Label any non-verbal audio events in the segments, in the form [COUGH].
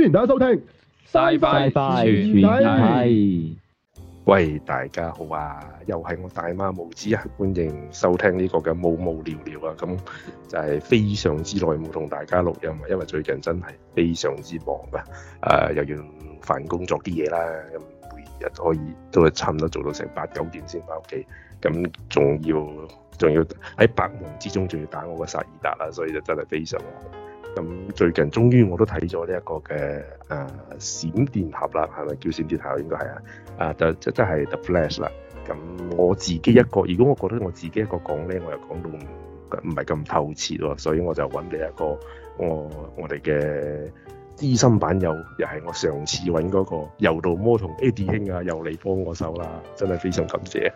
歡迎大家收聽，拜拜拜拜，喂，大家好啊，又係我大馬毛子啊，歡迎收聽呢個嘅毛毛傾傾啊，咁就係非常之耐冇同大家錄音啊，因為最近真係非常之忙啊，誒、啊，又要煩工作啲嘢啦，咁每日可以都係差唔多做到成八九點先返屋企，咁仲要仲要喺百忙之中仲要打我個薩爾達啊，所以就真係非常忙。咁最近終於我都睇咗呢一個嘅誒閃電俠啦，係咪叫閃電俠應該係啊？啊就即係真係 The Flash 啦。咁我自己一個，如果我覺得我自己一個講咧，我又講到唔唔係咁透徹喎，所以我就揾你一個我我哋嘅資深版友，又係我上次揾嗰個柔道魔同 Eddie 兄啊，又嚟幫我手啦，真係非常感謝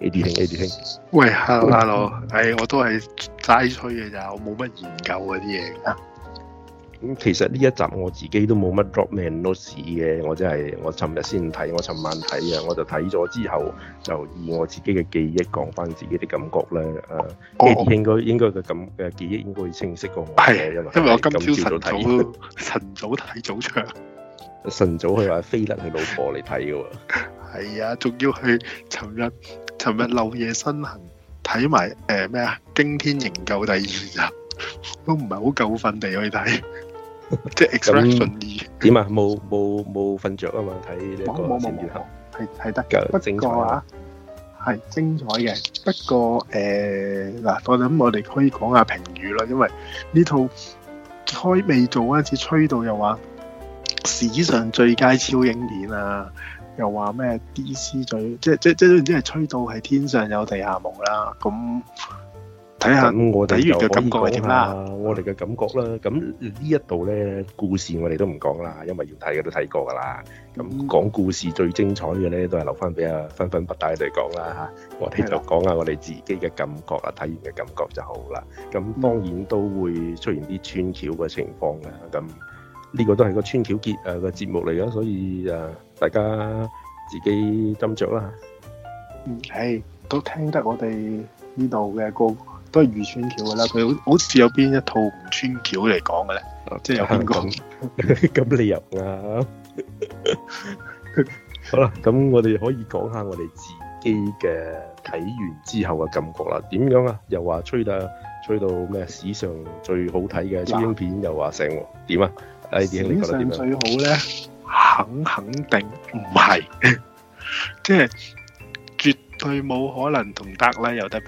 Eddie 兄 Eddie 兄。喂，Hello Hello，係 [LAUGHS] 我都係齋吹嘅咋，我冇乜研究嗰啲嘢。咁其實呢一集我自己都冇乜落命落屎嘅，我真係我尋日先睇，我尋晚睇啊，我就睇、是、咗之後，就以我自己嘅記憶講翻自己啲感覺啦。誒、哦、，Eddie、uh, 應該應嘅感嘅記憶應該會清晰過我，因、哎、為因為我今朝早睇，晨早睇 [LAUGHS] 早場，晨 [LAUGHS] 早去阿飛倫佢老婆嚟睇嘅喎，係 [LAUGHS] 啊，仲要去尋日尋日漏夜身痕，睇埋誒咩啊，呃《驚天營救》第二集都唔係好夠瞓地去睇。 [LAUGHS] 即、就、係、是、expression 二點啊，冇冇冇瞓着啊嘛，睇呢個先然後係係得，不過啊，係精彩嘅，不過誒嗱，咁、呃、我諗我哋可以講下評語啦，因為呢套開未做一次吹到又話史上最佳超英片啊，又話咩 DC 最即即即即係吹到係天上有地下冇啦、啊，咁。睇下我哋嘅感覺點啦，我哋嘅感覺啦，咁呢一度咧故事我哋都唔講啦，因為要睇嘅都睇過噶啦。咁講故事最精彩嘅咧，都係留翻俾阿分分不打佢哋講啦嚇。我哋就講下我哋自己嘅感覺啊，睇完嘅感覺就好啦。咁當然都會出現啲穿橋嘅情況嘅。咁呢個都係個穿橋結啊個節目嚟嘅，所以啊大家自己斟酌啦。嗯，係都聽得我哋呢度嘅歌。都係預穿橋嘅啦，佢好好似有邊一套唔穿橋嚟講嘅咧、啊，即係有香港。咁你又啊？ [LAUGHS] 好啦，咁我哋可以講下我哋自己嘅睇完之後嘅感覺啦。點樣啊？又話吹得，吹到咩？史上最好睇嘅電影片又話成喎？點啊？阿啲兄，你覺得點最好咧，肯肯定唔係， [LAUGHS] 即係絕對冇可能同德啦，有得比。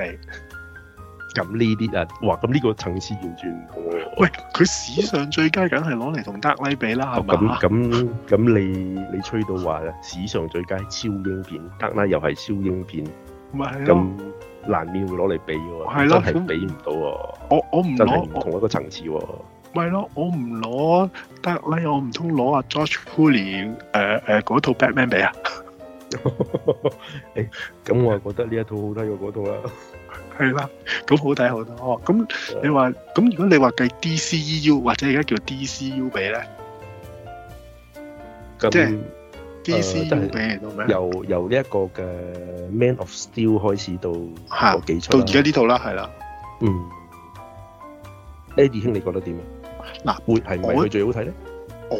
咁呢啲啊，哇！咁呢個層次完全唔同喎、啊。喂，佢史上最佳梗係攞嚟同德拉比啦，係咪啊？咁咁咁，你你吹到話咧，史上最佳超英片，德拉又係超英片，咁、啊、難免會攞嚟比喎、啊啊，真係比唔到喎。我我唔攞同一個層次喎。係咯，我唔攞德拉，我唔通攞阿 George Clooney 誒誒嗰套 Batman 比啊？誒、 [LAUGHS] 哎，咁我係覺得呢一套好睇過嗰套啦，係啦，咁好睇好睇。哦。咁你話，咁如果你話計 DCEU 或者而家叫 DCU 幣咧，即係 DCU 幣到咩？由由呢一個嘅 Man of Steel 開始到吓，到而家呢套啦，係啦，嗯 Eddie 兄你覺得點啊？嗱，係唔係佢最好睇咧？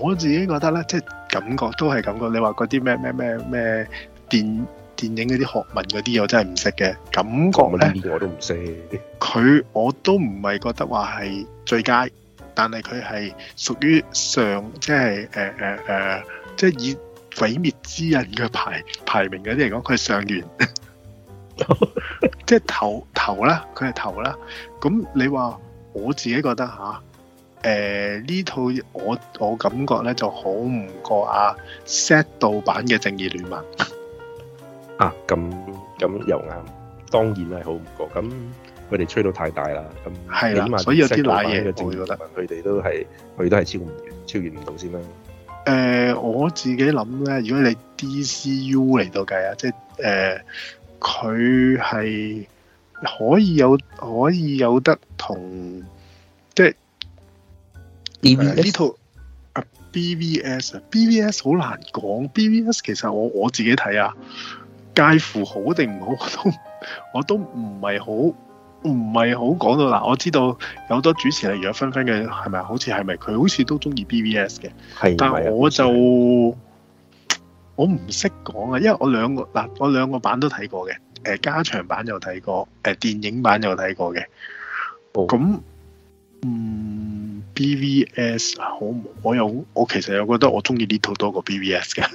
我自己覺得咧，即係。感覺都係感覺，你話嗰啲咩咩咩咩電電影嗰啲學問嗰啲，我真係唔識嘅感覺咧，我都唔識。佢我都唔係覺得話係最佳，但係佢係屬於上，即係誒誒誒，即係以毀滅之人嘅排排名嗰啲嚟講，佢係上元， [LAUGHS] 即係頭頭啦，佢係頭啦。咁你話我自己覺得吓？啊。誒、呃，呢套我我感覺咧就好唔過阿 set 盜版嘅正義聯盟啊，咁咁又啱，當然係好唔過，咁佢哋吹到太大啦，咁、嗯、起碼所以有啲奶嘢嘅正義聯盟，佢哋都係佢都係超唔超越唔到先啦。誒，我自己諗咧，如果你 DCU 嚟到計啊，即係誒，佢、呃、係可以有可以有得同。呢套啊 BVS 啊 BVS 好難講 BVS 其實我我自己睇啊介乎好定唔好都我都唔係好唔係好講到嗱我知道有好多主持人例如阿分分嘅係咪好似係咪佢好似都中意 BVS 嘅係但係我就我唔識講啊因為我兩個嗱我兩個版都睇過嘅誒加長版又睇過誒、呃、電影版又睇過嘅咁、oh. 嗯。B V S，好，我我有我其實有覺得我中意呢套多過 B V S 嘅。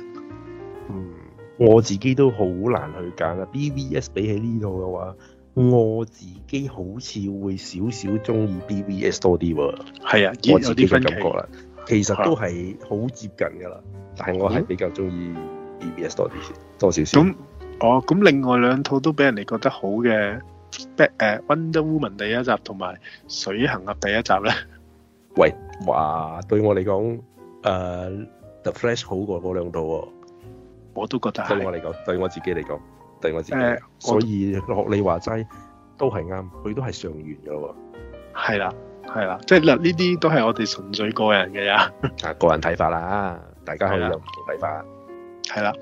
嗯，我自己都好難去揀啊。B V S 比起呢套嘅話，我自己好似會少少中意 B V S 多啲喎。係啊，我自己嘅感覺啦，其實都係好接近噶啦，啊。但係我係比較中意 B V S 多啲，嗯，多少少。咁，哦，咁另外兩套都俾人哋覺得好嘅，誒，《Wonder Woman》第一集同埋《水行俠》第一集咧。喂，話對我嚟講，誒、呃、，The Flash 好過嗰兩套，哦，我都覺得。對我嚟講，對我自己嚟講，對我自己，呃、所以學你話齋，嗯、都係啱，佢都係上完噶喎，哦。係啦，係啦，即係嗱，呢啲都係我哋純粹個人嘅啫。啊， [LAUGHS] 個人睇法啦，大家可以有唔同睇法。係啦，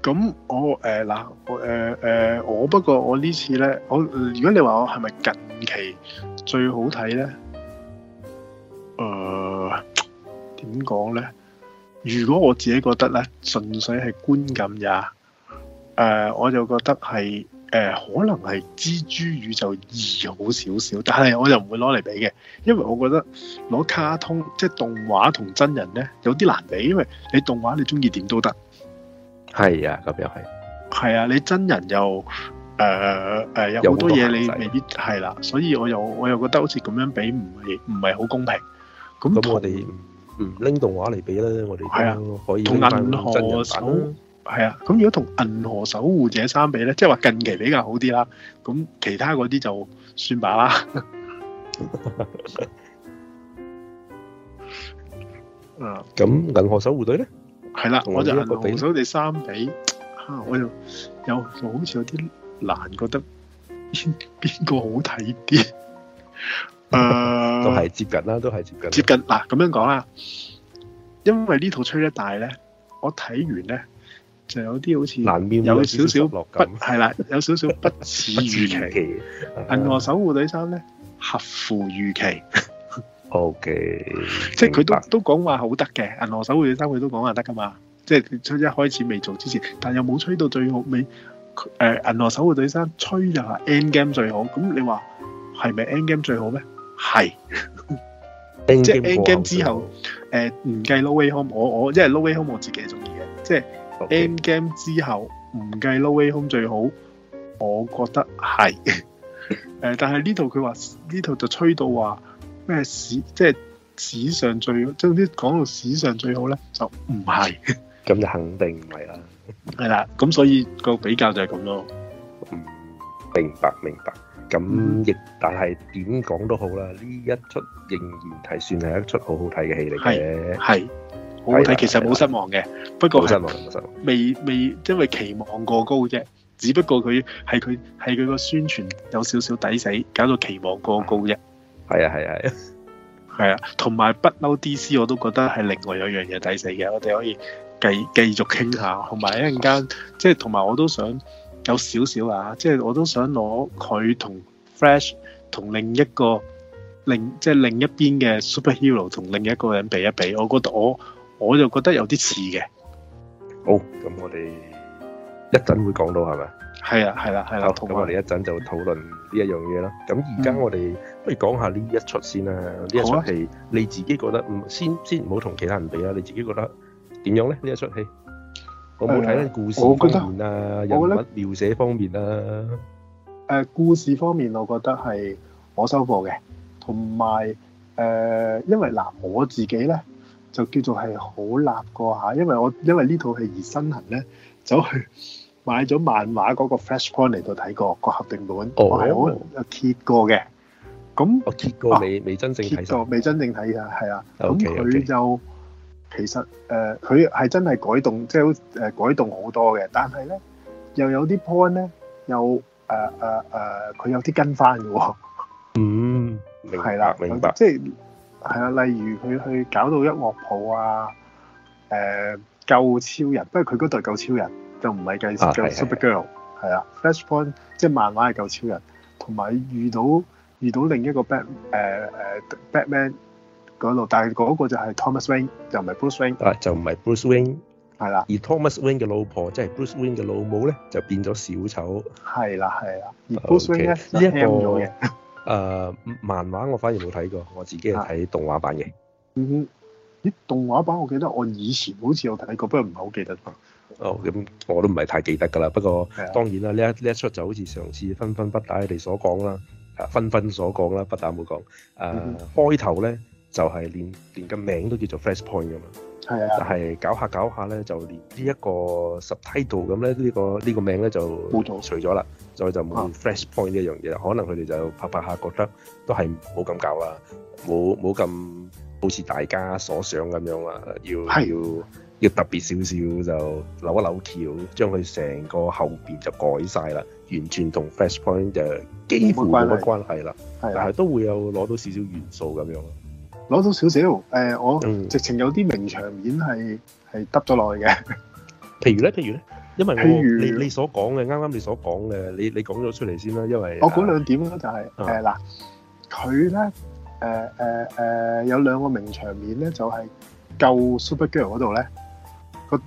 咁我誒嗱，誒、呃、誒、呃呃呃呃，我不過我呢次咧，我如果你話我係咪近期最好睇咧？誒、呃，點講呢？如果我自己覺得呢，純粹係觀感咋，誒、呃，我就覺得係，誒、呃，可能係蜘蛛宇宙就易好少少，但係我又唔會攞嚟比嘅，因為我覺得攞卡通即係動畫同真人呢，有啲難比，因為你動畫你中意點都得，係呀、啊，咁又係，係啊，你真人又，誒誒，有好多嘢你未必係啦、啊，所以我又我又覺得好似咁樣比唔係唔係好公平。咁咁我哋唔拎動畫嚟比啦、啊。我哋係啊，可以同銀河守係啊。咁如果同銀河守護者三比咧，即係話近期比較好啲啦。咁其他嗰啲就算罷啦。 [LAUGHS] [LAUGHS] 銀啊，咁銀河守護隊咧，係啦，我就銀河守護隊三比， [LAUGHS] 我又又好似有啲難覺得邊邊個好睇啲。誒、 [LAUGHS] uh,。都係接近啦，都係接，接近。接近嗱，咁樣講啦，因為呢套吹得大咧，我睇完咧就有啲好似有少少不係啦，有少少不似預 [LAUGHS] 期。銀、啊、河守護隊三咧，合乎預期。O、okay, K， [LAUGHS] 即係佢都都講話好得嘅，銀河守護隊三佢都講話得噶嘛。即係佢吹一開始未做之前，但又冇吹到最好尾。誒，銀、呃、河守護隊三吹就係 Endgame 最好，咁你話係咪 Endgame 最好咩？係，即係 Endgame 之後，誒、呃，唔計 No Way Home，我我因為 No Way Home，我自己中意嘅，即係 Endgame 之後，唔計 No Way Home 最好，我覺得係。誒， [LAUGHS] 但係呢度佢話呢度就吹到話咩史，即係、就是、史上最，總之講到史上最好咧，就唔係。咁 [LAUGHS] 就肯定唔係啦。係啦，咁所以個比較就係咁咯。嗯，明白，明白。咁亦但係點講都好啦，呢一出仍然係算係一出好好睇嘅戲嚟嘅。係，好好睇，其實冇失望嘅。不過冇失望，冇失望，未未，因為期望過高啫。只不過佢係佢係佢個宣傳有少少抵死，搞到期望過高啫。係啊，係啊，係啊，係啊。同埋不嬲 DC 我都覺得係另外有樣嘢抵死嘅，我哋可以繼繼續傾下。同埋一陣間，即係同埋我都想。有少少啊，即係我都想攞佢同 Flash 同另一個另即係另一邊嘅 Superhero 同另一個人比一比，我覺得我我就覺得有啲似嘅。好，咁我哋一陣會講到係咪啊？係啊，係啦、啊，係啦。咁我哋一陣就討論呢一樣嘢啦。咁而家我哋不如講下呢一出先啦。呢一齣戲、啊，你自己覺得唔先先唔好同其他人比啦。你自己覺得點樣咧？呢一齣戲？我冇睇緊故事方面啊，人物描寫方面啦。誒，故事方面，我覺得係我收貨嘅。同埋誒，因為嗱，我自己咧就叫做係好立過吓，因為我因為呢套戲而身痕咧，走去買咗漫畫嗰個 Flashpoint 嚟到睇過個合訂本，我揭過嘅。咁揭過未？未真正睇過，未真正睇嘅係啦。咁佢就。其實誒佢係真係改動，即係好誒改動好多嘅。但係咧又有啲 point 咧，又誒誒誒佢有啲跟翻嘅喎。嗯，明白， [LAUGHS] 明白。即係係啊，例如佢去搞到一樂譜啊，誒、呃、救超人，不過佢嗰度救超人就唔係計救 Super Girl 係啦，Flashpoint 即係漫畫係救超人，同埋、啊、遇到遇到另一個 Bat 誒、呃、誒 Batman。度，但係嗰個就係 Thomas Wayne，就唔係 Bruce Wayne。啊，就唔係 Bruce Wayne。係啦，而 Thomas Wayne 嘅老婆，即、就、係、係、Bruce Wayne 嘅老母咧，就變咗小丑。係啦，係啦。而 Bruce okay, Wayne 呢一個，誒、啊、漫畫我反而冇睇過，我自己係睇動畫版嘅、啊。嗯，咦動畫版我記得我以前好似有睇過，不過唔係好記得。哦，咁我都唔係太記得㗎啦。不過當然啦，呢一呢一出就好似上次分分不打佢哋所講啦，啊分分所講啦，不打冇講。誒、啊嗯、開頭咧。就係、是、連連個名都叫做 Flashpoint 咁啊，係啊，但係搞下搞下咧，就連呢一個 subtitle 咁咧、這個，呢個呢個名咧就冇錯除咗啦，沒所以就冇 Flashpoint 呢樣嘢、啊、可能佢哋就拍拍下，覺得都係冇咁搞啦，冇冇咁好似大家所想咁樣啦，要要要特別少少就扭一扭橋，將佢成個後邊就改晒啦，完全同 Flashpoint 就幾乎冇乜關係啦、啊。但係都會有攞到少少元素咁樣咯。攞到少少，誒、呃、我直情有啲名場面係係揼咗落去嘅。譬、嗯、如咧，譬如咧，因為譬如你你所講嘅，啱啱你所講嘅，你你講咗出嚟先啦。因為我估兩點咯、就是，就係誒嗱，佢咧誒誒誒有兩個名場面咧，就係、是舊 Super Girl 嗰度咧個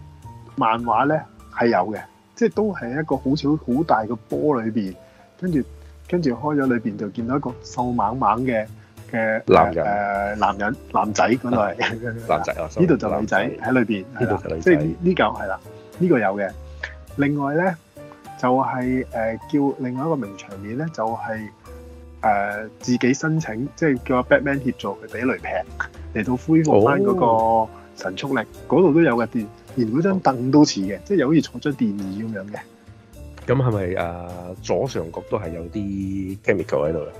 漫畫咧係有嘅，即係都係一個好小好大嘅波裏邊，跟住跟住開咗裏邊就見到一個瘦蜢蜢嘅。嘅男誒男人、呃、男、人男仔嗰度、啊、男仔呢度 [LAUGHS] 就女仔喺裏邊，呢度係女仔。呢嚿係啦，呢、就是這個呢個有嘅。另外咧，就係、是、誒、呃、叫另外一個名場面咧，就係、是、誒、呃、自己申請，即、就、係、是、叫 Batman 協助佢俾雷劈，嚟到恢復翻嗰個神速力。嗰、哦、度都有嘅電，連嗰張凳都似嘅、哦，即係又好似坐張電椅咁樣嘅。咁係咪誒左上角都係有啲 chemical 喺度咧？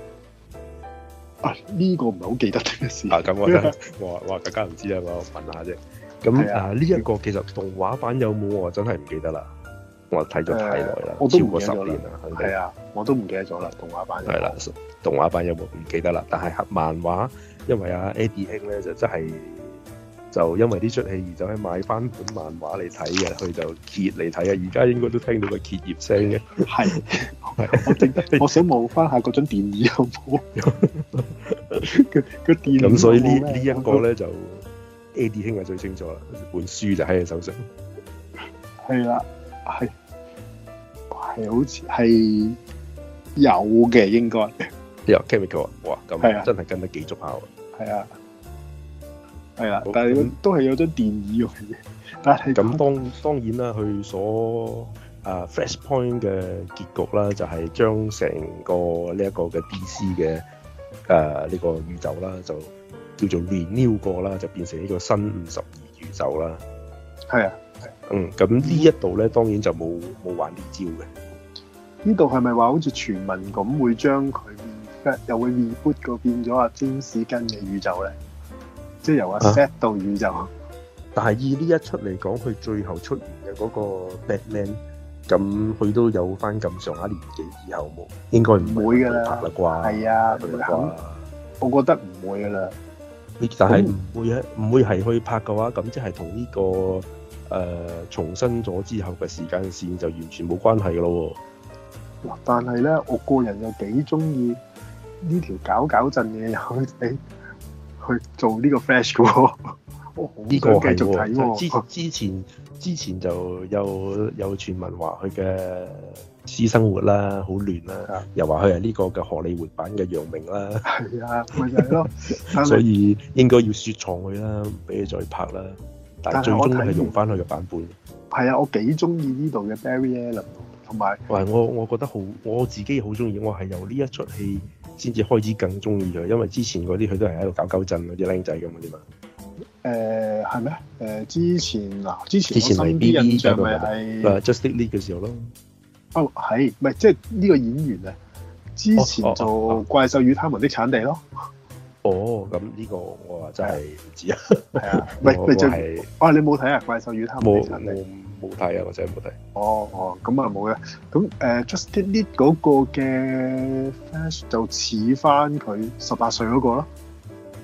啊！呢、這個唔係好記得的事啊，咁我我我更加唔知啊，我問下啫。咁啊，呢、啊、一、這個其實動畫版有冇我真係唔記得啦。我睇咗太耐啦，超過十年啦，係啊，我都唔記得咗啦。動畫版係啦，動畫版有冇唔、啊、記得啦？但係漫畫，因為 Eddie 兄咧就真係。就因為呢出戲而就係買翻本漫畫嚟睇嘅，佢就揭嚟睇啊！而家應該都聽到個揭頁聲嘅，係，我 [LAUGHS] 我想望翻下嗰種電影有冇個咁， [LAUGHS] [LAUGHS] 有有，所以呢呢 [LAUGHS] 一個咧就 Eddie 兄係最清楚啦，本書就喺你手上。係啦、啊，係係好似係有嘅應該。有、yeah, chemical 哇，咁、啊、真係跟得幾足效啊！係啊。係啦、啊，但係都係有咗電用嘅。但係咁當當然啦，佢所啊 Flashpoint 嘅結局啦，就係將成個呢一個嘅 DC 嘅誒呢個宇宙啦，就叫做 renew 過啦，就變成一個新五十二宇宙啦。係啊，係。嗯，咁呢一度咧，當然就冇冇、嗯、玩呢招嘅。呢度係咪話好似傳聞咁，會將佢面，又會面 reboot 個變咗啊，佔士根嘅宇宙咧？即係由阿 Set 到宇宙，但係以呢一出嚟講，佢最後出現嘅嗰個 Batman，咁佢都有翻咁上下年紀以後冇，應該唔會噶啦，拍啦啩，係啊，佢講，我覺得唔會噶啦。但係唔會唔會係去拍嘅話，咁即係同呢個誒重生咗之後嘅時間線就完全冇關係噶咯。嗱，但係咧，我個人又幾中意呢條搞搞震嘅友仔。去做呢個 Flash 嘅喎，呢、呢個繼續睇。之、就是、之前之前就有有傳聞話佢嘅私生活啦，好亂啦，又話佢係呢個嘅荷里活版嘅楊明啦，係啊，咪就係、是、咯。 [LAUGHS] 所以應該要雪藏佢啦，唔俾佢再拍啦，但係最終係用翻佢嘅版本。係啊，我幾中意呢度嘅 Barry Allen。同埋，我，我覺得好，我自己好中意。我係由呢一出戲先至開始更中意佢，因為之前嗰啲佢都係喺度搞搞震嗰啲僆仔咁啲嘛。誒，係咩？誒、呃呃，之前嗱、啊，之前我新啲印象咪係 Just Eat Lead 嘅時候咯。哦，係咪即係呢個演員啊？之前做《怪獸與他們》的產地咯。哦、咁、哦、呢、啊啊啊 [LAUGHS] 哦、個我真係唔知道係啊。係啊，係係哦，你冇睇啊，《怪獸與他們》的產地。冇睇啊，或者冇睇。哦哦，咁啊冇嘅。咁誒，Justin Lee 嗰個嘅 Flash 就似返佢十八歲嗰個咯。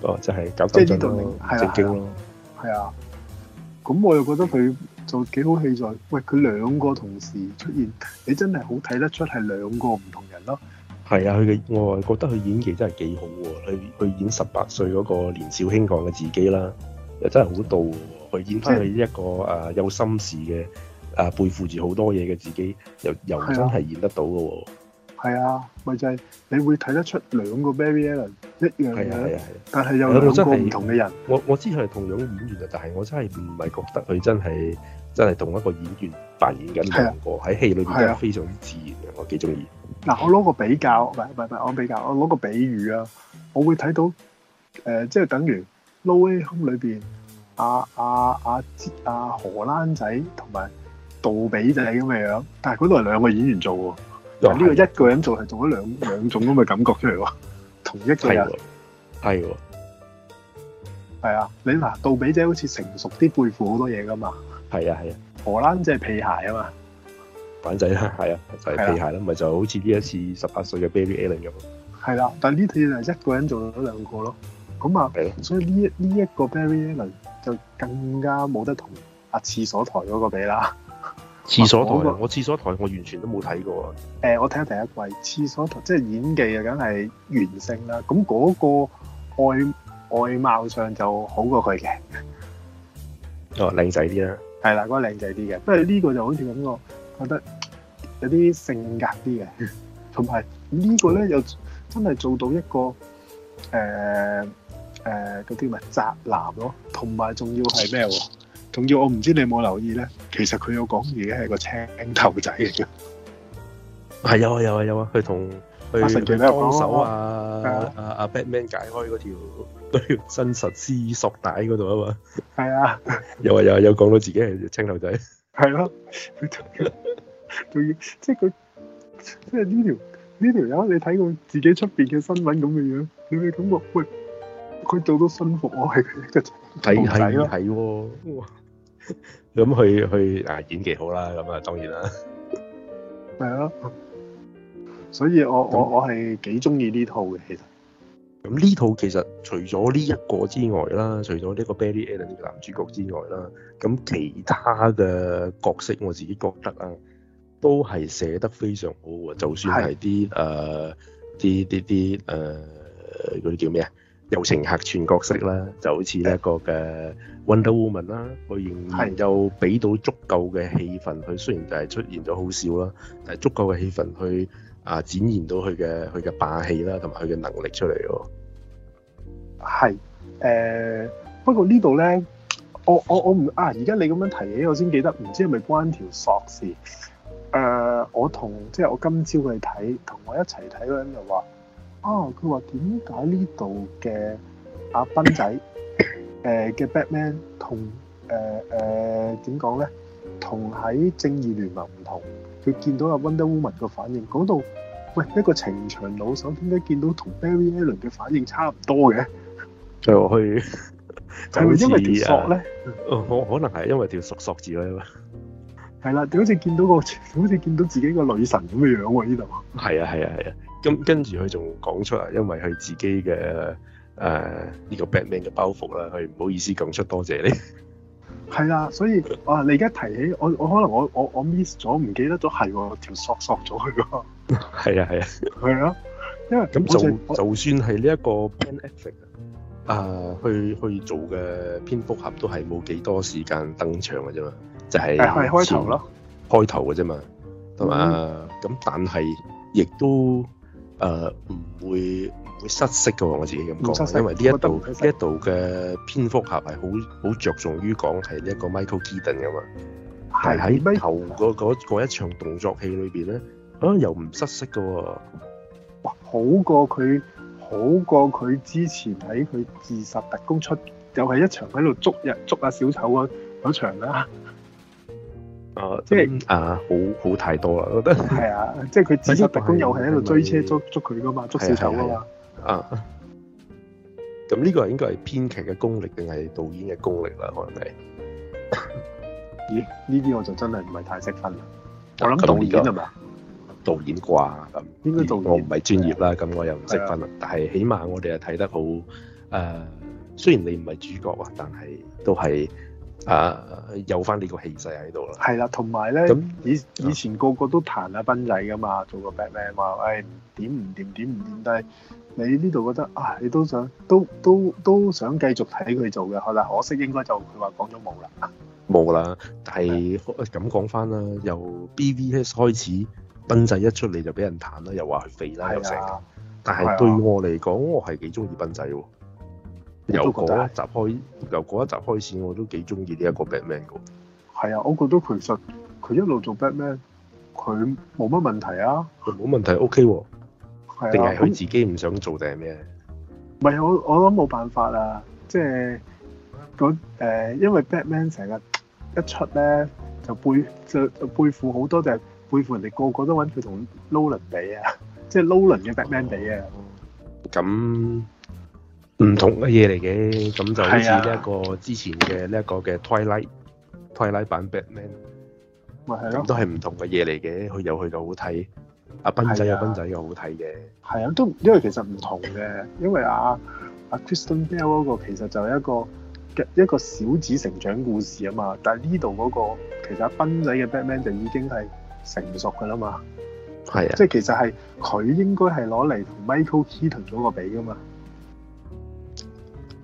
哦，哦就係九、呃哦、搞震咯，啊、正經咯。係啊。咁、啊、我又覺得佢就幾好戲在，喂佢兩個同時出現，你真係好睇得出係兩個唔同人咯。係啊，佢嘅我係覺得佢演技真係幾好喎、啊。佢佢演十八歲嗰個年少輕狂嘅自己啦，又真係好到、啊。嗯嗯演翻佢呢一個誒有心事嘅誒背負住好多嘢嘅自己，又又真係演得到嘅。係啊，咪就係、係，你會睇得出兩個 Mary Ellen 一樣嘅，啊啊啊，但係又有兩個真係唔同嘅人。我我知佢係同樣嘅演員啊，但係我真係唔係覺得佢真係真係同一個演員扮演緊兩個，喺戲裏邊係非常之自然，我幾中意。嗱，啊，我攞，啊，個比較，唔係唔係我比較，我攞個比喻啊，我會睇到誒、呃，即係等於撈 A 坑裏邊。阿阿阿阿荷蘭仔同埋杜比仔咁嘅樣，但係嗰度係兩個演員做喎，呢、哦、個一個人做係做咗兩 [LAUGHS] 兩種咁嘅感覺出嚟喎，同一個啊，係喎，係啊，你嗱杜比仔好似成熟啲，背負好多嘢噶嘛，係啊係啊，荷蘭仔係皮鞋啊嘛，板仔啦係啊，就係、是、皮鞋啦，咪就是、好似呢一次十八歲嘅 Barry Allen 咁，係啦，但呢次就係一個人做咗兩個咯，咁啊，所以呢一呢一個 Barry Allen。就更加冇得同啊，廁所台嗰個比啦。廁所台， [LAUGHS] 我,、嗰個、我廁所台我完全都冇睇過。誒、呃，我睇下第一季廁所台，即係演技啊，梗係完勝啦。咁嗰個外外貌上就好過佢嘅。哦，靚仔啲啦。係啦，嗰、嗰個靚仔啲嘅，不過呢個就好似咁個，覺得有啲性格啲嘅，同埋呢個咧又真係做到一個誒。呃誒嗰啲咪宅男咯，同埋仲要係咩喎？仲要我唔知你有冇留意咧。其實佢有講，自己係個青頭仔嚟嘅。係、啊、有啊，有啊，有啊。佢同阿神奇幫手啊阿啊，啊，啊，啊，啊 Batman 解開嗰條真 [LAUGHS] 實絲索帶嗰度啊嘛。係啊，有啊，有啊，有講到自己係青頭仔。係咯、啊，仲要， [LAUGHS] 要即係佢即係呢條呢條友，你睇過自己出邊嘅新聞咁嘅樣，你會感覺喂。佢做到辛苦啊，係佢嘅仔係咯，咁佢佢啊演技好啦，咁啊當然啦，係咯，所以我我我係幾中意呢套嘅。其實咁呢套其實除咗呢一個之外啦，除咗呢個 Barry Allen 嘅男主角之外啦，咁其他嘅角色我自己覺得啊，都係寫得非常好嘅。就算係啲誒啲啲啲誒嗰啲叫咩啊？友情客串角色啦，就好似一個嘅 Wonder Woman 啦，佢我認又俾到足夠嘅戲份。佢雖然就係出現咗好少啦，但係足夠嘅戲份去啊展現到佢嘅佢嘅霸氣啦，同埋佢嘅能力出嚟喎。係誒、呃，不過這裡呢度咧，我我我唔啊！而家你咁樣提起，我先記得，唔知係咪關條索事誒、呃？我同即係、就是、我今朝去睇，同我一齊睇嗰陣就話。啊、哦！佢話點解呢度嘅阿斌仔誒嘅咳咳、呃、Batman 同誒誒點講咧？同、呃、喺、呃、正義聯盟唔同，佢見到阿 Wonder Woman 個反應，嗰度喂一個情場老手，點解見到同 Barry Allen 嘅反應差唔多嘅咳咳？就去就係因為條索咧？我咳咳可能係因為條索索字啦，因為係啦，好似見到個好似見到自己個女神咁嘅樣喎，呢度係啊係啊係啊！咁跟住佢仲講出嚟、呃這個啊啊啊啊，因為佢自己嘅誒呢個 Batman 嘅包袱啦，佢唔好意思講出多謝你。係啦，所以啊，你而家提起我，我可能我我我 miss 咗，唔記得咗係喎條索索咗佢喎。係啊係啊，係咯，因為咁就就算係呢一個 Ben Affleck 啊，去去做嘅蝙蝠俠都係冇幾多時間登場嘅啫嘛，就係係開頭咯，開頭嘅啫嘛，係嘛？咁、嗯、但係亦都。誒、呃、唔會唔會失色嘅喎，我自己咁講，因為呢一度呢一度嘅蝙蝠俠係好好着重於講係呢一個 Michael Keaton 嘅嘛，係喺頭個嗰一場動作戲裏邊咧啊，又唔失色嘅喎、啊，哇，好過佢好過佢之前喺佢自殺特攻出又係一場喺度捉人捉下小丑嗰嗰場啦。啊！即係啊，好好太多啦，我覺得係啊，即係佢。但係特工又係喺度追車捉是是捉佢噶嘛，捉小丑噶嘛。啊！咁呢個係應該係編劇嘅功力定係導演嘅功力啦？可能係？咦？呢啲我就真係唔係太識分啦、啊。我諗導演係嘛？導演啩咁？應該導演我唔係專業啦，咁、啊、我又唔識分、啊。但係起碼我哋係睇得好誒、呃。雖然你唔係主角啊，但係都係。啊，有翻呢個氣勢喺度啦。係啦、啊，同埋咧。咁、嗯、以以前個個都彈阿、啊、斌、啊、仔噶嘛，做個 Batman 話，誒點唔掂，點唔掂。但係你呢度覺得啊，你都想都都都想繼續睇佢做嘅，係啦。可惜應該就佢話講咗冇啦。冇啦、啊，但係咁講翻啦，由 BVS 開始，斌仔一出嚟就俾人彈啦，又話佢肥啦、啊，又成。但係對我嚟講、啊，我係幾中意斌仔喎。由嗰一集開，由嗰一集開始，我都幾中意呢一個 Batman 㗎喎。係啊，我覺得其實佢一路做 Batman，佢冇乜問題啊。佢冇問題，OK 喎、啊。定係佢自己唔想做定係咩？唔係我我諗冇辦法啊！即係嗰因為 Batman 成日一出咧，就背就背負好多，就係背負人哋個個都揾佢同 Nolan 比啊，即 [LAUGHS] 係 Nolan 嘅 Batman 比啊。咁、哦。唔同嘅嘢嚟嘅，咁就好似呢一個之前嘅呢一個嘅 Twilight Twilight 版 Batman，是都係唔同嘅嘢嚟嘅，佢有佢嘅好睇，阿斌仔阿斌仔嘅好睇嘅。係啊，都、啊、因為其實唔同嘅，因為阿、啊、阿、啊、Kristen Bell 嗰個其實就係一個一個小子成長故事啊嘛，但係呢度嗰個其實阿斌仔嘅 Batman 就已經係成熟噶啦嘛。係啊，即、就、係、是、其實係佢應該係攞嚟同 Michael Keaton 嗰個比噶嘛。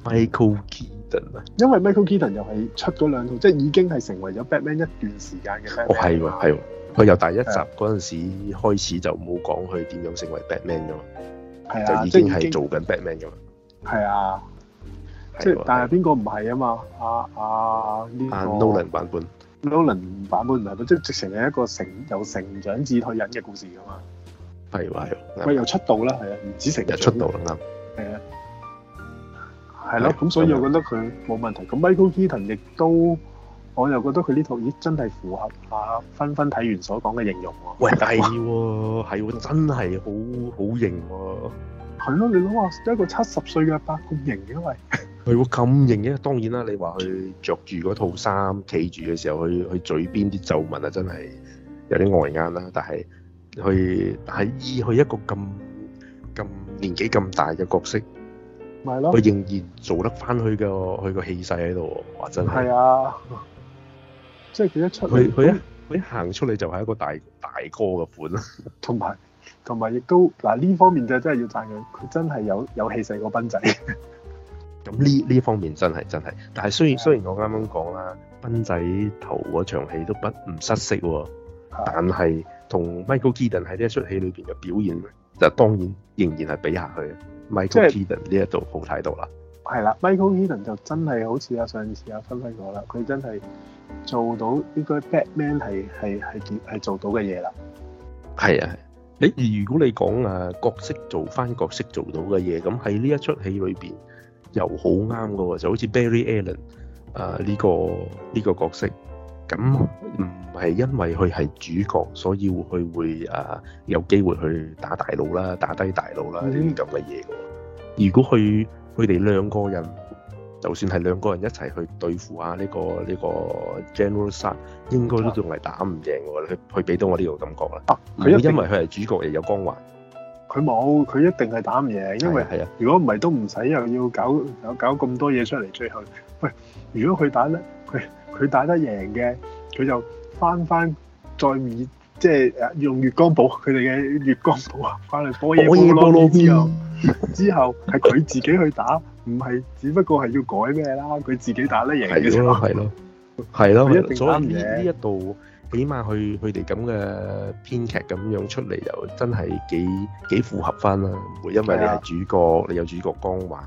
Michael Keaton 啊，因為 Michael Keaton 又係出嗰兩套，即係已經係成為咗 Batman 一段時間嘅。哦，係喎，係喎，佢由第一集嗰陣時開始就冇講佢點樣成為 Batman 噶嘛，就已經係做緊 Batman 噶、就是、嘛。係啊，即係但係邊個唔係啊嘛？阿阿呢阿 Nolan 版本，Nolan 版本唔係佢即係直情係一個成由成長至退隱嘅故事噶嘛。係喎係喎，喂，又出道啦，係啊，唔止成日出道啦啱。係咯，咁所以我覺得佢冇問題。咁 Michael Keaton 亦都，我又覺得佢呢套咦真係符合下分分睇完所講嘅形容、啊、喂，係喎、啊，係喎、啊，真係好好型喎。係咯、啊，你諗下，得一個七十歲嘅阿伯咁型嘅喂。係喎、啊，咁型嘅，當然啦。你話佢着住嗰套衫，企住嘅時候，佢佢嘴邊啲皺紋啊，真係有啲礙眼啦。但係佢係演佢一個咁咁年紀咁大嘅角色。咪、就、咯、是，佢仍然做得翻佢個佢個氣勢喺度，話真係。係啊，即係佢一出來，佢佢一佢一行出嚟就係一個大大哥嘅款啦。同埋同埋亦都嗱呢、啊、方面就真係要讚佢，佢真係有有氣勢過斌仔。咁呢呢方面真係真係，但係雖然、啊、雖然我啱啱講啦，斌仔頭嗰場戲都不唔失色喎、啊，但係同 Michael Keaton 喺呢一出戲裏邊嘅表現，就當然仍然係比下去。Michael Keaton 呢一度好睇到啦，係啦，Michael Keaton 就真係好似啊，上次啊，分分講啦，佢真係做到應該 Batman 係係係點係，做到嘅嘢啦。係啊係，你而如果你講啊，角色做翻角色做到嘅嘢，咁喺呢一出戲裏邊又好啱噶喎，就好似 Barry Allen 啊，呢個呢個角色。咁唔係因為佢係主角，所以佢會佢會誒有機會去打大佬啦、打低大佬啦呢啲咁嘅嘢嘅。如果佢佢哋兩個人，就算係兩個人一齊去對付下、啊、呢、呢個呢、呢個 General Zod，應該都仲係打唔贏㗎。佢佢俾到我呢個感覺啦。唔、啊、因為佢係主角而有光環。佢冇，佢一定係打唔贏。因為係啊，如果唔係都唔使又要搞又搞咁多嘢出嚟，最後喂，如果佢打咧，佢。佢打得贏嘅，佢就翻翻再以，即係誒用月光寶佢哋嘅月光寶盒翻嚟攞之後羅羅之後係佢自己去打，唔 [LAUGHS] 係只不過係要改咩啦？佢自己打得贏嘅係咯，係咯，係咯。所以呢一度起碼佢佢哋咁嘅編劇咁樣出嚟又真係幾幾符合翻啦。唔會因為你係主角，你有主角光環，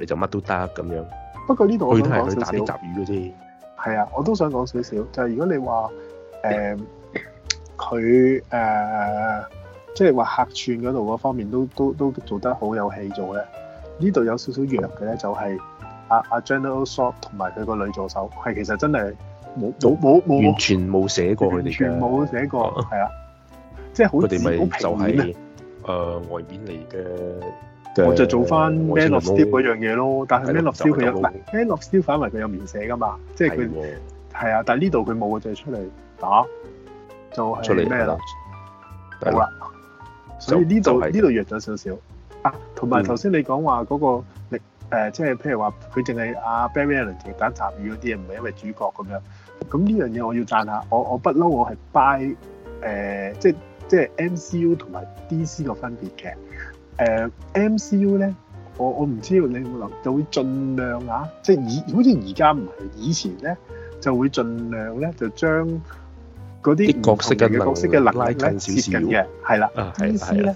你就乜都得咁樣。不過呢度佢都得係佢打啲雜魚嘅啫。.係啊，我都想講少少。就係如果你話誒佢誒即係話客串嗰度嗰方面都都都做得好有氣做咧，呢度有少少弱嘅咧，就係阿阿 General Zod 同埋佢個女助手係其實真係冇冇冇冇完全冇寫過佢哋，完全冇寫過，係啊，即係好似就係、是、誒、呃、外邊嚟嘅。我就做翻《Man of Steel》樣嘢咯，但係《Man of Steel》佢有，唔係《Man of Steel》反為佢有描寫噶嘛，即係佢係啊，但係呢度佢冇，就係出嚟打，就係咩咯，好啦，所以呢度呢度弱咗少少啊，同埋頭先你講話嗰個力，誒、嗯呃，即係譬如話佢淨係阿 Barry Allen 打雜魚嗰啲啊，唔係因為主角咁樣，咁呢樣嘢我要讚下，我我不嬲我係拜誒，即係即係 M C U 同埋 D C 個分別嘅。誒、uh, MCU 咧，我我唔知你會諗就會盡量啊。即係以好似而家唔係以前咧，就會盡量咧就，就將嗰啲角色嘅角色嘅能力咧接近嘅，係啦。於、啊、是咧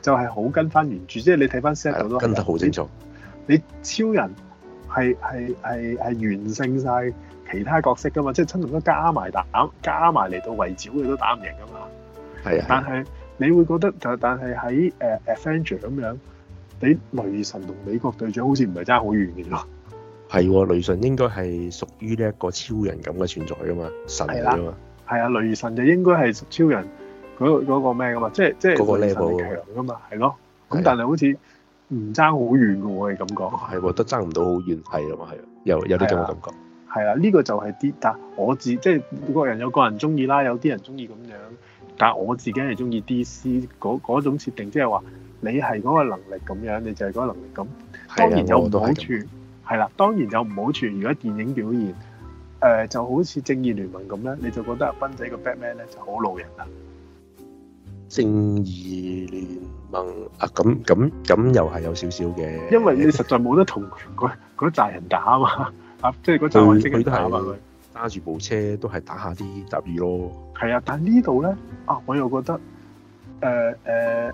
就係、是、好跟翻原著，即、就、係、是、你睇翻 set 都跟得好清楚。你超人係係係係完勝晒其他角色噶嘛，即係親同都加埋打，加埋嚟到圍剿佢都打唔贏噶嘛。係啊，但係。你會覺得就但係喺誒 Avengers 咁樣，你雷神同美國隊長好似唔係爭好遠嘅咯。係、啊哦，雷神應該係屬於呢一個超人咁嘅存在㗎嘛，神嚟㗎嘛。係啊，雷神就應該係超人嗰、嗰個咩㗎、嗰個、嘛，即係即係嗰個 level 強㗎嘛，係咯。咁、那個、但係好似唔爭好遠㗎我哋咁講。係喎，都爭唔到好遠，係啊嘛，係啊，有有啲咁嘅感覺。係啊，呢、呢個就係、係、啲，但我自即係個人有個人中意啦，有啲人中意咁樣。但係我自己係中意 DC 嗰嗰種設定，即係話你係嗰個能力咁樣，你就係嗰個能力咁。當然有唔好處，係啦。當然有唔好處。如果電影表現，誒就好似《正義聯盟》咁咧，你就覺得阿斌仔個 Batman 咧就好路人啦。正義聯盟啊，咁咁咁又係有少少嘅，因為你實在冇得同嗰嗰扎人打啊嘛，啊即係嗰扎明星打佢。揸住部車都係打下啲雜意咯，係啊！但呢度咧啊，我又覺得誒誒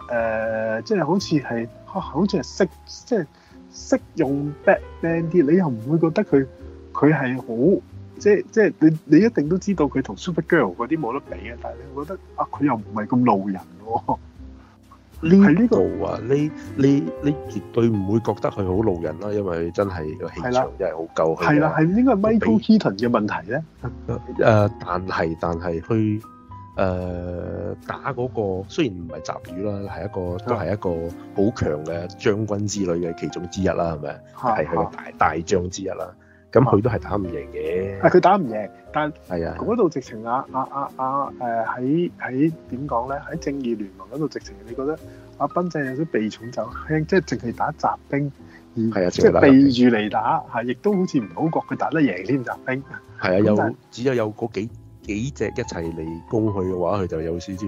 誒，即係好似係、啊、好似係識即係識用 Bad Band 啲，你又唔會覺得佢佢係好即即你你一定都知道佢同 Super Girl 嗰啲冇得比啊！但你你覺得啊，佢又唔係咁路人喎、哦。呢度啊，你你你絕對唔會覺得佢好路人啦，因為佢真係個氣場真係好夠。係啦，係應該係 Michael Keaton 嘅問題咧。但係但係佢、呃、打嗰、嗰個雖然唔係雜魚啦，係一個、啊、都係一個好強嘅將軍之類嘅其中之一啦，係咪？係、啊、佢大將之一啦。咁佢都係打唔贏嘅。係、啊、佢打唔贏，但係啊，嗰度直情啊，啊啊啊，誒喺喺點講咧？喺正義聯盟嗰度直情，你覺得阿斌仔有啲避重就輕，即係淨係打雜兵，係啊，即係避住嚟打，係亦都好似唔好覺佢打得贏添咋。係啊，有只有有嗰幾幾隻一齊嚟攻佢嘅話，佢就有少少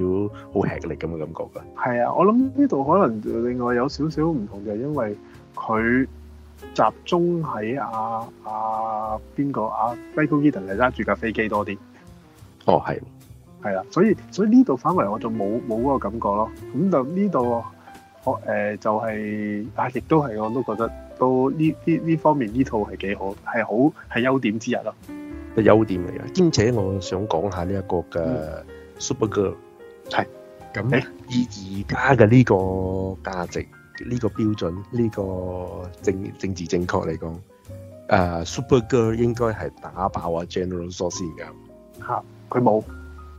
好吃力咁嘅感覺㗎。係啊，我諗呢度可能另外有少少唔同就係因為佢。集中喺啊，啊，邊個啊 Michael Keaton 係揸住架飛機多啲。哦係，係啦，所以所以呢度反回嚟我就冇冇嗰個感覺咯，咁、呃、就呢度我誒就係啊，亦都係我都覺得都呢呢呢方面呢套係幾好，係好係優點之一咯，嘅優點嚟嘅，兼且我想講下呢一個嘅 Super Girl，係咁、嗯、以而家嘅呢個價值。呢個標準，呢個政政治正確嚟講，誒、啊、Super Girl 應該係打爆啊 General Zod 先㗎。嚇，佢冇，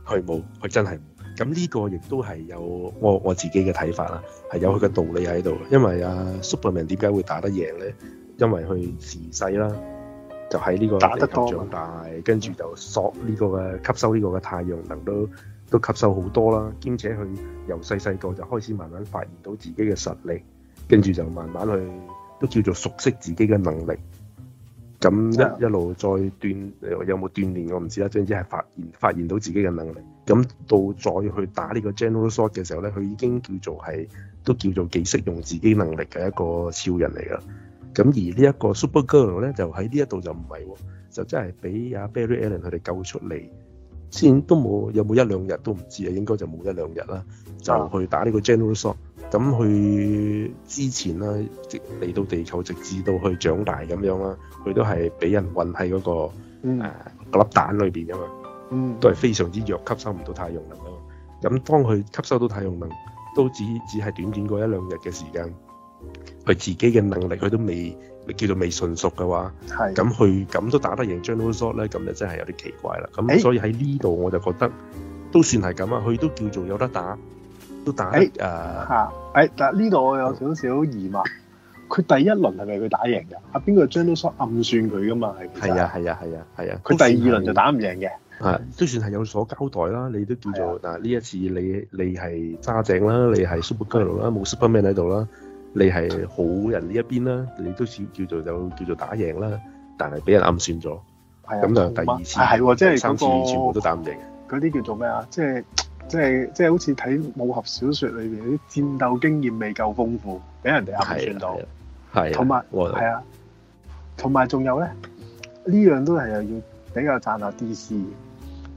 佢冇，佢真係冇。咁呢個亦都係有我我自己嘅睇法啦，係有佢嘅道理喺度。因為啊 Superman 點解會打得贏咧？因為佢自細啦，就喺呢個打得多長大，跟住就索呢個嘅吸收呢個嘅太陽能量。都吸收好多啦，兼且佢由細細個就開始慢慢發現到自己嘅實力，跟住就慢慢去都叫做熟悉自己嘅能力。咁一一路再鍛有冇鍛鍊我唔知啦，總之係發現發現到自己嘅能力。咁到再去打呢個 General Zod 嘅時候咧，佢已經叫做係都叫做幾識用自己嘅能力嘅一個超人嚟㗎。咁而呢一個 super girl 咧，就喺呢一度就唔係喎，就真係俾阿 Barry Allen 佢哋救出嚟。先都冇有冇一兩日都唔知啊，應該就冇一兩日啦、啊，就去打呢個 General Shock。咁佢之前呢直嚟到地球直至到去長大咁樣啦，佢都係俾人運喺嗰、嗰個粒、嗯啊、蛋裏面㗎嘛，都係非常之弱，吸收唔到太陽能咯。咁當佢吸收到太陽能，都只只係短短過一兩日嘅時間，佢自己嘅能力佢都未。叫做未純熟嘅話，係咁去咁都打得贏 journal shot 咧，咁就真係有啲奇怪啦。咁所以喺呢度我就覺得都算係咁啊，佢都叫做有得打，都打得。誒、欸 uh, 啊欸、但呢度我有少少疑惑，佢 [LAUGHS] 第一輪係咪佢打贏嘅？的啊，邊個 journal shot 暗算佢噶嘛？係呀，啊，係啊，係啊，啊，佢第二輪就打唔贏嘅、啊。都算係有所交代啦。你都叫做嗱，呢、啊、一次你你係揸正啦，你係 Super Girl 啦，冇 [LAUGHS] Superman 喺度啦。你係好人呢一邊啦，你都少叫做有叫做打贏啦，但係俾人暗算咗，咁、哎、就第二次，係即係三次全部都打唔贏。嗰、那、啲、個、叫做咩啊？即係即係即係好似睇武俠小說裏邊啲戰鬥經驗未夠豐富，俾人哋暗算到。係同埋係啊，同埋仲有咧，有呢呢樣都係又要比較讚下、啊、DC。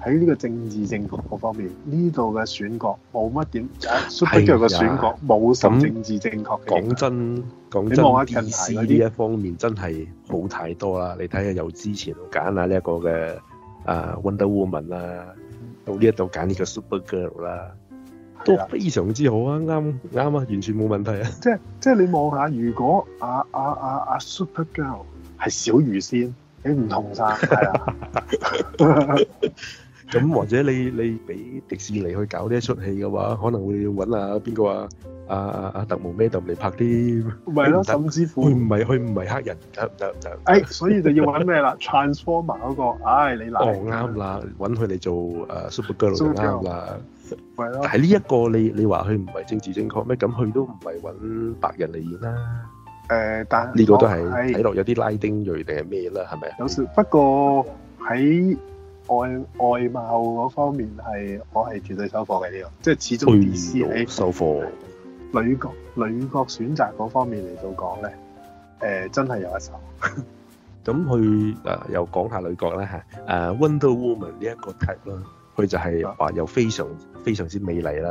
喺呢個政治正確嗰方面，呢度嘅選角冇乜點。Super Girl 嘅選角冇咁政治正確嘅。講、哎、真，講真，你望下歷史呢一方面真係好太多啦、嗯。你睇下，由之前揀下呢一個嘅啊 Wonder Woman 啦，到呢一度揀呢個 Super Girl 啦、嗯，都非常之好啊！啱啱啊，完全冇問題啊！即即係你望下，如果啊啊啊啊 Super Girl 係小魚仙，你唔同晒。係 [LAUGHS] 是啊！ [LAUGHS] 咁或者你你俾迪士尼去搞呢一出戲嘅話，可能會要揾下邊個啊？阿阿阿特穆咩特嚟拍啲？唔係咯，甚至乎，佢唔係佢唔係黑人得唔得得。哎，所以就要揾咩啦？Transformer 嗰個，哎，你啦。哦啱啦，揾佢嚟做誒 Super Girl 啦。係咯。但係呢一個你你話佢唔係政治正確咩？咁佢都唔係揾白人嚟演啦。誒，但呢個都係睇落有啲拉丁裔定係咩啦？係咪？有時不過喺。外外貌嗰方面係我係絕對收貨嘅呢、這個，即係始終 DC 收貨。女角女角選擇嗰方面嚟到講咧，誒、呃、真係有一手。咁佢誒又講下女角咧吓誒《啊、Wonder Woman》呢一個題啦，佢就係話又非常非常之美麗啦，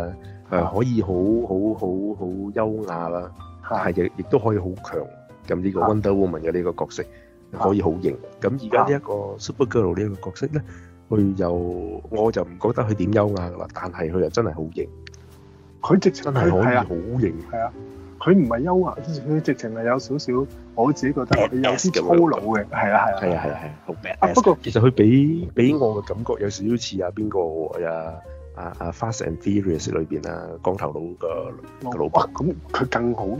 誒、啊啊、可以好好好好優雅啦，係、啊、亦亦都可以好強。咁呢個《Wonder Woman》嘅呢個角色，啊啊可以好型，咁而家呢一個 Super Girl 呢一個角色咧，佢、啊、又，我就唔覺得佢點優雅噶啦，但係佢又真係好型。佢直情係啊，好型。係啊，佢唔係優雅，佢直情係、啊啊啊、有少少，我自己覺得佢有啲粗魯嘅，係啦，係啦。係啊，係啊，係啊，好 m、啊啊啊啊、不過其實佢俾俾我嘅感覺有少少似啊邊個呀？啊、uh, 啊！Fast and Furious 裏邊啊，光頭佬個個老闆，咁、哦、佢、哦、更好啲。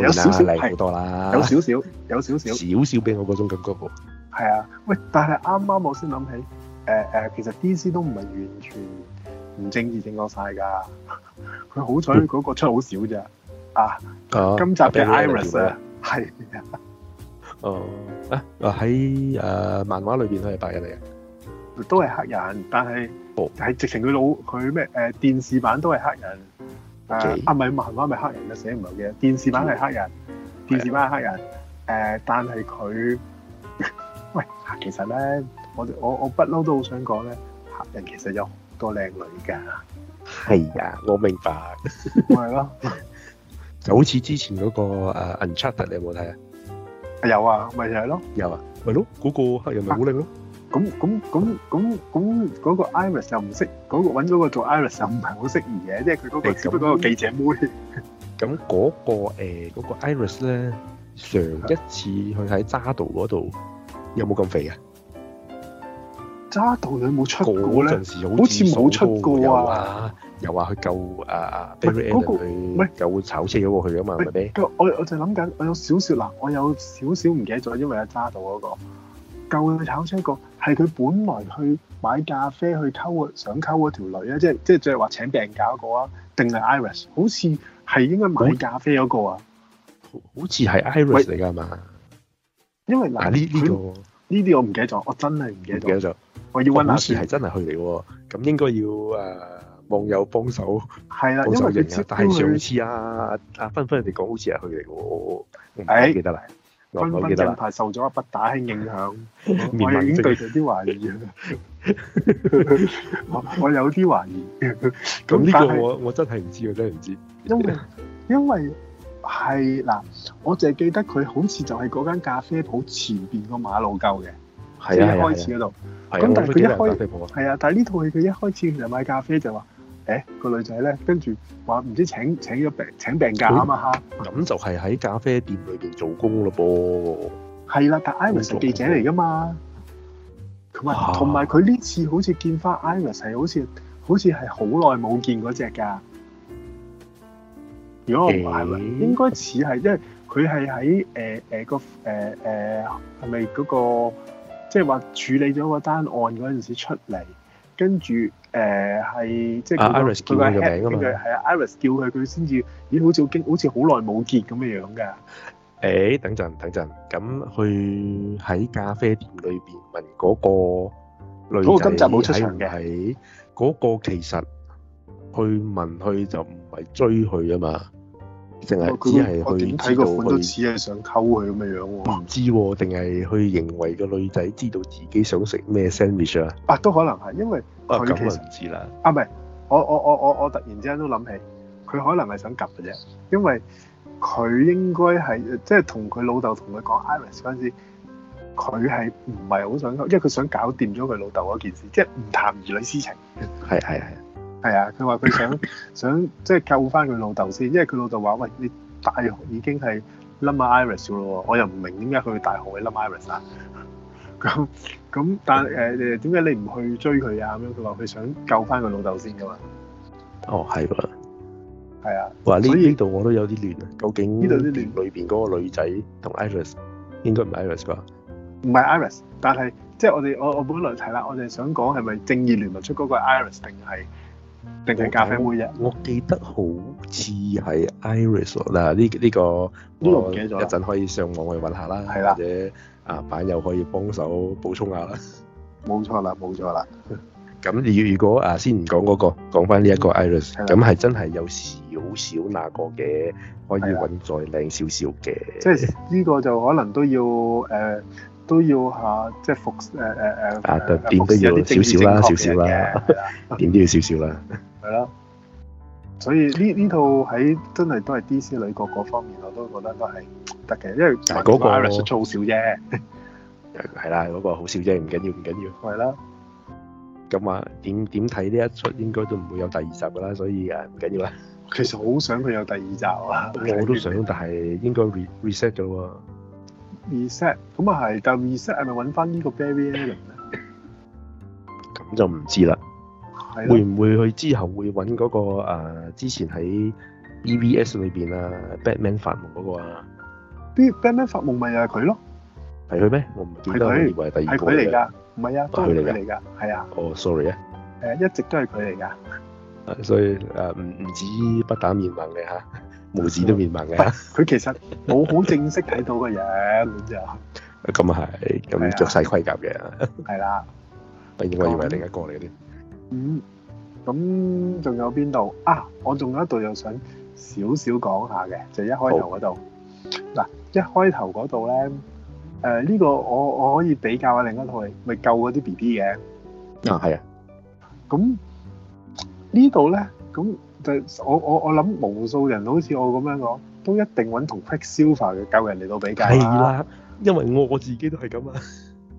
有少少靚好多啦，有少少，有少少，少少俾我嗰種感覺喎。係、嗯、啊，喂！但係啱啱我先諗起，誒、呃、誒，其實 DC 都唔係完全唔正義正惡晒噶，佢 [LAUGHS] 好彩嗰個出好少咋。啊，哦、今集嘅 Iris 啊，係、嗯、哦，啊喺誒、呃、漫畫裏邊係白人嚟嘅，都係黑人，但係。係直情佢老佢咩誒？電視版都係黑人，啊啊唔係漫畫咪黑人啊，寫唔到嘅。電視版係黑人，電視版係黑人。誒，但係佢喂，其實咧，我我我不嬲都好想講咧，黑人其實有好多靚女噶。係啊，我明白。咪、就、咯、是， [LAUGHS] 就好似之前嗰個誒《Uncharted》，你有冇睇啊？有啊，咪就係、是、咯。有啊，咪咯，嗰、那個黑人咪好靚咯。啊咁咁咁咁咁嗰個 Iris 又唔識嗰個揾咗個做 Iris 又唔係好適宜嘅，即係佢嗰個只個記者妹。咁嗰、嗰個誒、欸嗰個、Iris 咧，上一次去喺揸道嗰度有冇咁肥啊？揸道有冇出過咧？過時好似冇出過啊！過又話去救啊啊！嗰個又會炒車咗過去啊嘛？咪咩、嗰個？我我就諗緊，我有少少嗱，我有少少唔記得咗，因為阿揸道嗰個。舊去炒車個係佢本來去買咖啡去溝想溝個條女啊！即係即係，即係話請病假嗰個啊，定係 Iris？好似係應該買咖啡嗰個啊，好似係 Iris 嚟噶嘛？因為嗱呢呢個呢啲我唔記得咗，我真係唔記得咗。我要揾下，好似係真係去嚟喎。咁應該要誒網友幫手。係啦，因為但係上次啊阿分分人哋講好似係去嚟喎，唔記得啦。分分正牌受咗一筆打擊影響，我，我，我已經對佢啲懷疑。 [LAUGHS] [LAUGHS] 我，我有啲懷疑。咁呢個我我真係唔知道，我真係唔知 [LAUGHS] 因。因為因為係嗱，我就記得佢好似就係嗰間咖啡鋪前邊個馬路夠嘅，即、啊就係、一開始嗰度。咁但係佢一開係啊，但係呢套戲佢一開始就買咖啡就話。誒、欸、個女仔咧，跟住話唔知道請請咗病請病假、欸、啊嘛嚇，咁就係喺咖啡店裏面做工了咯噃。係啦，但 Iris 係記者嚟噶嘛。同埋同埋佢呢次好似見翻 Iris 係好似好似係好耐冇見嗰隻㗎。如果係咪、欸、應該似係，因為佢係喺誒誒個誒誒係咪嗰個即係話處理咗個單案嗰陣時出嚟，跟住。誒係即係佢，佢個名啊嘛，係啊，Iris 叫佢，佢先至咦，好似好經，好似好耐冇見咁嘅樣㗎。誒，等陣，等陣，咁去喺咖啡店裏邊問嗰個女仔，嗰個今集冇出場嘅，嗰個其實去問佢就唔係追佢啊嘛。淨係只係去睇知道，個款都似係想溝佢咁嘅樣喎、啊啊。唔知喎，定係去認為個女仔知道自己想食咩 sandwich 啊？啊，都可能係，因為我唔知啦。啊，唔係、啊，我我我我我突然之間都諗起，佢可能係想 𥄫 嘅啫，因為佢應該係即係同佢老豆同佢講 Iris 嗰陣時，佢係唔係好想溝，因為佢想搞掂咗佢老豆嗰件事，即係唔談兒女私情。係係係。係啊，佢話佢想 [LAUGHS] 想即係救翻佢老豆先，因為佢老豆話：喂，你大學已經係甩埋 Iris 㗎啦喎！我又唔明點解佢大學係甩 Iris 啊。咁 [LAUGHS] 咁，但係誒誒，點解你唔去追佢啊？咁樣佢話佢想救翻佢老豆先㗎嘛。哦，係喎。係啊。哇！呢呢度我都有啲亂啊。究竟呢度啲亂裏邊嗰個女仔同 Iris 應該唔係 Iris 啩？唔係 Iris，但係即係我哋我我本來睇啦，我哋想講係咪正義聯盟出嗰個 Iris 定係？定係咖啡杯嘅，我記得好似係 Iris 嗱呢呢個，呢個，我唔記咗。一陣可以上網去揾下啦，或者啊板友可以幫手補充一下啦。冇錯啦，冇錯啦。咁如如果啊，先唔講嗰個，講翻呢一個 Iris，咁係真係有少少那個嘅，可以揾再靚少少嘅。即係呢個就可能都要誒。呃都要下，即、呃、係、呃呃、服誒誒誒，點都要少少啦，少少啦，點 [LAUGHS] 都要少少啦。係啦。所以呢呢套喺真係都係 DC 女角各方面，我都覺得都係得嘅，因為嗱嗰個好少啫，係啦，嗰、嗰個好少啫，唔緊要，唔緊要。係啦，咁啊點點睇呢一出應該都唔會有第二集㗎啦，所以啊唔緊要啦。其實好想佢有第二集啊！我都想，但係應該 reset 咗。reset 咁啊，係，但係 reset 係咪揾翻呢個 Barry Allen 咧？咁就唔知啦。係。會唔會佢之後會揾嗰個誒？之前喺 BVS 裏邊啊，Batman 發夢嗰個啊？啲 Batman 發夢咪又係佢咯。係佢咩？我唔記得佢以為第二個嘅。係佢嚟噶，唔係啊，都係佢嚟噶，係啊。哦，sorry 啊。誒，一直都係佢嚟噶。啊，所以誒，唔唔止不打面盲嘅嚇。毛子都面盲嘅、啊就係，佢其實冇好正式睇到嘅嘢。咁 [LAUGHS] 就，咁啊係，咁著晒盔甲嘅，係啦、啊，我、啊、以為另一個嚟嗰啲，嗯，咁、嗯、仲、嗯嗯、有邊度啊？我仲有一度又想少少講下嘅，就係、一開頭嗰度，嗱、啊、一開頭嗰度咧，誒、呃、呢、呢個我我可以比較下另一套係咪救嗰啲 B B 嘅，啊係啊，咁呢度咧咁。嗯我我我諗無數人好似我咁樣講，都一定揾同 QuickSilver 嘅救人嚟到比較。係啦，因為我，我自己都係咁啊。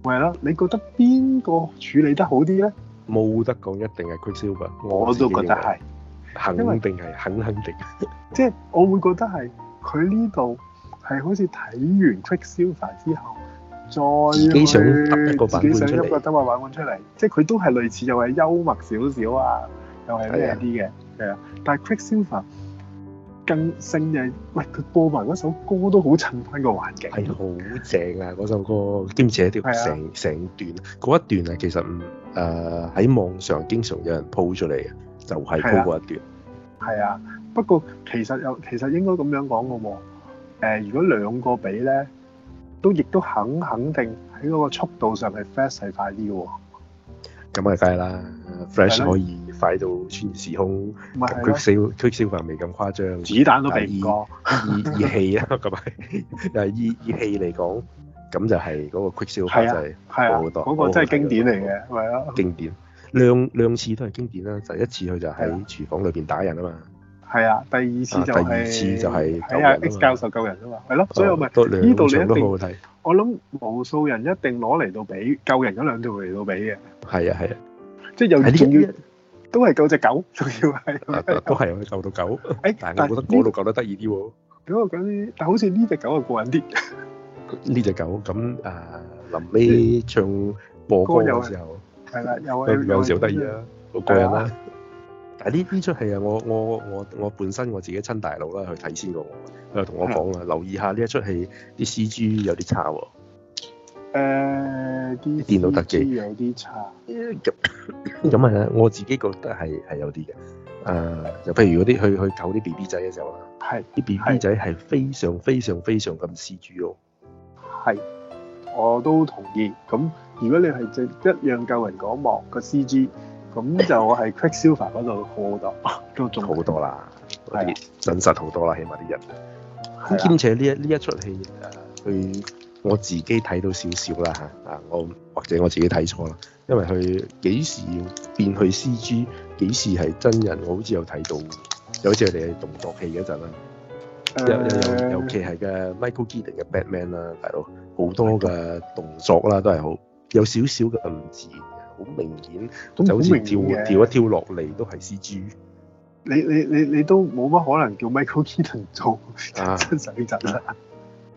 係啦，你覺得邊個處理得好啲咧？冇得講，一定係 QuickSilver。我都覺得係，肯定係肯肯定即係、就係、我會覺得係佢呢度係好似睇完 QuickSilver 之後，再自己想揼一個版本出嚟，自己想一個幽默畫面出嚟。即係佢都係類似又係幽默少少啊，又係咩啲嘅。嗯係啊，但係 q u i c k Silver 更新嘅，係，喂佢播埋嗰首歌都好襯翻個環境，係好正啊嗰首歌，兼且啲成成段一段啊，段段其實實誒喺網上經常有人鋪 o 出嚟，就係鋪過一段。係啊，不過其實又其實應該咁樣講嘅喎，誒、呃、如果兩個比咧，都亦都肯肯定喺嗰個速度上係 fast 係快啲嘅喎。咁啊，梗啦！Flash 可以快到穿越時空，Quicksilver Quicksilver 法未咁誇張，子彈都避過，熱熱 [LAUGHS] 氣啊，咁係，誒熱熱氣嚟講，咁就係嗰個 Quicksilver 就係好多。嗰、嗰個真係經典嚟嘅，係啊、嗰個！經典兩兩次都係經典啦，第一次佢就喺廚房裏邊打人啊嘛。係啊，第二次就係。第二次就係係啊 X 教授救人啊嘛。係咯，所以我咪呢度都好好睇。我諗無數人一定攞嚟到俾救人嗰兩條嚟到俾嘅。係啊係啊，即係又啲、啊，都係救隻狗，仲要係、啊，都係啊救到狗。誒、欸，但我覺得嗰度救得得意啲喎。咁啊嗰啲，但好似呢隻狗啊過癮啲。呢隻狗咁啊，臨尾唱播歌有時候，係、嗯、啦、那個那個，有又有陣時好得意啊，好過癮啊！但係呢呢出戲啊，戲我我我我本身我自己親大佬啦去睇先嘅，佢同我講啊，留意下呢一出戲啲 C G 有啲差喎、啊。誒、呃、啲電腦特技有啲差，咁咁係啊！我自己覺得係係有啲嘅。誒、呃，就譬如嗰啲去去救啲 B B 仔嘅時候啊，係啲 B B 仔係非常非常非常咁 C G 咯。係，我都同意。咁如果你係即一樣救人嗰幕個 C G，咁就我係 Quicksilver 嗰度好多、啊、都仲好多啦，啲 [LAUGHS] 真實好多啦，起碼啲人。兼且呢一呢一出戲去。我自己睇到少少啦嚇，啊，我或者我自己睇錯啦，因為佢幾時變去 CG，幾時係真人，我好似有睇到的，有好似佢哋嘅動作戲嗰陣啦，又、uh... 尤其係嘅 Michael Keaton 嘅 Batman 啦，大佬好多嘅動作啦都係好有少少嘅唔自然，好明顯就好似跳跳一跳落嚟都係 CG。你你你你都冇乜可能叫 Michael Keaton 做真實嘅。啊。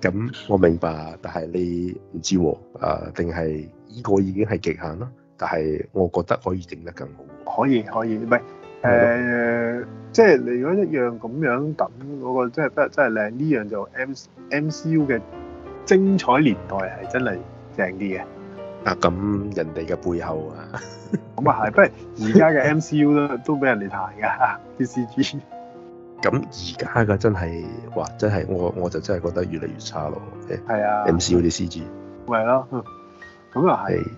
咁我明白，但係你唔知喎，啊，定係呢個已經係極限啦。但係我覺得可以整得更好。可以可以，唔係誒，即係你如果一樣咁樣咁，嗰個真係真係靚。呢樣就 M M C U 嘅精彩年代係真係正啲嘅。啊，咁人哋嘅背後啊，咁啊係，不過而家嘅 M C U 都都俾人哋彈噶啲 C G。DCG 咁而家嘅真係，哇！真係我我就真係覺得越嚟越差咯。係啊，M C U 啲 C G。咪係咯，咁又係。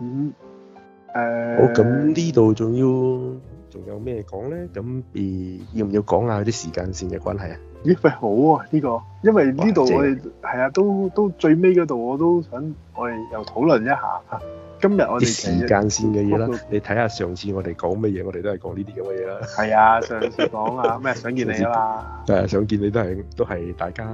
嗯，誒、嗯。好，咁呢度仲要，仲有咩講咧？咁誒、呃，要唔要講下啲時間線嘅關係啊？咦，喂，好啊，呢、呢個，因為呢度我哋係啊，都都最尾嗰度我都想，我哋又討論一下啊。今日我哋時間線嘅嘢啦，你睇下上次我哋講咩嘢，我哋都係講呢啲咁嘅嘢啦。係啊，上次講啊咩想見你啊嘛。係啊，想見你都係都係大家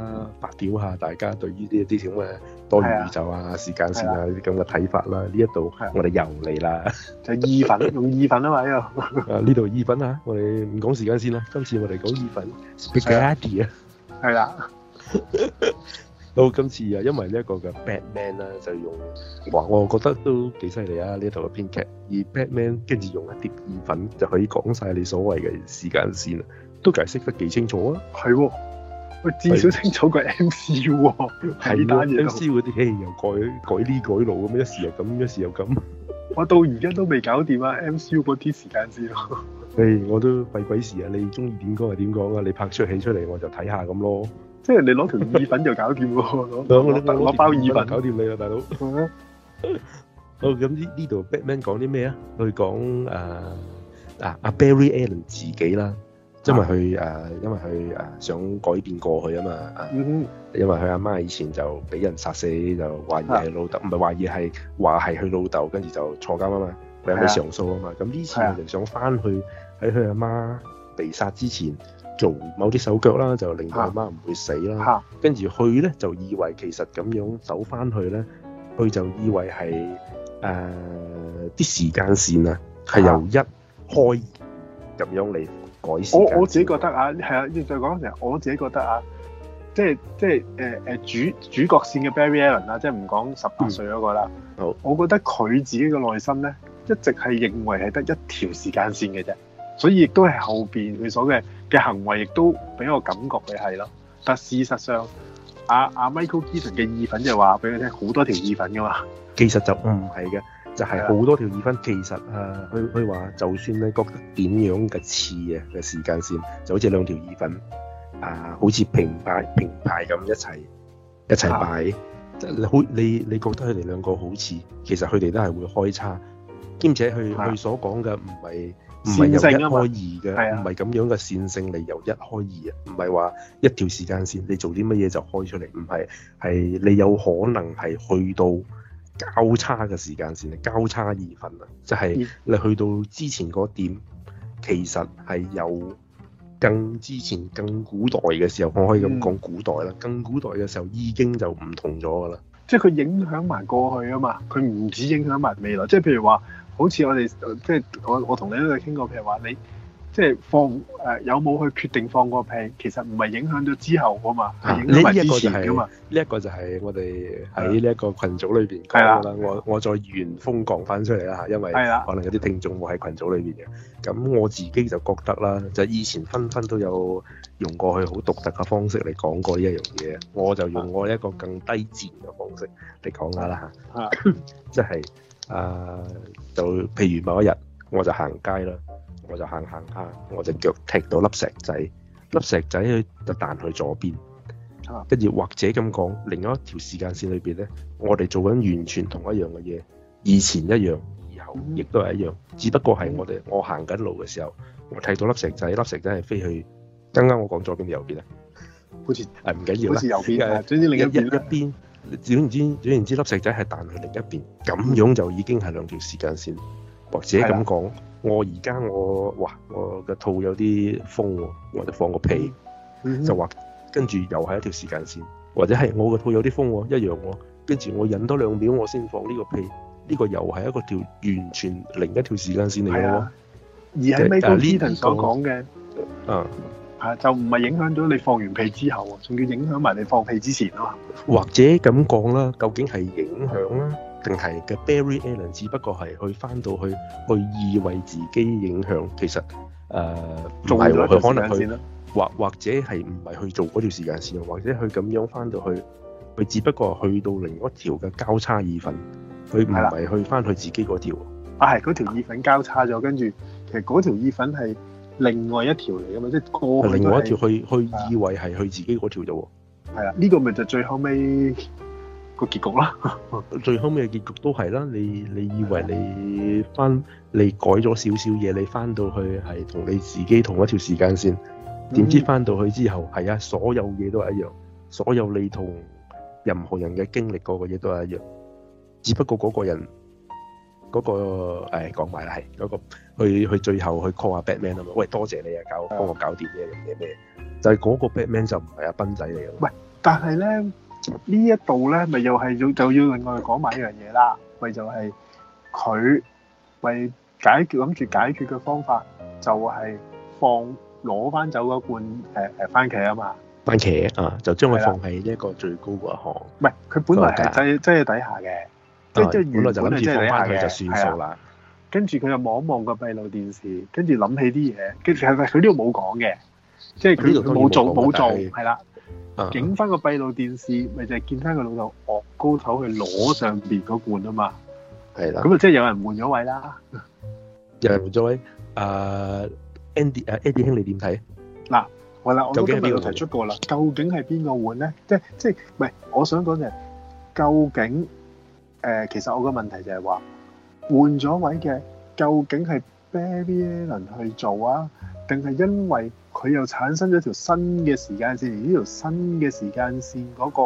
白屌下，大家對於呢啲咁嘅多元宇宙啊、時間線啊呢啲咁嘅睇法啦。呢一度我哋又嚟啦。就意粉，用意粉啊嘛呢度。啊，呢度意粉啊！我哋唔講時間先啦，今次我哋講意粉。Spaghetti 啊？係啦。到今次啊，因為呢一個嘅 Batman 啦、啊，就用哇，我又覺得都幾犀利啊！呢度嘅編劇，而 Batman 跟住用一碟意粉就可以講晒你所謂嘅時間線啊，都解釋得幾清楚啊！係、哦，我至少清楚過 MCU 係、啊、單嘢 MCU 嗰啲，嘿，又改改呢改路咁，一時又咁，一時又咁。 [LAUGHS] 我到而家都未搞掂啊 MCU 嗰啲時間線咯。誒、哎，我都費鬼事啊！你中意點講就點講啊！你拍出戲出嚟，我就睇下咁咯。即係你攞條意粉就搞掂喎，攞攞包意粉搞掂你啦，大佬。好，咁呢呢度 Batman 講啲咩啊？佢講誒嗱阿 Barry Allen 自己啦，因為佢誒因為佢誒想改變過去啊嘛。嗯，因為佢阿媽以前就俾人殺死，就懷疑係老豆，唔係懷疑係話係佢老豆，跟住就坐監啊嘛，佢有冇上訴啊嘛。咁呢次就想翻去喺佢阿媽被殺之前，做某啲手腳啦，就令到阿媽唔會死啦，啊。跟住佢咧就以為其實咁樣走翻去咧，佢就以為係誒啲時間線啊，係由一開咁樣嚟改善。我我自己覺得啊，係啊，你再講嘅時我自己覺得啊，即係即係誒誒主主角線嘅 Barry Allen 啦，即係唔講十八歲嗰個啦。好，我覺得佢自己嘅內心咧，一直係認為係得一條時間線嘅啫，所以亦都係後邊佢所謂。嘅行為亦都俾我感覺佢係咯，但事實上阿阿 Michael Keaton 嘅意粉就話俾佢聽，好多條意粉噶嘛。其實就唔係嘅，就係、是、好多條意粉。嗯、其實誒，佢佢話，佢佢就算你覺得點樣嘅似啊嘅時間線，就好似兩條意粉啊，好似平排平排咁一齊一齊擺。即係好你你覺得佢哋兩個好似，其實佢哋都係會開叉，兼且佢佢所講嘅唔係。線性啊嘛，係啊，唔係咁樣嘅線性你由一開二啊，唔係話一條時間線，你做啲乜嘢就開出嚟，唔係係你有可能係去到交叉嘅時間線，交叉二分啊，就係、係、你去到之前嗰點、嗯，其實係有更之前、更古代嘅時候，我可以咁講古代啦、嗯，更古代嘅時候已經就唔同咗噶啦。即係佢影響埋過去啊嘛，佢唔止影響埋未來，即係譬如話。好似我哋即係我我同你都係傾過，譬如話你即係放、呃、有冇去決定放個屁，其實唔係影響咗之後噶嘛。呢、啊、一個就係呢一個就係我哋喺呢一個群組裏面講啦。我我再原封講翻出嚟啦嚇，因為可能有啲聽眾會喺群組裏面嘅。咁我自己就覺得啦，就以前分分都有用過去好獨特嘅方式嚟講過呢一樣嘢。我就用我一個更低賤嘅方式嚟講下啦嚇，即係。啊就係誒就譬如某一日我就行街啦，我就行行下，我隻腳踢到粒石仔，粒石仔佢就彈去左邊。跟住或者咁講，另一條時間線裏邊咧，我哋做緊完全同一樣嘅嘢，以前一樣，以後亦都係一樣，只不過係我哋我行緊路嘅時候，我踢到粒石仔，粒石仔係飛去，啱啱我講左邊定右邊啊？好似誒唔緊要，好似右邊嘅，總之另一邊。總言之，總之，粒石仔係彈去另一邊，咁樣就已經係兩條時間線。或者咁講，我而家我哇，我個肚有啲風，我就放個屁、嗯，就話跟住又係一條時間線，或者係我個肚有啲風、嗯，一樣喎，跟住我忍多兩秒我這，我先放呢個屁，呢、這個又係一個條完全另一條時間線嚟嘅、啊、而喺 Michael Newton 所講嘅，嗯、啊。啊！就唔係影響咗你放完屁之後仲要影響埋你放屁之前咯。或者咁講啦，究竟係影響啦定係嘅 Barry Allen 只不過係去翻到去去意為自己影響，其實誒唔係可能去，或或者係唔係去做嗰條時間線，或者去咁樣翻到去，佢只不過去到另一條嘅交叉意粉，佢唔係去翻去自己嗰條啊，係嗰條意粉交叉咗，跟住其實嗰條意粉係。另外一條嚟嘅嘛，即係過去另外一條去去以為係佢自己嗰條啫喎。係啊，呢個咪就最後尾個結局啦。最後尾嘅結局都係啦，你你以為你翻你改咗少少嘢，你翻到去係同你自己同一條時間線，點知翻到去之後係啊，所有嘢都係一樣，所有你同任何人嘅經歷過嘅嘢都係一樣，只不過嗰個人嗰個誒講埋啦，係嗰個。去去最後去 call 下 Batman 啊嘛！喂，多謝你啊，搞幫我搞掂呢樣嘢咩？就係嗰個 Batman 就唔係阿斌仔嚟嘅。喂，但係咧呢一度咧，咪又係要就要另外講埋一樣嘢啦。咪就係佢為解決諗住解決嘅方法，就係放攞翻走嗰罐誒誒番茄啊嘛。番茄啊，就將佢放喺呢一個最高嗰一行。唔係，佢本來擠擠喺底下嘅。即即原本就諗住放翻佢就算數啦。跟住佢又望一望個閉路電視，跟住諗起啲嘢。跟住係咪佢呢度冇講嘅？即係佢冇做冇做係啦。影翻個閉路電視，咪就係見翻個老豆岳高頭去攞上邊嗰罐啊嘛。係啦。咁啊，即係有人換咗位啦。有人換咗位。誒，Andy，誒，Andy 兄，你點睇？嗱，係啦，我今日我提出過啦。究竟係邊個換咧？即即係唔係？我想講就係究竟誒，其實我個問題就係話。換咗位嘅，究竟係 Barry Allen 去做啊，定係因為佢又產生咗條新嘅時間線？而呢條新嘅時間線嗰、那個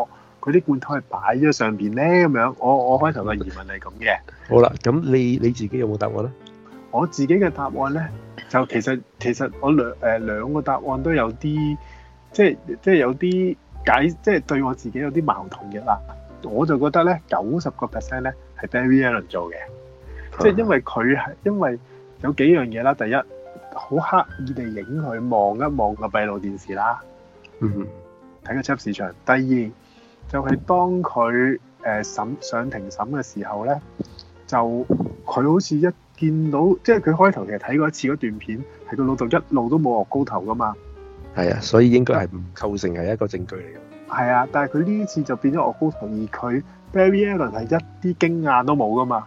佢啲罐頭係擺咗上邊咧？咁樣，我我開頭嘅疑問係咁嘅。好啦，咁你你自己有冇答案咧？我自己嘅答案咧，就其實其實我兩誒、呃、兩個答案都有啲，即係即係有啲解，即係對我自己有啲矛盾嘅啦。我就覺得咧，九十個 percent 咧係 Barry Allen 做嘅。即係因為佢係因為有幾樣嘢啦，第一好刻意地影佢望一望個閉路電視啦，嗯，睇個出市場。第二就係、是、當佢誒、呃、審上庭審嘅時候咧，就佢好似一見到，即係佢開頭成日睇過一次嗰段片，係個老豆一路都冇惡高頭噶嘛。係啊，所以應該係唔構成係一個證據嚟嘅。係啊，但係佢呢次就變咗惡高頭，而佢 Barry Allen 係一啲驚訝都冇㗎嘛。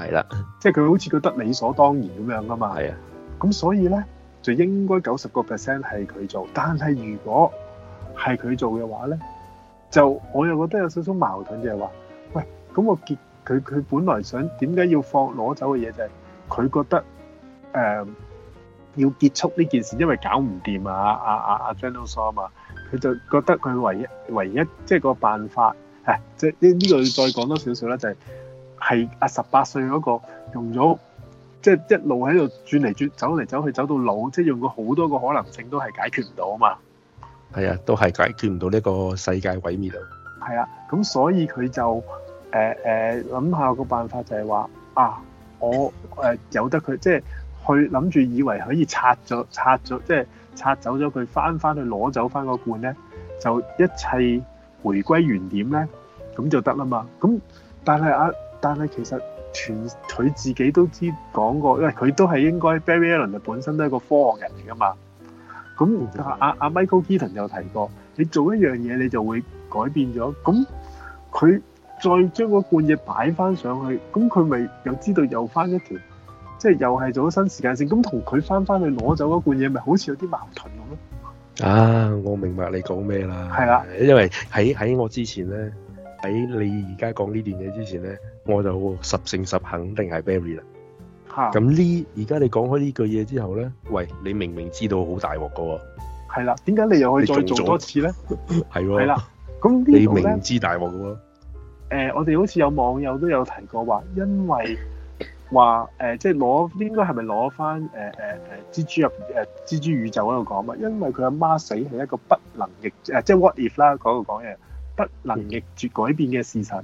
係啦，即係佢好似覺得理所當然咁樣噶嘛。係啊，咁所以咧就應該九十個 percent 係佢做，但係如果係佢做嘅話咧，就我又覺得有少少矛盾，就係、是、話，喂，咁我結，佢佢本來想點解要放攞走嘅嘢，就係佢覺得誒、呃、要結束呢件事，因為搞唔掂啊啊啊啊張都疏啊嘛，佢就覺得佢唯一唯一即係、就是、個辦法，係即係呢呢個要再講多少少咧就係、是。係阿十八歲嗰個用咗，即係一路喺度轉嚟轉走嚟走去，走到老，即係用過好多個可能性都係解決唔到啊嘛。係啊，都係解決唔到呢個世界毀滅啊。係啊，咁所以佢就誒誒諗下個辦法就係話啊，我誒由得佢，即係去諗住以為可以拆咗拆咗，即係拆走咗佢翻翻去攞走翻個罐咧，就一切回歸原點咧，咁就得啦嘛。咁但係阿、啊。但係其實全，全佢自己都知講過，因為佢都係應該。Barry Allen 本身都係一個科學人嚟噶嘛。咁而家阿阿 Michael Keaton 又提過，你做一樣嘢你就會改變咗。咁佢再將嗰罐嘢擺翻上去，咁佢咪又知道又翻一條，即係又係做咗新時間線。咁同佢翻翻去攞走嗰罐嘢，咪好似有啲矛盾咁咯？啊，我明白你講咩啦？係啦、啊，因為喺喺我之前咧，喺你而家講呢段嘢之前咧。我就十成十肯定係 Barry 啦。咁呢？而家你講開呢句嘢之後咧，喂，你明明知道好大鑊噶喎。係啦，點解你又可以再做多次咧？係係啦，咁 [LAUGHS] 你明知大鑊噶喎。誒、呃，我哋好似有網友都有提過話，因為話誒、呃，即係攞應該係咪攞翻誒誒誒蜘蛛入誒、呃、蜘蛛宇宙嗰度講啊？因為佢阿媽死係一個不能逆誒，即係 What if 啦嗰度講嘢，不能逆絕改變嘅事實。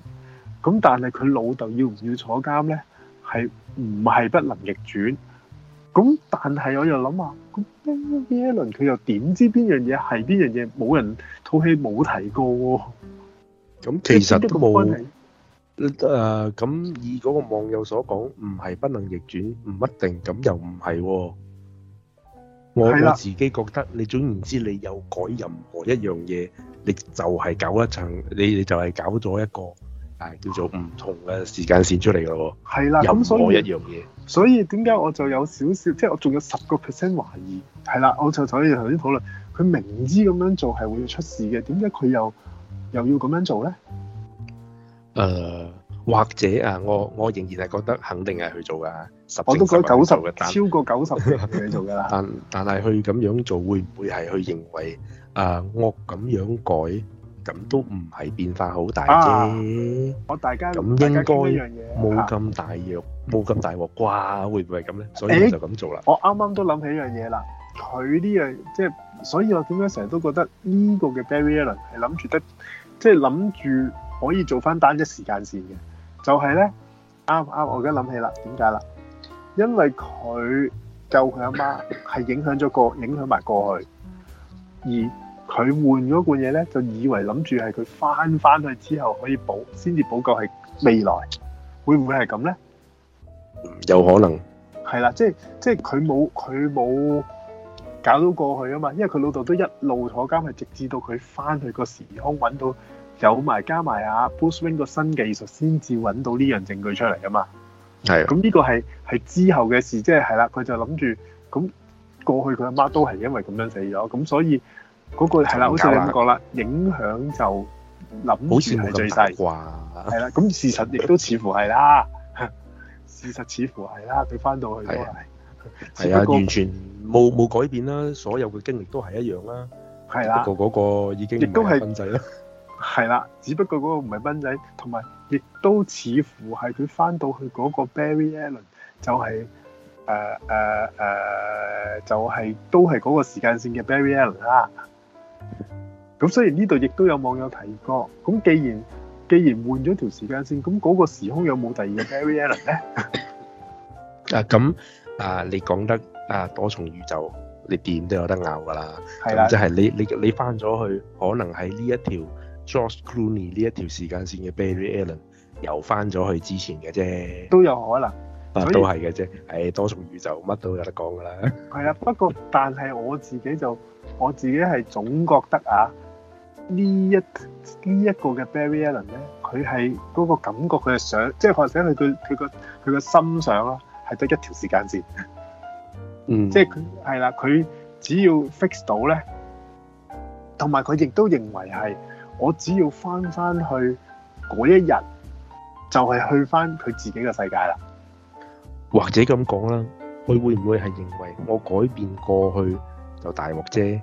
咁，但係佢老豆要唔要坐監呢？係唔係不能逆轉？咁，但係我又諗下，咁呢樣嘢嚟，佢又點知邊樣嘢係邊樣嘢？冇人套戲冇睇過喎。咁其實都冇誒。咁以嗰個網友所講，唔係不能逆轉，唔一定。咁又唔係。我我自己覺得，你總然之你有改任何一樣嘢，你就係搞一層，你你就係搞咗一個。係、啊、叫做唔同嘅時間線出嚟嘅咯喎，係、嗯、啦，有我一樣嘢，所以點解我就有少少，即、就、係、是、我仲有十個 percent 懷疑，係啦，我就所以頭先討論，佢明知咁樣做係會出事嘅，點解佢又又要咁樣做咧？誒、呃，或者啊，我我仍然係覺得肯定係去做㗎，我都覺得九十嘅單，超過九十嘅肯定係做㗎， [LAUGHS] 但但係佢咁樣做會唔會係去認為啊我咁樣改？咁都唔係變化好大嘅、啊，我大家咁應該冇咁大鑊，冇咁大鑊啩、啊，會唔會咁咧？所以就咁做啦。我啱啱都諗起一樣嘢啦，佢呢樣即係，所以我點解成日都覺得呢個嘅 Barry Allen 係諗住得，即係諗住可以做翻單一時間線嘅，就係、是、咧，啱啱我而家諗起啦，點解啦？因為佢救佢阿媽係影響咗個，影響埋過去，而佢換嗰罐嘢咧，就以為諗住係佢翻翻去之後可以補，先至補救。係未來。會唔會係咁咧？有可能係啦，即係即係佢冇佢冇搞到過去啊嘛。因為佢老豆都一路坐監，係直至到佢翻去個時空揾到有埋加埋阿 Bruce Wayne 個新技術，先至揾到呢樣證據出嚟㗎嘛。係咁，呢個係係之後嘅事，即係係啦。佢就諗住咁過去，佢阿媽都係因為咁樣死咗，咁所以。嗰、那個係啦、啊，好似你咁講啦，影響就諗住係最細啩。係啦，咁、啊、事實亦都似乎係啦。事實似乎係啦，佢翻到去都係。啊，啊，完全冇冇改變啦，所有嘅經歷都係一樣啦。係啦，不過嗰個已經唔係賓仔啦。係啦，只不過嗰個唔係賓、啊、賓仔，同埋亦都似乎係佢翻到去嗰個 Barry Allen 就係、是呃呃呃、就係、是、都係嗰個時間線嘅 Barry Allen 啦。咁雖然呢度亦都有網友提過，咁既然既然換咗條時間線，咁嗰個時空有冇第二個 Barry Allen 咧？啊，咁啊，你講得啊，多重宇宙你點都有得拗噶啦。係啦。即係你你你翻咗去，可能喺呢一條 George Clooney 呢一條時間線嘅 Barry Allen 又翻咗去之前嘅啫。都有可能。啊，都係嘅啫。係多重宇宙，乜都有得講噶啦。係啊，不過但係我自己就我自己係總覺得啊。呢一呢一個嘅 Barry Allen 咧，佢係嗰個感覺佢嘅想，即係或者佢佢佢個佢個心想啦，係得一條時間線。嗯，即係佢係啦，佢只要 fix 到咧，同埋佢亦都認為係我只要翻翻去嗰一日，就係去翻佢自己嘅世界啦。或者咁講啦，佢會唔會係認為我改變過去就大鑊啫？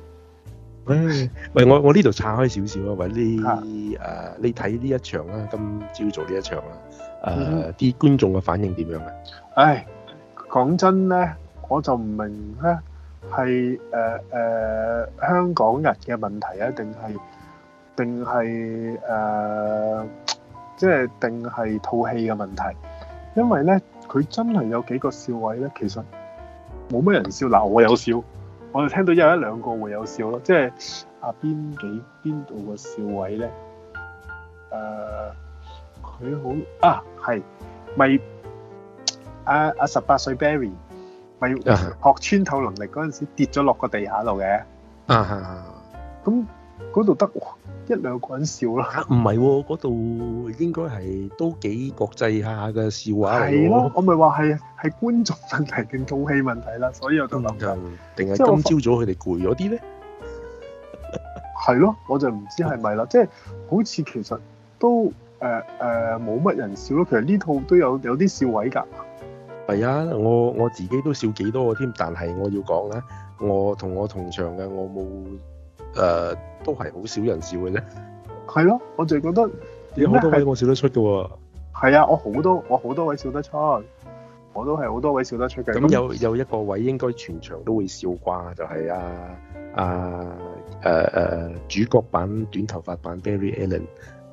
喂，我我呢度岔開少少啊，喂，你誒、啊呃，你睇呢一場啊，今朝早呢一場啊，誒、呃，啲、嗯、觀眾嘅反應點樣啊？唉、哎，講真咧，我就唔明咧，係誒誒香港人嘅問題啊，定係定係誒，即係定係套戲嘅問題，因為咧，佢真係有幾個笑位咧，其實冇乜人笑，嗱，我有笑。我哋聽到有一兩個會有笑咯即係，即係阿邊幾邊度個笑位咧？誒、呃，佢好啊，係咪阿阿十八歲 Barry 咪學穿透能力嗰陣時跌咗落個地下度嘅？啊，咁嗰度得一兩個人笑啦，唔係喎，嗰度、啊、應該係都幾國際下嘅笑話嚟。係咯、啊，我咪話係係觀眾問題定套戲問題啦，所以我都諗定係今朝早佢哋攰咗啲咧。係 [LAUGHS] 咯、啊，我就唔知係咪啦。即 [LAUGHS] 係好似其實都誒誒冇乜人笑咯。其實呢套都有有啲笑位㗎。係啊，我我自己都笑幾多個添，但係我要講咧，我同我同場嘅我冇誒。呃都係好少人笑嘅咧，係咯，我就覺得有好多位我笑得出嘅喎。係啊，我好多我好多位笑得出，我都係好多位笑得出嘅。咁有有一個位應該全場都會笑啩，就係、是、啊、啊、誒、誒，主角版短頭髮版 Barry Allen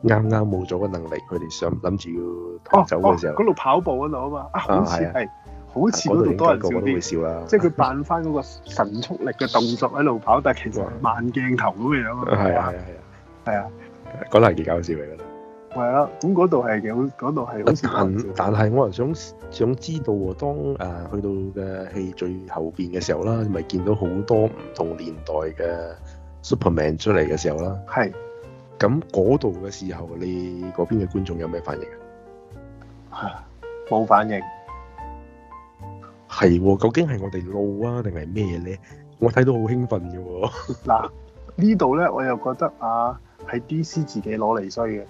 啱啱冇咗個能力，佢哋想諗住要逃走嘅時候，嗰、啊、度、啊、跑步嗰度啊嘛，好似係。啊好似嗰度多人笑啲，即係佢扮翻嗰個神速力嘅動作喺度跑， [LAUGHS] 但其實是慢鏡頭咁嘅樣咯。係啊係啊係啊，係啊，嗰嚟係幾搞笑嚟㗎啦。係啊，咁嗰度係幾好，嗰度係好，但但係我又想想知道喎，當、呃、去到嘅戲最後邊嘅時候啦，咪見到好多唔同年代嘅 Superman 出嚟嘅時候啦。係。咁嗰度嘅時候，你嗰邊嘅觀眾有咩反應啊？冇反應。啊沒反應。係喎、哦，究竟係我哋露啊，定係咩咧？我睇到好興奮嘅喎。嗱，呢度咧，我又覺得啊，係 D.C 自己攞嚟衰嘅。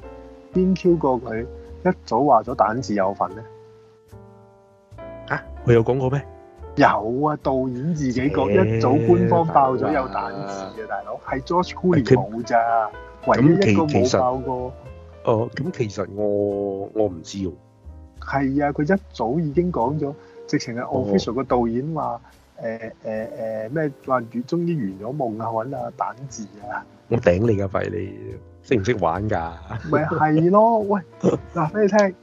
邊 Q 過佢一早話咗蛋字有份咧。吓、啊，佢有講過咩？有啊，導演自己講，一早官方爆咗有蛋字嘅，大佬係 George Clooney 冇咋，唯一一個冇爆過。哦，咁其實我我唔知。係啊，佢、啊、一早已經講咗。直情係 official 個導演話：誒誒誒咩話？終於圓咗夢啊！揾啊蛋治啊！我頂你個、啊、肺！你識唔識玩㗎？咪係咯！喂，嗱，俾你聽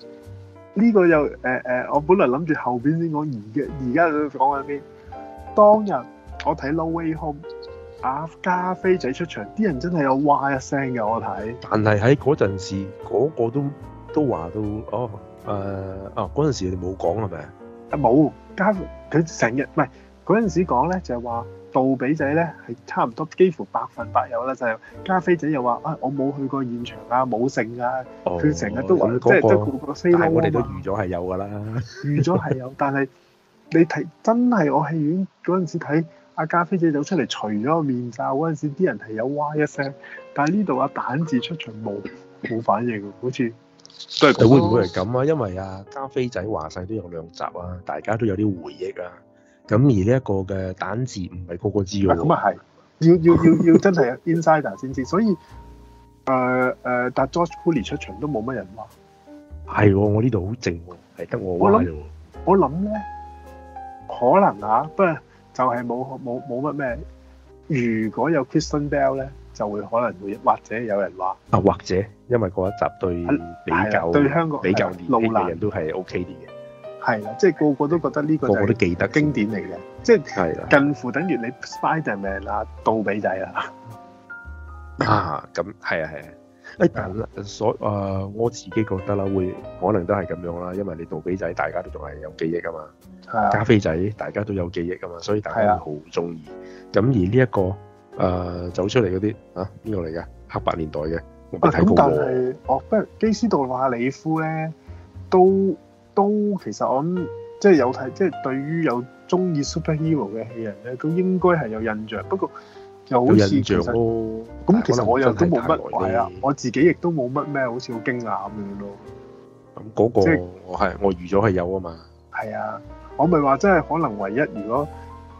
呢、這個又、呃呃、我本來諗住後面先講，而而家講緊邊？當日我睇《No Way Home》，阿加菲仔出場，啲人真係有哇一聲嘅。我睇，但係喺嗰陣時，嗰、那個都都話到哦誒、呃、啊！嗰陣時你冇講係咪？冇加佢成日唔係嗰陣時講咧，就係話杜比仔咧係差唔多幾乎百分百有啦，就係加菲仔又話啊，我冇去過現場啊，冇剩啊，佢成日都、那個、即係即係個我哋都預咗係有噶啦，預咗係有， [LAUGHS] 但係你睇真係我戲院嗰陣時睇阿加菲仔走出嚟除咗個面罩嗰陣時，啲人係有嘩一聲，但係呢度阿蛋字出場冇冇反應，好似。佢會唔會係咁啊？因為啊，加菲仔話晒都有兩集啊，大家都有啲回憶啊。咁而呢一個嘅蛋字唔係個個知道啊啊。咁啊係，要要要要真係 insider 先知。所以誒誒、呃呃，但 George Clooney 出場都冇乜人話。係、哎、喎，我呢度好靜喎，係得我話嘅喎。我諗咧，可能啊，不過就係冇冇冇乜咩。如果有 Kristen Bell 咧？就會可能會或者有人話啊，或者因為嗰一集對比較對香港比較老年人都係 OK 啲嘅，係啦，即係個個都覺得呢個個個都記得經典嚟嘅，即係近乎等於你 Spiderman 啊，杜比仔 [LAUGHS] 啊，啊，咁係啊係啊，誒，但所啊、呃，我自己覺得啦，會可能都係咁樣啦，因為你杜比仔大家都仲係有記憶㗎嘛，加菲仔大家都有記憶㗎嘛，所以大家好中意咁而呢、這、一個。誒、呃、走出嚟嗰啲啊，邊度嚟嘅黑白年代嘅，咁、啊、但係哦，不基斯杜拉里夫咧，都都其實我諗即係有睇，即係對於有中意 superhero 嘅戲人咧，都應該係有印象。不過又好似其實，咁其實我又都冇乜懷，係啊，我自己亦都冇乜咩，好似好驚訝咁樣咯。咁嗰、那個我係我預咗係有啊嘛。係啊，我咪話即係可能唯一如果。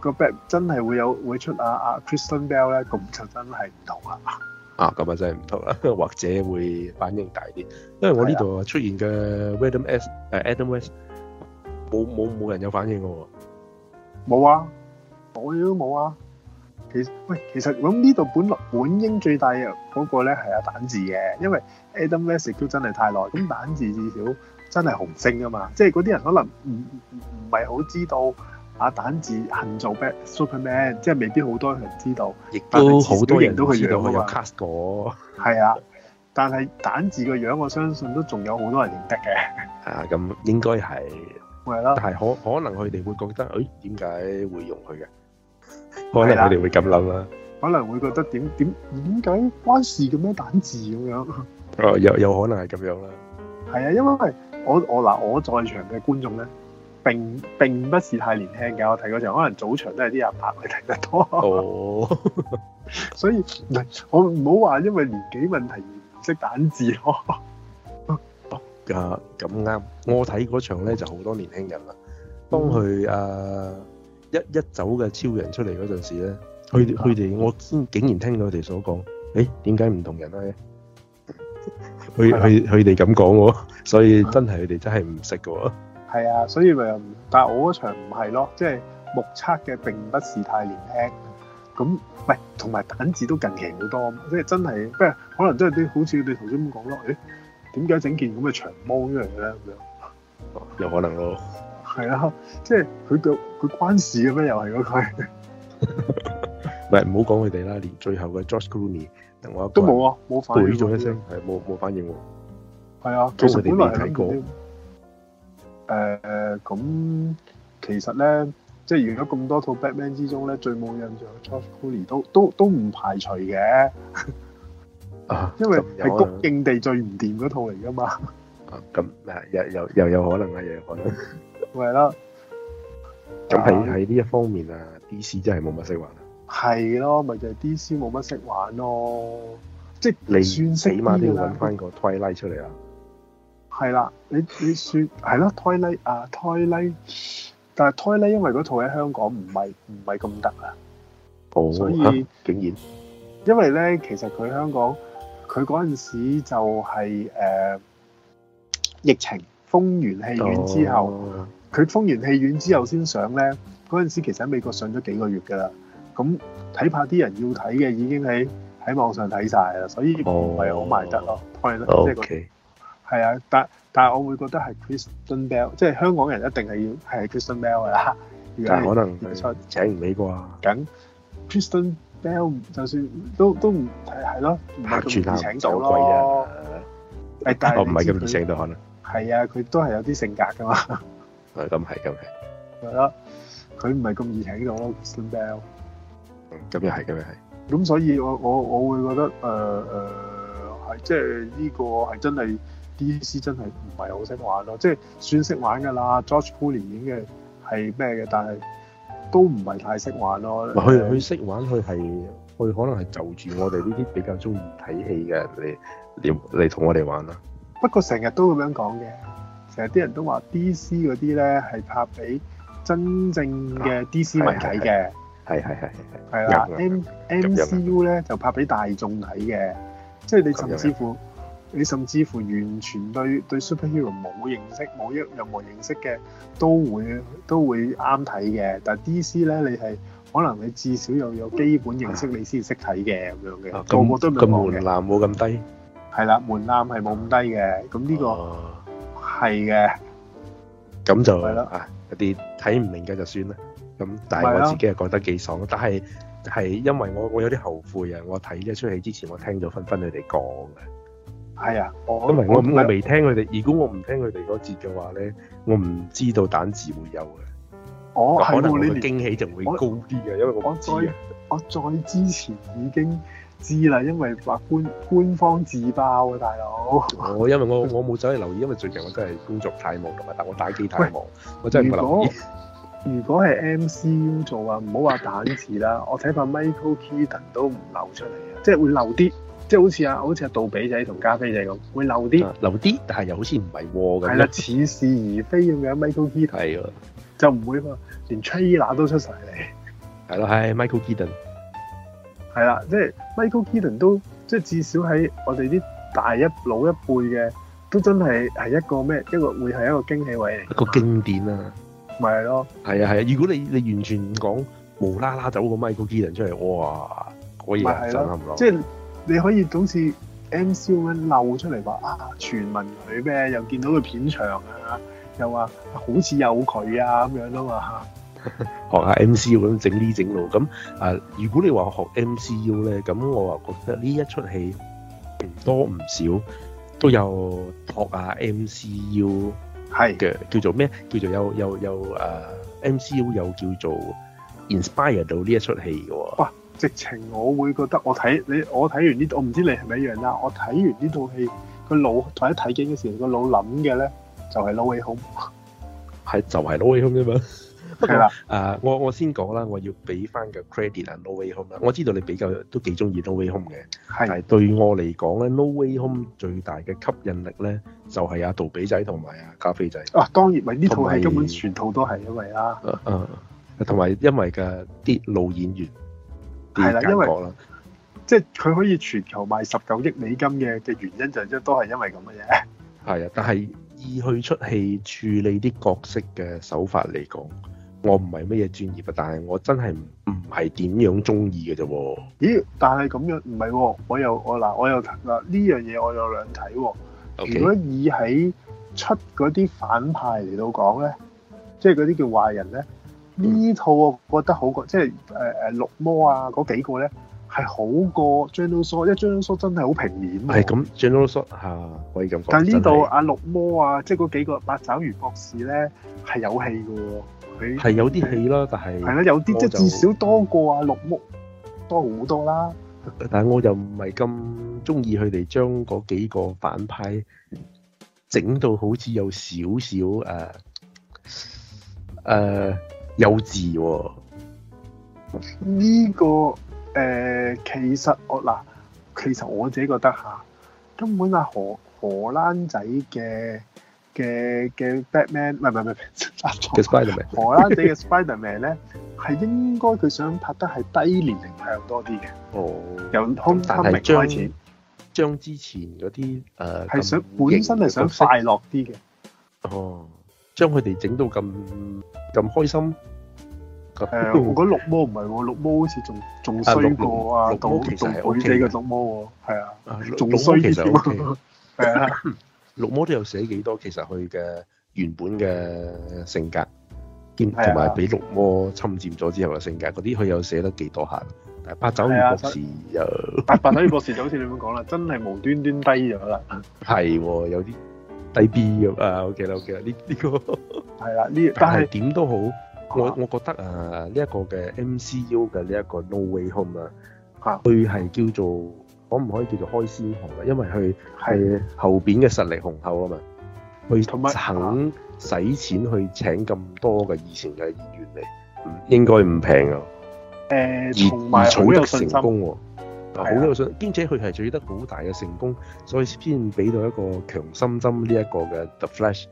個 back 真係會有會出啊啊，Christian Bale 咧，咁就真係唔同啦。啊，咁啊真係唔同啦，或者會反應大啲。因為我呢度出現嘅、啊、Adam S 誒 Adam West 冇冇冇人有反應嘅喎。冇啊，我嘢都冇啊。其實喂，其實咁呢度本來本應最大嘅嗰個咧係阿蛋字嘅，因為 Adam West 都真係太耐，咁蛋字至少真係紅星啊嘛。嗯、即係嗰啲人可能唔唔係好知道。阿、啊、蛋字行做 bad superman 即係未必好多人知道，亦都好多人都知道佢有 cast 過。係啊，但係蛋字個樣，我相信都仲有好多人認得嘅。啊，咁應該係，咪咯？但係可可能佢哋會覺得，誒點解會用佢嘅？可能佢哋會咁諗啦。可能會覺得點點點解關事咁樣蛋字咁樣？哦、啊，有有可能係咁樣啦。係啊，因為我我嗱我在場嘅觀眾咧，並並不是太年輕嘅，我睇嗰場可能早場都係啲阿伯佢睇得多，所以我唔好話因為年紀問題而唔識打字咯。啊，咁啱，我睇嗰場咧就好多年輕人啦。當佢啊一一走嘅超人出嚟嗰陣時咧，佢佢哋我先竟然聽到佢哋所講，誒，點解唔同人咧？佢佢佢哋咁講，所以真係佢哋真係唔識嘅。係啊，所以咪又，但係我嗰場唔係咯，即係目測嘅並不是太年輕。咁，唔同埋彈子都近期好多，即係真係，不過可能真係啲好似你頭先咁講咯。誒、哎，點解整件咁嘅長毛出嚟咧？咁樣有可能咯。係啊，即佢佢佢係佢腳佢關事嘅咩？又係嗰佢。唔唔好講佢哋啦，連最後嘅 George Clooney，等我都冇啊，冇反應。報語一聲，係冇冇反應喎。係啊，其實我冇睇過。誒、呃，咁其實咧，即係如果咁多套 Batman 之中咧，最冇印象 Clooney 都都都唔排除嘅， [LAUGHS] 啊，因為係谷勁地最唔掂嗰套嚟噶嘛。咁又又又有可能啊，又有可能、啊，係 [LAUGHS] 啦。咁喺喺呢一方面啊，DC 真係冇乜識玩、啊。係咯，咪就係、是、DC 冇乜識玩咯、啊。即係你起碼都要揾翻個 Twilight 出嚟啊！係啦，你你説係咯，泰拉啊，h 拉，但係 h 拉因為嗰套喺香港唔係唔係咁得啊，所以竟然因為咧，其實佢香港佢嗰陣時就係、是呃、疫情封完戲院之後，佢、哦、封完戲院之後先上咧，嗰陣時其實喺美國上咗幾個月㗎啦，咁睇怕啲人要睇嘅已經喺喺網上睇晒啦，所以唔係好賣得咯，泰即係個。Okay. 係啊，但但係我會覺得係 Christian Bell，即係香港人一定係要係 Christian Bell 㗎啦。但係可能請唔起啩？梗 Christian Bell 就算都都唔係係咯，拍住請唔到咯。誒，但係我唔係咁易請到可能。係啊，佢都係有啲性格㗎嘛。係咁係咁係。係咯，佢唔係咁易請到咯，Christian Bell。嗯，咁又係咁又係。咁所以我我我會覺得誒誒係即係呢個係真係。D.C. 真係唔係好識玩咯，即係算識玩㗎啦。George Clooney 演嘅係咩嘅？但係都唔係太識玩咯。佢佢識玩，佢係佢可能係就住我哋呢啲比較中意睇戲嘅人嚟嚟嚟同我哋玩啦。不過成日都咁樣講嘅，成日啲人都話 D.C. 嗰啲咧係拍俾真正嘅 D.C. 迷睇嘅，係係係係係啦。M.M.C.U. 咧就拍俾大眾睇嘅，即係你甚至乎。你甚至乎完全對對 superhero 冇認識冇一任何認識嘅，都會都會啱睇嘅。但係 DC 咧，你係可能你至少又有，有基本認識你才，你先識睇嘅咁樣嘅。個、啊、個都未望嘅。個門檻冇咁低。係啦，門檻係冇咁低嘅。咁呢、呢個係嘅。咁就啊，有啲睇唔明嘅就算啦。咁但係我自己係覺得幾爽，但係係因為我我有啲後悔啊！我睇呢一出戲之前，我聽咗分分佢哋講嘅。係啊，咁咪我我未聽佢哋。如果我唔聽佢哋嗰節嘅話咧，我唔知道蛋字會有嘅，哦啊。我可能啲驚喜就會高啲嘅，因為我不知嘅。我再之前已經知啦，因為話官官方自爆啊，大佬。我因為我 [LAUGHS] 我冇走去留意，因為最近我真係工作太忙同埋，但我打機太忙。哎、我真係冇留意。如果如果係 MCU 做啊，唔好話蛋字啦， [LAUGHS] 我睇怕 Michael Keaton 都唔漏出嚟啊，即係會漏啲，即係好似啊，好似阿杜比仔同加菲仔咁，會漏啲漏啲，但係又好似唔係咁。係啦，似是而非咁樣。Michael Keaton，係啊，就唔會嘛，連 trailer 都出晒嚟。係咯，係 Michael Keaton。係啦，即係 Michael Keaton 都即係至少喺我哋啲大一，大一老一輩嘅，都真係係一個咩一個會係一個驚喜位嚟，一個經典啊。咪係咯。係啊係啊，如果你你完全唔講無啦啦走個 Michael Keaton 出嚟，哇！果然真係震撼。即 [LAUGHS] 係。就是你可以好似 MCU 咁漏出嚟話啊，傳聞佢咩又見到佢片場啊，又話好似有佢啊咁樣啊嘛，學下 MCU 咁整呢整路咁啊。如果你話學 MCU 咧，咁我話覺得呢一出戲唔多唔少都有學下 MCU 係嘅，叫做咩叫做有有有誒、uh, MCU 有叫做 inspire 到呢一出戲嘅喎、哦。直情，我會覺得我睇你，我睇完呢套，我唔知你係咪一樣啦。我睇完呢套戲，個腦睇一睇景嘅時候，個腦諗嘅咧就係、是、No Way Home 係就係 No Way Home 啫嘛。係 [LAUGHS] 啦，誒、啊，我我先講啦，我要俾翻個 credit 啊 No Way Home。我知道你比較都幾中意 No Way Home 嘅係，對我嚟講咧，No Way Home 最大嘅吸引力咧就係、是、阿杜比仔同埋阿加菲仔。哇、啊，當然咪呢套戲根本全套都係因為啦，同埋、啊啊、因為嘅啲老演員。係啦，因為，因為即係佢可以全球賣十九億美金嘅嘅原因、就係，就真都係因為咁嘅嘢。係啊，但係以佢出戲處理啲角色嘅手法嚟講，我唔係乜嘢專業啊，但係我真係唔係點樣中意嘅啫喎。咦？但係咁樣唔係喎，我又我嗱我又嗱呢樣嘢我有兩睇喎、哦。Okay. 如果以喺出嗰啲反派嚟到講咧，即係嗰啲叫壞人咧。呢、嗯、套我覺得好過，即係誒誒綠魔啊嗰幾個咧係好過 General So，因為 General So 真係好平面啊。咁，General So、啊、可以咁講。但係呢度阿綠魔啊，即係嗰幾個八爪魚博士咧係有戲嘅喎、啊。係有啲戲啦，但係係啦，有啲即係至少多過啊綠魔多好多啦。但係我就唔係咁中意佢哋將嗰幾個反派整到好似有少少誒誒。呃呃幼稚喎？呢、這個誒、呃，其實我嗱、呃，其實我自己覺得嚇，根本阿荷荷蘭仔嘅嘅嘅 Batman，唔係唔係唔係，錯，Spiderman，荷蘭仔嘅 Spiderman 咧， [LAUGHS] 係 [LAUGHS] 應該佢想拍得係低年齡層多啲嘅。哦，由 Homecoming 開始，將之前嗰啲誒，係想本身係想快樂啲嘅。哦。將佢哋整到咁咁開心。誒，我覺得綠魔唔係喎，綠魔好似仲仲衰過啊，都仲好死嘅綠魔喎，係啊，仲衰啲。係啊，綠魔都有寫幾多其實佢嘅原本嘅性格，同埋俾綠魔侵佔咗之後嘅性格，嗰啲佢有寫得幾多下？但係八爪魚博士又八爪魚博士就好似你咁講啦，真係無端端低咗啦。係喎，有啲。低 B 咁啊！OK 啦 OK 啦，呢呢個係啦呢，但係點都好，我我覺得啊呢一個嘅 MCU 嘅呢一個 No Way Home 啊，佢係叫做可唔可以叫做開先河嘅？因為佢係後邊嘅實力雄厚啊嘛，佢同埋肯使錢去請咁多嘅以前嘅演員嚟，應該唔平啊！誒，而取得成功喎。好有信，兼且佢係取得好大嘅成功，所以先俾到一個強心針呢一個嘅 The Flash，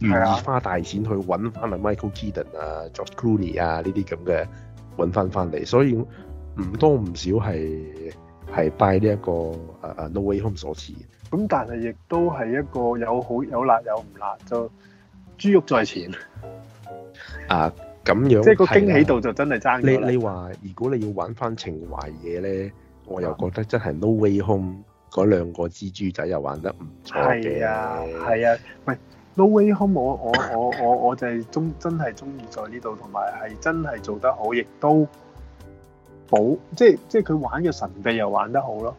願意、啊、花大錢去揾翻阿 Michael Keaton 啊、George Clooney 啊呢啲咁嘅揾翻翻嚟，所以唔多唔少係係拜呢、這、一個啊、uh, No Way Home 所賜。咁但係亦都係一個有好有辣有唔辣，就豬肉在前。 [LAUGHS] 啊，咁樣即係個驚喜度就真係爭。你你話，如果你要揾翻情懷嘢咧？我又覺得真係 No Way Home 嗰兩個蜘蛛仔又玩得唔錯嘅，係啊，係啊，唔係 No Way Home 我我我我我就係中真係中意在呢度，同埋係真係做得好，亦都保即係即係佢玩嘅神秘又玩得好咯。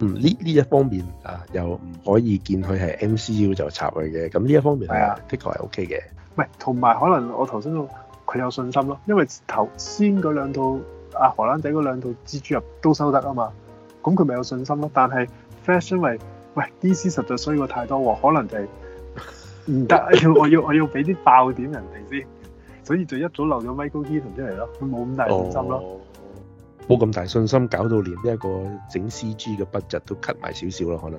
嗯，呢呢一方面啊，又唔可以見佢係 MCU 就插佢嘅，咁呢一方面係啊的確係 OK 嘅。唔係同埋可能我頭先都佢有信心咯，因為頭先嗰兩套。啊，荷蘭仔嗰兩套蜘蛛俠都收得啊嘛，咁佢咪有信心咯？但係 Flash 因為喂 DC 實在衰過太多，可能就係唔得，我要我要俾啲爆點人哋先，所以就一早漏咗 Michael Keaton 出嚟咯，冇咁大信心咯，冇、哦、咁大信心搞到連呢一個整 CG 嘅 budget 都 cut 埋少少咯，可能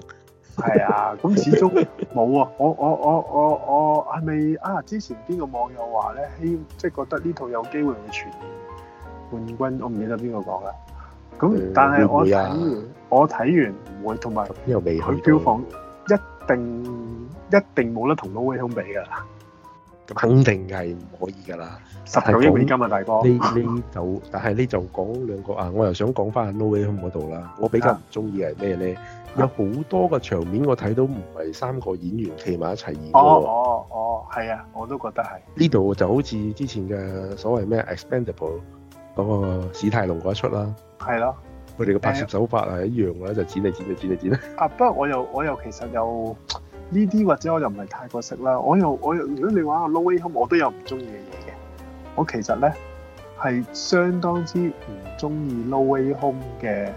係 [LAUGHS] 啊，咁始終冇啊，我我我我我係咪啊？之前邊個網友話咧，希即係覺得呢套有機會會傳冠軍我唔記得邊個講啦，咁、嗯、但係我睇、啊、我睇完唔會同埋又未去票房，一定一定冇得同《No Way Home》比噶啦，肯定係唔可以噶啦。十九億美金啊大哥，呢呢就但係呢就講兩個啊，我又想講翻《No Way Home》嗰度啦。我比較唔中意係咩咧？有好多個場面我睇到唔係三個演員企埋一齊演。哦哦哦，係、哦、啊，我都覺得係。呢度就好似之前嘅所謂咩《Expendable》。嗰個史泰龍嗰一出啦，係咯，佢哋嘅拍攝手法係一樣嘅、呃，就剪嚟剪去剪嚟剪。啊，不過我又我又其實又呢啲或者我又唔係太過識啦。我又我又如果你玩話 No Way Home，我都有唔中意嘅嘢嘅。我其實咧係相當之唔中意 No Way Home 嘅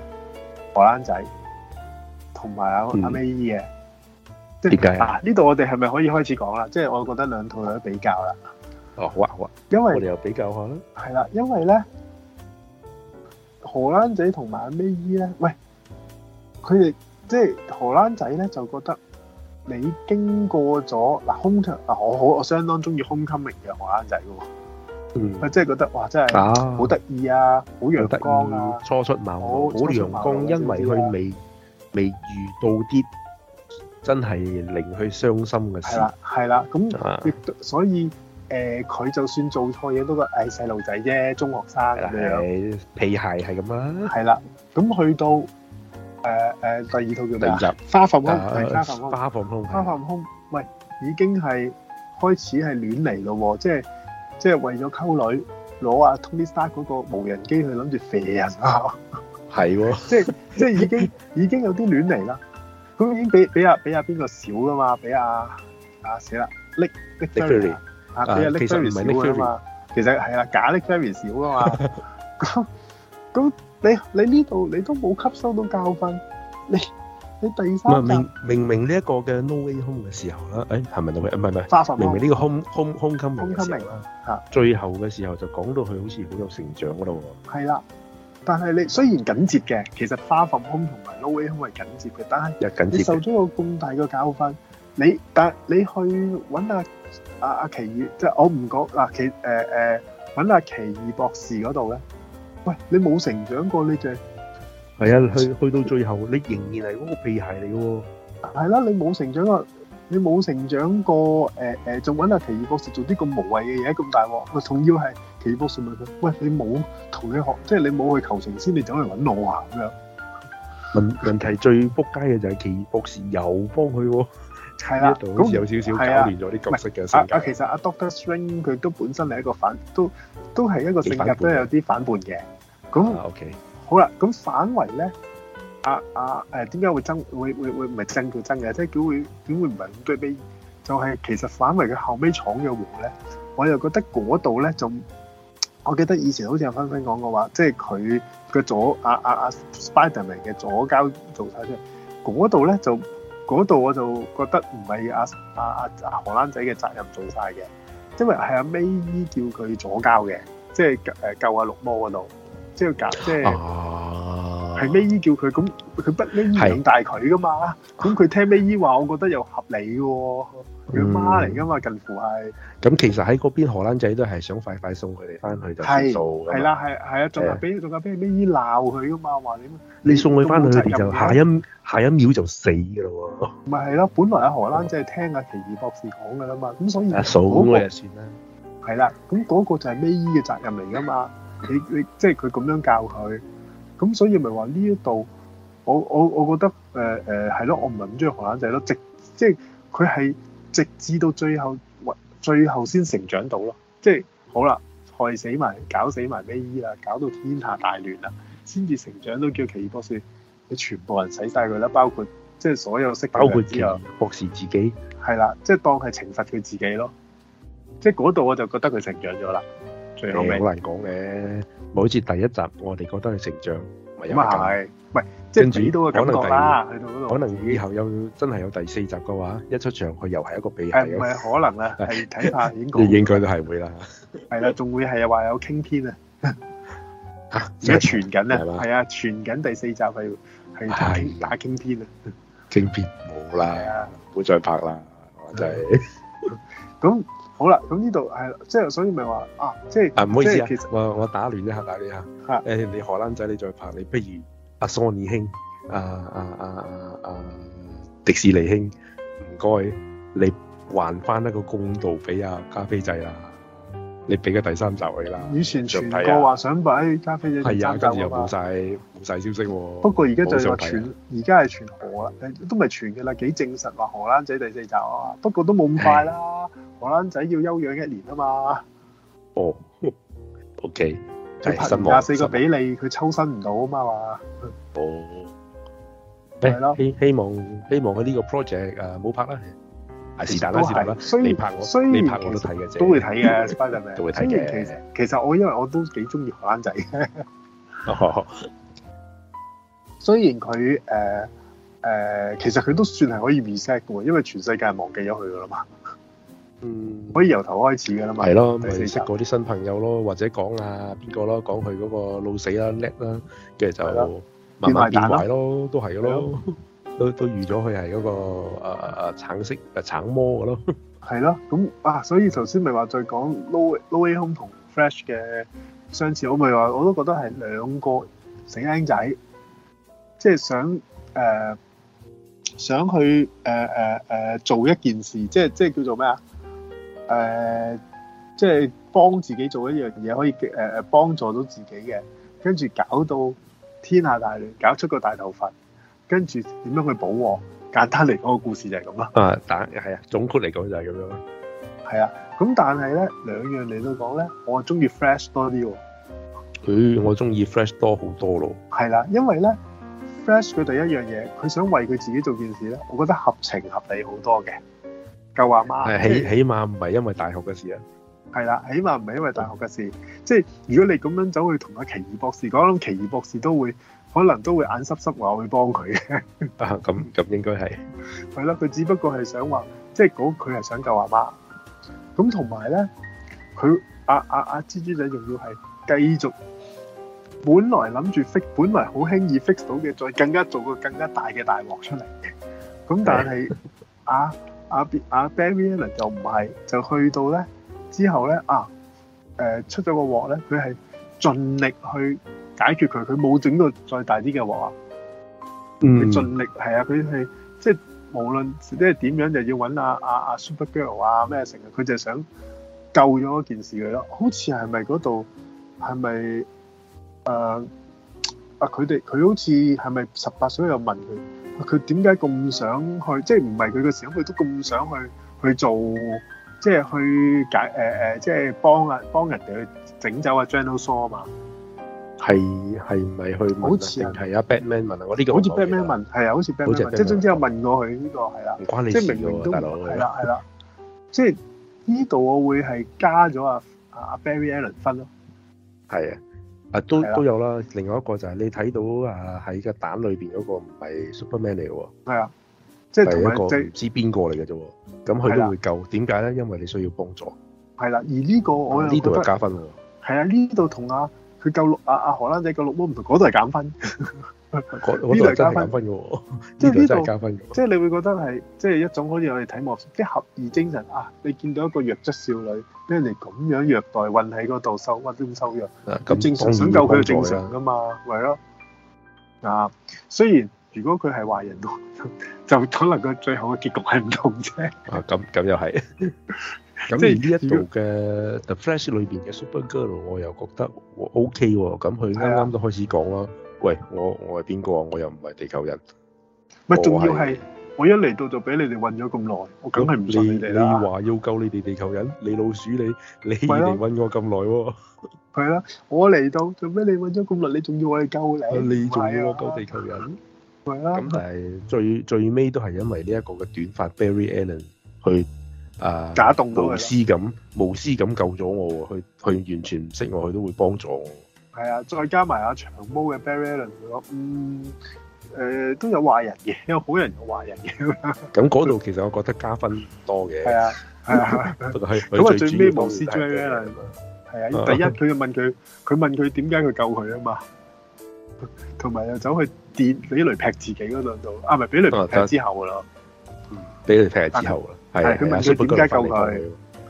荷蘭仔同埋阿阿 May 嘅。點解啊？呢度、嗯、啊啊、我哋係咪可以開始講啦？即係我覺得兩套有得比較啦。哦，好啊，好啊。因為我哋又比較下啦。係啦，因為咧。荷蘭仔同埋阿 May 姨咧，喂，佢哋即係荷蘭仔咧就覺得你經過咗嗱 Homecoming 嗱，我好我相當中意 Homecoming 嘅荷蘭仔喎、啊，嗯，佢即係覺得哇真係好得意啊，好、啊、陽光啊，初出茅，好陽光，因為佢未未遇到啲真係令佢傷心嘅事，係、啊、啦，係啦，咁、啊，所以。誒、呃，佢就算做錯嘢都個誒細路仔啫，中學生咁樣，皮鞋係咁啊，係啦。咁去到誒誒、呃呃，第二套叫咩集？花粉空係、啊、花粉空，花粉空，花粉空。喂，已經係開始係亂嚟咯，即係即係為咗溝女攞阿 Tony Stark 嗰個無人機去諗住射人啊？係 [LAUGHS] 即係即係已經已經有啲亂嚟啦。咁已經比比阿、啊、比阿邊個少噶嘛？比阿阿死啦，啊啊！你係 leverage 少啊嘛，其實係啊，假 leverage 少啊嘛。咁咁，你你呢度你都冇吸收到教訓。你你第三，明明明呢一個嘅 No Way Home 嘅時候啦，誒係咪？唔係唔係，Far From？明明呢個 Home Home Homecoming 啊，最後嘅時候就講到佢好似好有成長噶啦喎。係啦，但係你雖然緊接嘅，其實 Far From Home 同埋 No Way Home 係緊接嘅，但係你受咗個咁大嘅教訓，你但係你去揾吓。阿阿奇異，即係我唔講嗱，奇誒誒揾阿奇異博士嗰度咧。喂，你冇成長過，你就係係啊！去去到最後，你仍然係嗰個屁孩嚟喎。係啦，你冇成長過，你冇成長過誒誒，仲揾阿奇異博士做啲咁無謂嘅嘢咁大鑊。我仲要係奇異博士問佢，喂，你冇同你學，即係你冇去求情先，你走嚟揾我啊咁樣。問題最撲街嘅就係奇異博士又幫佢喎。係啦，咁有少少改變咗啲角色嘅性格、啊。其實阿 Doctor Strange 佢都本身係一個反，都都係一個性格都有啲反叛嘅。咁好啦，咁反為咧，啊，阿誒點解會爭會會會唔係爭佢爭嘅？即係點會點會唔係對比？就係、是就是、其實反為佢後尾闖嘅禍咧，我又覺得嗰度咧就，我記得以前好似阿分分講過話，即係佢嘅左啊啊啊 Spiderman 嘅左膠做晒出嚟嗰度咧就。嗰度我就覺得唔係阿阿阿荷蘭仔嘅責任做晒嘅，因為係阿、啊、May 姨叫佢左交嘅，即係誒救阿、啊、綠魔嗰度，即係救，即、啊、係。係咩姨叫佢咁，佢不咩姨養大佢噶嘛？咁佢聽咩姨話，我覺得又合理嘅。佢媽嚟噶嘛，近乎係咁。其實喺嗰邊荷蘭仔都係想快快送佢哋翻去就做係啦，係係啊，仲有俾仲有俾咩姨鬧佢噶嘛？話你你送佢翻去就下一下一秒就死噶咯喎。咪係咯，本來阿荷蘭仔聽阿奇異博士講嘅啦嘛，咁所以數咁我就算啦。係啦，咁嗰個就係咩姨嘅責任嚟噶嘛？你你即係佢咁樣教佢。咁所以咪話呢一度，我我我覺得誒誒係咯，我唔係咁中意荷蘭仔咯，直即係佢係直至到最後，最後先成長到咯。即係好啦，害死埋，搞死埋咩依啦，搞到天下大亂啦，先至成長都叫奇異博士，你全部人使晒佢啦，包括即係所有識，包括奇異博士自己，係啦，即係當係懲罰佢自己咯。即係嗰度我就覺得佢成長咗啦。最後好、欸、難講嘅。冇好似第一集，我哋覺得係成長，咁啊係，唔係即係唔到嘅感覺啦。喺度度，可能以後有真係有第四集嘅話，一出場佢又係一個比喻。唔、啊、係可能啊，係睇下應該應該都係會啦。係啦，仲會係話有傾天啊？而 [LAUGHS] 家傳緊啊，係啊，傳緊第四集係係打傾天啊。傾 [LAUGHS] 天冇啦，冇再拍啦，真係咁。嗯好啦，咁呢度係，即係所以咪話啊，即係啊唔好意思啊，其實我我打亂一下，打你下，誒、啊、你荷蘭仔你再拍，你不如阿 Sony 兄，阿阿阿阿迪士尼兄，唔該你還翻一個公道俾阿、啊、咖啡仔啦。你俾嘅第三集嚟啦，以前傳過話想擺加菲仔，係啊，跟住又冇晒冇曬消息喎。不過而家就話傳，而家係傳荷啦，誒都唔係傳嘅啦，幾證實話荷蘭仔第四集啊。不過都冇咁快啦，荷蘭仔要休養一年啊嘛。哦，OK，十貧乏四個比例，佢抽身唔到啊嘛，話。哦，係咯，希望希望希望佢呢個 project 誒、啊、冇拍啦。是但啦，是但啦。雖然拍我，雖然，拍我都睇嘅啫，都會睇嘅。 [LAUGHS] Spiderman 都會睇嘅。其實其實我因為我都幾中意荷蘭仔嘅。 [LAUGHS] 雖然佢誒誒，其實佢都算係可以 reset 嘅喎，因為全世界忘記咗佢噶啦嘛。嗯，可以由頭開始噶啦嘛。係咯，咪、就是、識過啲新朋友咯，或者講啊邊個咯，講佢嗰個老死啦叻啦，跟住就慢慢變壞咯，彈彈都係嘅咯。都都預咗佢係嗰個、呃、橙色橙魔嘅咯，係咯，咁啊，所以頭先咪話再講 low low 空同 Flash 嘅相似好，我咪話我都覺得係兩個死僆仔，即係想誒、呃、想去誒誒、呃呃、做一件事，即係即係叫做咩啊、呃？即係幫自己做一樣嘢可以誒誒、呃、幫助到自己嘅，跟住搞到天下大亂，搞出個大頭髮。跟住點樣去補我？簡單嚟講，個故事就係咁咯。啊，但係啊，總括嚟講就係咁樣。係啊，咁但係咧，兩樣嚟到講咧，我中意 Flash 多啲喎。咦，我中意 Flash 多好多咯。係啦，因為咧，Flash 佢第一樣嘢，佢想為佢自己做件事咧，我覺得合情合理好多嘅。舊阿媽起起碼唔係因為大學嘅事啊。係啦，起碼唔係因為大學嘅事。嗯、即係如果你咁樣走去同阿奇異博士講，我諗奇異博士都會。可能都會眼濕濕話我會幫佢嘅、啊。 [LAUGHS] 啊，咁咁應該係。係啦，佢只不過係想話，即係佢係想救阿媽。咁同埋咧，佢阿啊阿蜘蛛仔仲要係繼續，本來諗住 fix，本來好輕易 fix 到嘅，再更加做個更加大嘅大鑊出嚟。咁但係阿阿阿 Benjamin 就唔係，就去到咧之後咧啊，出咗個鑊咧，佢係盡力去解決佢，佢冇整到再大啲嘅鑊啊。佢盡力係啊！佢係即係無論即係點樣，就要揾阿阿阿 Super Girl 啊咩成日佢就係想救咗一件事佢咯。好似係咪嗰度係咪誒？啊！佢哋佢好似係咪十八歲又問佢佢點解咁想去？即係唔係佢嘅時候，佢都咁想去去做，即係去解誒誒、呃，即係幫啊幫人哋去整走阿、啊、General Shaw 嘛？係係咪去問？好似啊，係啊，Batman 問啊，我呢個好似 Batman 問。係啊，好似即係總之我問過佢呢、呢個係啦，唔關你事㗎明、即係、大佬係啦係啦。 [LAUGHS] 即係呢度我會係加咗阿阿 Barry Allen 分咯。係啊，啊都都有啦。另外一個就係你睇到啊喺個蛋裏邊嗰個唔係 Superman 嚟㗎喎。係啊，即係同一個唔知邊個嚟嘅啫喎。咁、就、佢、係、都會救。點解咧？因為你需要幫助。係啦，而呢個我呢度係加分喎。係啊，呢度同阿佢救六啊啊荷蘭仔救六魔唔同，嗰度係減分，嗰嗰度係真係減分㗎喎。即係呢度真係減分嘅。即係你會覺得係即係一種好似我哋睇幕，啲俠義精神啊，你見到一個弱質少女俾人哋咁樣虐待，困喺嗰度受屈咁受虐。啊咁正常。想救佢係正常㗎嘛？係咯。嗱，雖然如果佢係壞人喎，就可能佢最後嘅結局係唔同啫。啊咁咁又係。咁而呢一度嘅 The Flash 裏邊嘅 Super Girl，我又覺得 OK 喎。咁佢啱啱都開始講啦。喂，我我係邊個啊？我又唔係地球人。咪仲要係我一嚟到就俾你哋韞咗咁耐，我梗係唔信你哋啦。你你話要救你哋地球人，你老鼠你你而嚟韞我咁耐喎。係啦，我嚟到做咩？你韞咗咁耐，你仲要我哋救你？你仲要我救地球人？係啦。咁係最最尾都係因為呢一個嘅短髮 Barry Allen 去。啊、假動無私咁無私咁救咗我，佢佢完全唔識我，佢都會幫助我。係啊，再加埋阿長毛嘅 Barry Allen，嗯、呃、都有壞人嘅，有好人有壞人嘅咁。嗰度其實我覺得加分多嘅。係啊係啊，咁啊，啊最尾無私啊，啊，第一佢就問佢，佢問佢點解佢救佢啊嘛？同埋又走去電俾雷劈自己嗰度啊唔俾雷、啊雷，嗯、雷劈之後噶咯，俾雷劈之後啦。係佢問佢點解救佢？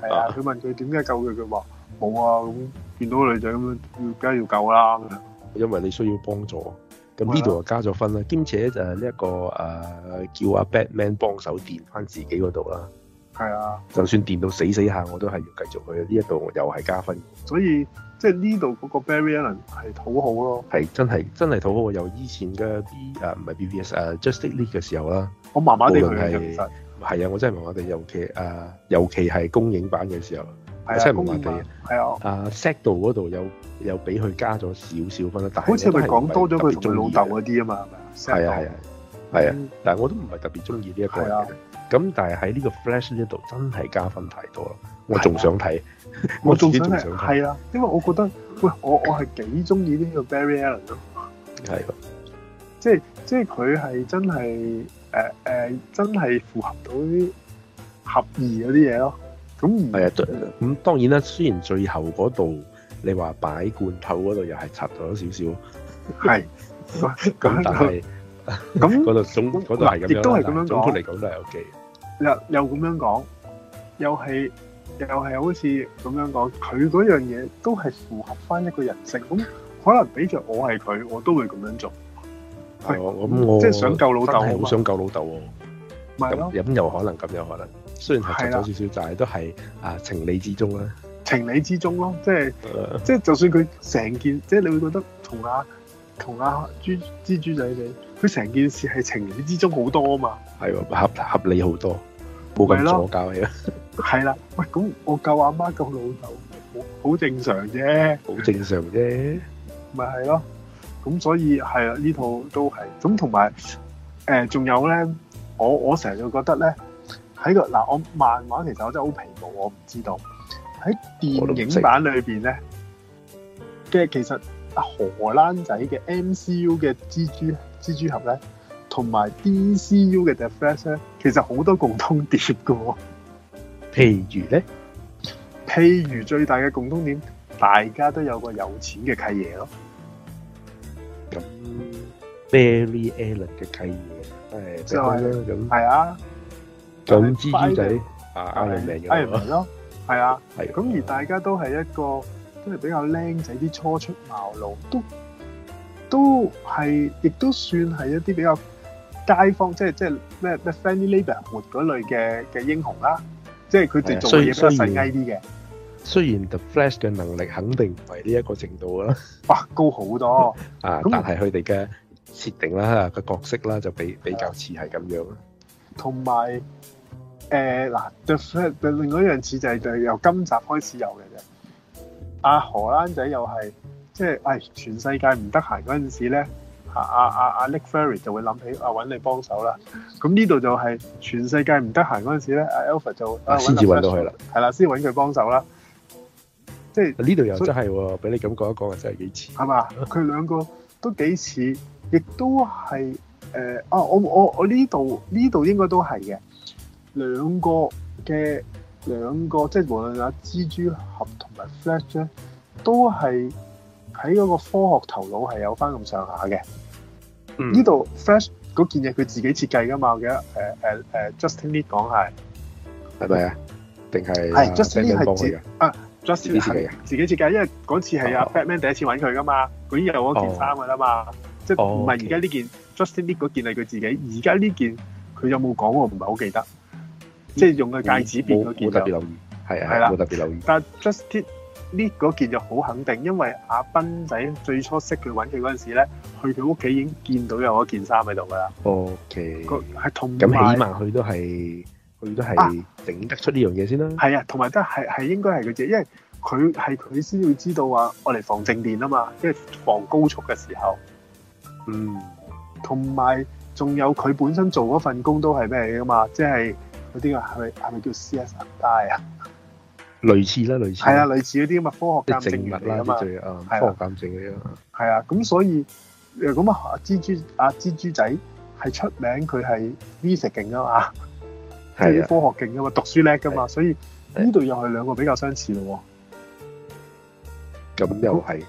係啊，佢問佢點解救佢？佢話冇啊，咁、啊啊啊啊啊、見到個女仔咁樣，要梗係要救啦。因為你需要幫助，咁呢度又加咗分啦。兼、啊、且就係呢一個誒、啊，叫阿 Batman 幫手電翻自己嗰度啦。係啊，就算電到死死下，我都係要繼續去。呢一度又係加分。所以即係呢度嗰個 Barry 可能係討好咯。係真係真係討好。我由以前嘅 B 誒、啊、唔係 BVS 誒、啊、Justice League 嘅時候啦，我麻麻地佢係。係啊，我真係麻麻地，尤其啊，尤其係公映版嘅時候，我真係麻麻地啊！係啊，啊 set 度嗰度又又俾佢加咗少少分啦，但係好似佢講多咗佢做老豆嗰啲啊嘛，係啊係啊係啊，但係我都唔係特別中意呢一個，咁但係喺呢個 flash 呢度真係加分太多啦，我仲想睇， [LAUGHS] 我仲想睇，係啊，因為我覺得喂，我我係幾中意呢個 Barry Allen 咯，係咯，即係即係佢係真係。誒、呃、誒、呃，真係符合到啲合意嗰啲嘢咯。咁係啊，咁、嗯、當然啦。雖然最後嗰度你話擺罐頭嗰度又係插咗少少，係、嗯、咁，但係咁嗰度總嗰度係咁樣，亦都係咁樣講。總括嚟講都係有記，又又咁樣講，又係又係好似咁樣講。佢嗰樣嘢都係符合翻一個人性。咁 [LAUGHS] 可能俾着我係佢，我都會咁樣做。係、嗯、我、嗯嗯嗯，即係想救老豆，真係好想救老豆。咪咯，咁又可能，咁有可能。雖然係窒咗少少，但係都係啊，情理之中啦。情理之中咯，即係即係，就，是、就算佢成件，即係你會覺得同阿同阿豬蜘蛛仔哋，佢成件事係情理之中好多啊嘛。係合合理好多，冇咁左教你嘅。係啦， [LAUGHS] 喂，咁我救阿媽救老豆，好正常啫。好正常啫，咪係咯。就是咁所以係啊，這套也是呃、呢套都係咁同埋誒，仲有咧，我我成日就覺得咧，喺個嗱，我漫畫其實我真係好皮毛，我唔知道喺電影版裏邊咧，即係其實阿荷蘭仔嘅 MCU 嘅蜘蛛蜘蛛俠咧，同埋 DCU 嘅 The Flash 咧，其實好多共通點㗎喎，譬如咧，譬如最大嘅共通點，大家都有個有錢嘅契爺咯。咁，Barry Allen 嘅契爺，係即係咁，係、 [NOISE] 就是、啊，咁蜘蛛仔，阿阿雷明咁咯，係啊，係咁、啊嗯啊啊、而大家都係一個，都係比較僆仔，啲初出茅廬，都都係，亦都算係一啲比較街坊，即係即係咩咩 family labor 活嗰類嘅嘅英雄啦，即係佢哋做嘢都細埃啲嘅。雖然 The Flash 嘅能力肯定唔係呢一個程度啦，哇，高好多 [LAUGHS] 啊！但係佢哋嘅設定啦、個、啊、角色啦，就比比較似係咁樣咯。同埋，誒嗱 The 另外一樣似就係就係由今集開始有嘅啫。阿、啊、荷蘭仔又係，即係誒，全世界唔得閒嗰陣時咧，阿阿阿阿 Nick Fury 就會諗起阿搵、啊、你幫手啦。咁呢度就係全世界唔得閒嗰陣時咧，阿、啊、Alfred 就先至搵到佢啦，係啦，先搵佢幫手啦。即係呢度又真係喎，俾你咁講一講，又真係幾似。係嘛？佢兩個都幾似，亦都係誒啊！我我我呢度呢度應該都係嘅。兩個嘅兩個，即係無論阿蜘蛛俠同埋 Flash 咧，都係喺嗰個科學頭腦係有翻咁上下嘅。呢、嗯、度 Flash 嗰件嘢佢自己設計㗎嘛？我記得誒、呃呃呃、Justin Lee 講係係咪啊？定係 Justin Lee 係接啊？Just, 自己設計，因為嗰次係阿 Batman 第一次揾佢噶嘛，佢、oh. 已經有嗰件衫噶啦嘛，oh. 即係唔係而家呢件 Justin Lee 嗰件係佢自己，而家呢件佢有冇講我唔係好記得，嗯、即係用個戒指變嗰、嗯、件就係啦，冇特、啊啊、特別留意。但 Justin Lee 嗰件就好肯定，因為阿斌仔最初識佢揾佢嗰陣時咧，去佢屋企已經見到有嗰件衫喺度噶啦。OK，個喺同咁起碼佢都係。佢都係整得出呢樣嘢先啦。係啊，同埋都係係應該係佢只，因為佢係佢先會知道話我嚟防靜電啊嘛，即係防高速嘅時候。嗯，同埋仲有佢本身做嗰份工都係咩噶嘛？即係嗰啲話係咪係咪叫 C.S. guy 啊？類似啦，類似係啊，類似嗰啲咁嘅科學嘅證物啦，啊，噶科學鑒證嘅啲啊。係、嗯、啊，咁所以咁啊，蜘蛛啊，蜘蛛仔係出名佢係 vision 勁啊嘛。即科學勁噶嘛，讀書叻噶嘛，所以呢度又係兩個比較相似咯。咁又係，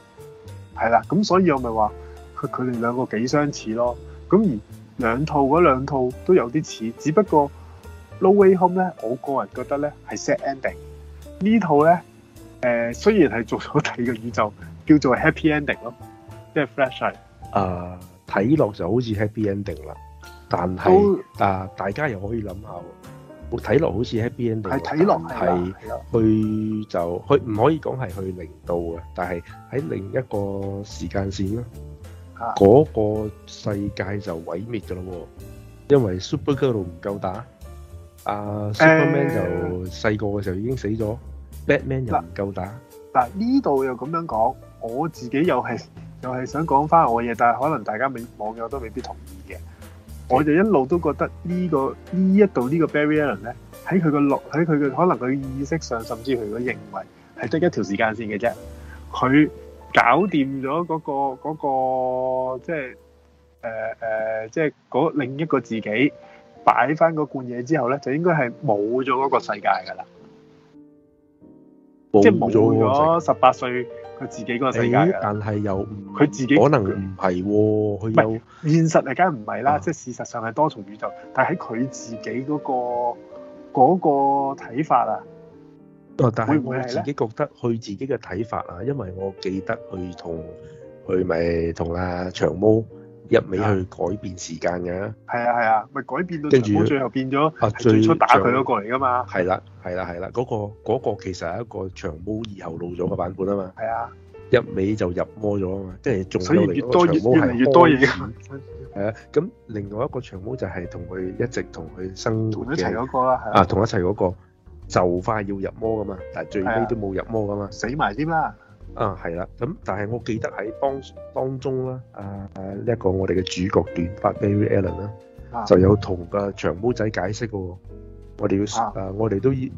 係、嗯、啦。咁所以我咪話佢佢哋兩個幾相似咯。咁而兩套嗰兩套都有啲似，只不過《No Way Home》咧，我個人覺得咧係 sad ending。套呢套咧，誒、呃、雖然係做咗第二個宇宙，叫做 happy ending 咯，即係 flash 睇落就好似 happy ending 啦，但係、呃、大家又可以諗下。睇落好似喺邊度？係睇落係去就去，唔可以講係去零度啊！但係喺另一個時間線咯，嗰個世界就毀滅噶咯，因為 Super Girl 唔夠打，啊 Superman 就細個嘅時候已經死咗，Batman 又唔夠打。但係呢度又咁樣講，我自己又係又係想講翻我嘢，但係可能大家未網友都未必同意嘅。我就一路都覺得、這個這這個、呢個呢一度呢個 Barry Allen 咧，喺佢個落喺佢嘅可能佢意識上，甚至佢嘅認為係得一條時間線嘅啫。佢搞掂咗嗰個即係誒誒，即係另一個自己擺翻嗰罐嘢之後咧，就應該係冇咗嗰個世界㗎喇，即係冇咗十八歲。佢自己個世界係，但係又佢自己可能唔係喎，佢唔係現實係梗唔係啦，啊、即係事實上係多重宇宙，但係喺佢自己嗰、嗰個睇、嗰個、法啊，但係佢自己覺得佢自己嘅睇法、啊、法啊，因為我記得佢同佢咪同阿長毛一味去改變時間㗎，係啊係啊，咪改變到長毛最後變咗，係最初打佢嗰個嚟㗎嘛。係啦係啦係啦，嗰個嗰個其實係一個長毛以後老咗嘅版本啊嘛。係啊，一味就入魔咗啊嘛，即係仲到嚟長毛係越多嘢。係啊，咁另外一個長毛就係同佢一直同佢生活嘅啊同一齊嗰個，就快要入魔㗎嘛，但係最尾都冇入魔㗎嘛，死埋添啦。啊，係啦、啊，咁但係我記得喺當當中啦、啊，啊誒呢一個我哋嘅主角短髮 Barry Allen 啦、啊啊，就有同個長毛仔解釋嘅喎、啊啊，我哋要誒，我哋都誒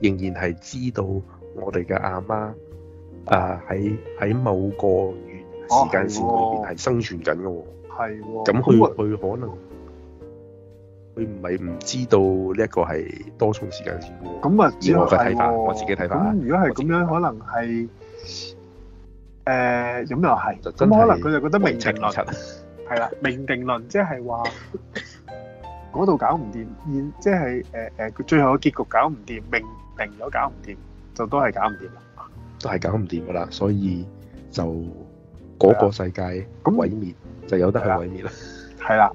仍然係知道我哋嘅阿媽，啊喺喺某個時間線裏邊係生存緊嘅喎，咁佢佢可能佢唔係唔知道呢一個係多重時間線喎，咁啊，自我嘅睇法，法、啊，我自己睇法如果係咁樣，可能係。誒，咁又係，咁可能佢就覺得命定論係啦，命定論即係話嗰度搞唔掂，即係誒誒，最後嘅結局搞唔掂，命定咗搞唔掂，就都係搞唔掂啦，都係搞唔掂噶啦，所以就嗰個世界咁毀滅就有得去毀滅啦，係啦，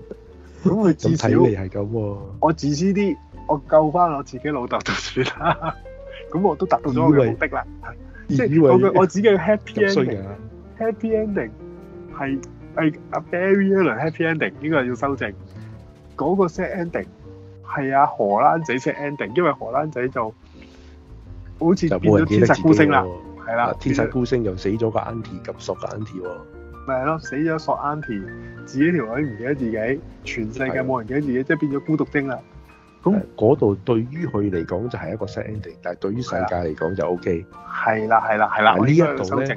咁佢至少係咁喎，我自私啲，我救翻我自己老豆就算啦，咁我都達到咗我嘅目的啦。即係我嘅，我只叫 Happy Ending。Happy Ending 係係阿 Barry AllenHappy Ending，呢個要修正。嗰個 sad ending 係啊，荷蘭仔 sad ending，因為荷蘭仔就好似就變咗天煞孤星啦。係啦，天煞孤星就死咗個 Auntie，撳索個 Auntie。咪係咯，死咗索 Auntie，自己條女唔記得自己，全世界冇人記得自己，即係變咗孤獨精啦。咁嗰度對於佢嚟講就係一個 sad ending，但係對於世界嚟講就 OK。係啦，係啦，係啦。嗱呢一度咧，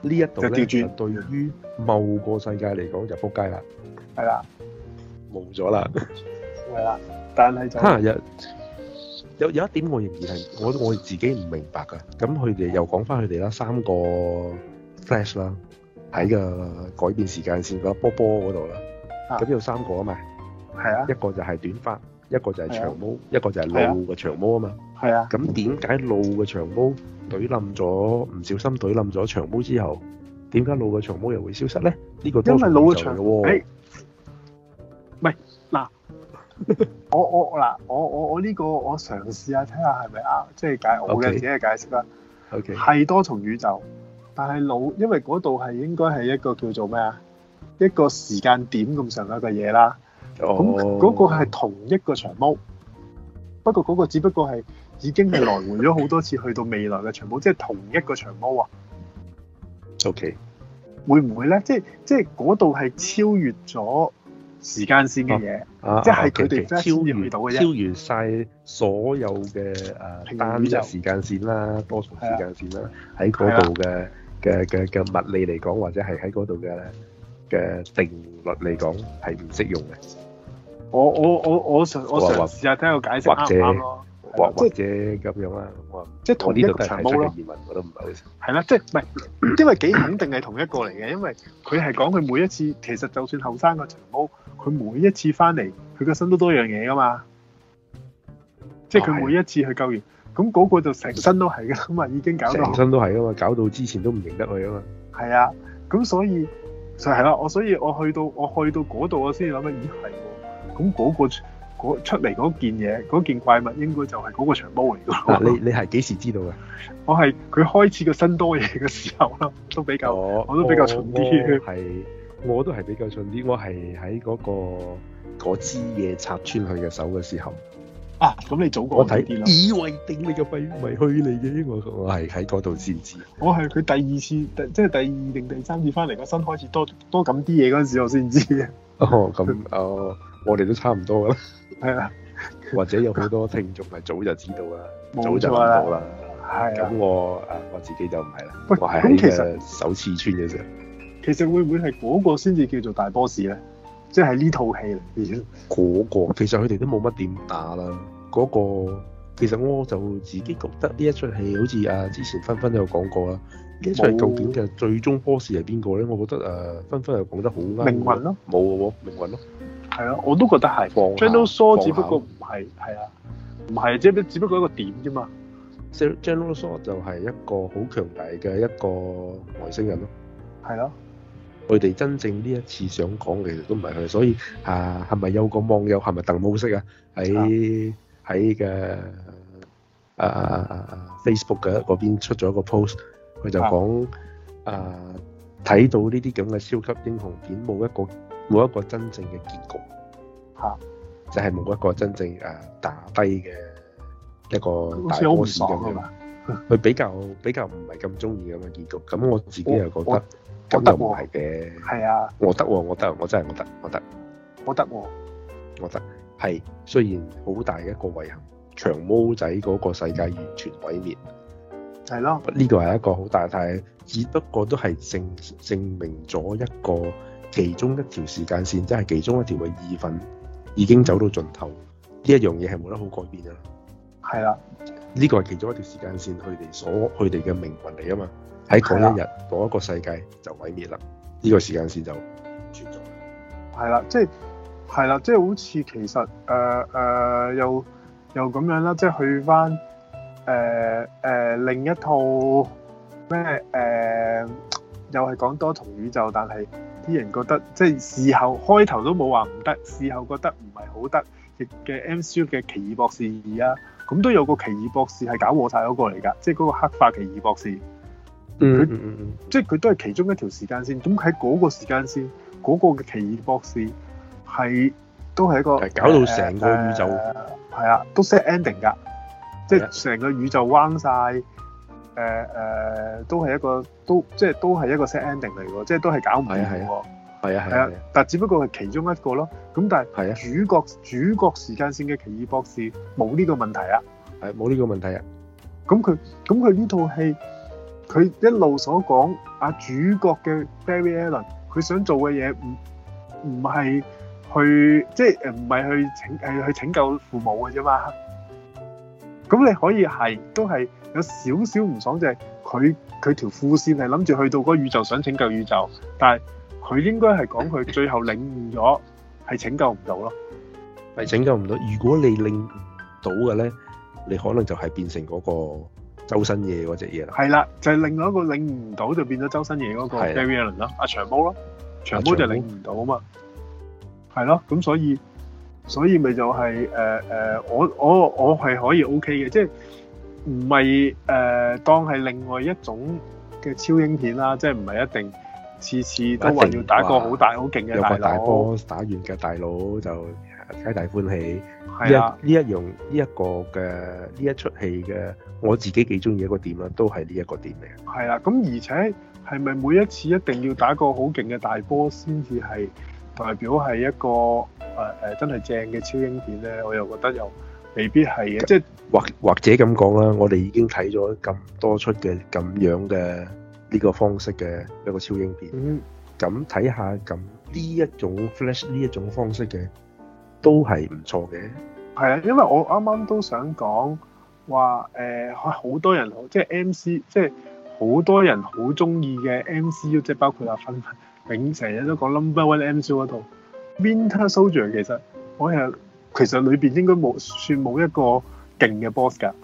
呢一度咧就對於某個世界嚟講就撲街啦。係啦，冇咗啦。係啦，但係就哈日有有一點我仍然係我我哋自己唔明白㗎。咁佢哋又講翻佢哋啦，三個 flash 啦，喺個改變時間線嗰波波嗰度啦。咁有三個啊嘛。係啊。一個就係短髮。一個就係長毛，一個就係老嘅長毛啊嘛。係啊。咁點解老嘅長毛懟冧咗？唔小心懟冧咗長毛之後，點解老嘅長毛又會消失咧？呢個因為老嘅長毛誒，唔係嗱，我我嗱我我我呢個我嘗試下睇下係咪啱，即係解我嘅自己嘅解釋啦。OK，係多重宇宙，但係老因為嗰度係應該係一個叫做咩啊，一個時間點咁上下嘅嘢啦。咁、oh. 嗰個係同一個長毛，不過嗰個只不過係已經係來回咗好多次、okay. 去到未來嘅長毛，即係同一個長毛啊。O、okay. K. 會唔會咧？即係即係嗰度係超越咗時間線嘅嘢，oh. 即係佢哋超越到嘅超越晒所有嘅誒單一時間線啦、多重時間線啦，喺嗰度嘅嘅嘅嘅物理嚟講，或者係喺嗰度嘅嘅定律嚟講係唔適用嘅。我我我我嘗我嘗試下睇個解釋啱唔啱咯，或者咁樣啦，即係同呢度長毛咯，移民我都唔係好識。係啦，即係唔係因為幾肯定係同一個嚟嘅，因為佢係講佢每一次，其實就算後生個長毛，佢每一次翻嚟，佢個身都多樣嘢噶嘛。啊、即係佢每一次去救完，咁、啊、嗰、嗰個就成身都係噶嘛，已經搞到成身都係噶嘛，搞到之前都唔認得佢啊嘛。係啊，咁所以就係啦，我所，所以我去到我去到嗰度，我先諗啊，咦係喎。咁、嗰、嗰、個嗰個出嚟嗰件嘢，嗰件怪物應該就係嗰個長毛嚟㗎。嗱，你你係幾時知道嘅？我係佢開始個新多嘢嘅時候啦，都比較、哦、我都比較蠢啲。係、哦，我都係比較蠢啲。我係喺嗰個嗰支嘢插穿佢嘅手嘅時候。啊，咁你早過我睇電啦。以為頂你個肺咪虛嚟嘅，我我係喺嗰度先知。我係佢第二次，第即係第二定第三次翻嚟個身開始多多噉啲嘢嗰陣時候，我先知嘅。哦，咁、嗯、哦。 [LAUGHS] 我哋都差唔多啦，係啊，或者有好多聽眾係早就知道啦，早就知道啦。係咁、啊，那我誒、啊，我自己就唔係啦。咁其實首次穿嘅時候，其實會唔會係嗰個先至叫做大 boss 咧？即、就、係、是、呢套戲嚟嘅嗰個，其實佢哋都冇乜點打啦。嗰、那個其實我就自己覺得呢一出戲，好似、啊、之前芬芬有講過啦。呢出戲究竟嘅最終 boss 係邊個咧？我覺得誒、呃，芬芬又講得好啱。命運咯，冇嘅、哦、命運咯。係咯，我都覺得係。General Shaw 只不過唔係，係啊，唔係只不只不過一個點啫嘛。General Shaw 就係一個好強大嘅一個外星人咯。係咯。佢哋真正呢一次想講嘅其實都唔係佢，所以啊，係咪有個網友係咪鄧某識啊？喺喺嘅啊 Facebook 嘅嗰邊出咗一個 post，佢就講啊睇到呢啲咁嘅超級英雄片冇一個。冇一個真正嘅結局，嚇、啊，就係、是、冇一個真正誒打低嘅一個大 boss 咁樣，佢比較、嗯、比較唔係咁中意咁嘅結局。咁我自己又覺得，咁又唔係嘅，係啊，我得喎，我得，我得，我真係我得，我得，我得我得係雖然好大嘅一個遺憾，長毛仔嗰個世界完全毀滅，係咯，呢個係一個好大但嘅，只不過都係證證明咗一個。其中一條時間線，即係其中一條嘅意粉已經走到盡頭，呢一樣嘢係冇得好改變啊。係啦，呢個係其中一條時間線，佢哋所佢哋嘅命運嚟啊嘛。喺嗰一日，嗰一個世界就毀滅啦。呢個時間線就唔存在。係啦，即係係啦，即係好似其實誒誒又又咁樣啦，即係去翻誒誒另一套咩誒、呃，又係講多重宇宙，但係，啲人覺得即係事後開頭都冇話唔得，事後覺得唔係好得，亦嘅 MCU 嘅奇異博士二啊，咁都有個奇異博士係搞禍晒嗰個嚟㗎，即係嗰個黑化奇異博士。嗯，嗯，即係佢都係其中一條時間線。咁喺嗰個時間線，嗰、嗰個嘅奇異博士係都係一個搞到成個宇宙、呃，係、呃呃、啊，都 set ending 㗎，即係成個宇宙彎晒。誒、呃、誒、呃，都係一個都即係都係一個 set ending 嚟嘅，即係都係搞唔掂嘅。係啊，係啊，啊，啊，啊，啊，啊，但只不過係其中一個咯。咁但係，係啊，主角主角時間線嘅奇異博士冇呢個問題啊。係冇呢個問題啊。咁佢咁佢呢套戲，佢一路所講啊主角嘅 Barry Allen，佢想做嘅嘢唔唔係去即係誒唔係去請誒去拯救父母嘅啫嘛。咁你可以係都係。有少少唔爽就係佢佢條副線係諗住去到嗰個宇宙想拯救宇宙，但係佢應該係講佢最後領悟咗係 [LAUGHS] 拯救唔到咯，係拯救唔到。如果你領到嘅咧，你可能就係變成嗰個周身嘢嗰隻嘢啦。係啦，就係、是、另外一個領悟唔到就變咗周身嘢嗰個 Barry Allen 咯，阿、啊、長毛咯，長毛就領唔到啊嘛。係、啊、咯，咁所以所以咪就係誒誒，我我我係可以 OK 嘅，即係。唔係誒，當係另外一種嘅超英片啦，即係唔係一定次次都話要打個好大好勁嘅大波，打完嘅大佬就皆大歡喜。係啊，呢一樣呢一,一,一個嘅呢一齣戲嘅我自己幾鍾意一個點啦，都係呢一個點嚟。係啦，咁而且係咪每一次一定要打個好勁嘅大波先至係代表係一個、呃、真係正嘅超英片咧？我又覺得又。未必係啊，即係或或者咁講啦，我哋已經睇咗咁多出嘅咁樣嘅呢個方式嘅一個超英片，咁、嗯、睇下咁呢一種 Flash 呢一種方式嘅都係唔錯嘅。係啊，因為我啱啱都想講話誒，好多人即係 MC，即係好多人好中意嘅 MCU 即係包括阿芬永成日都講 Number One MCU 嗰套 Winter Soldier，其實我係。其實裏邊應該冇，算冇一個勁嘅 boss 噶。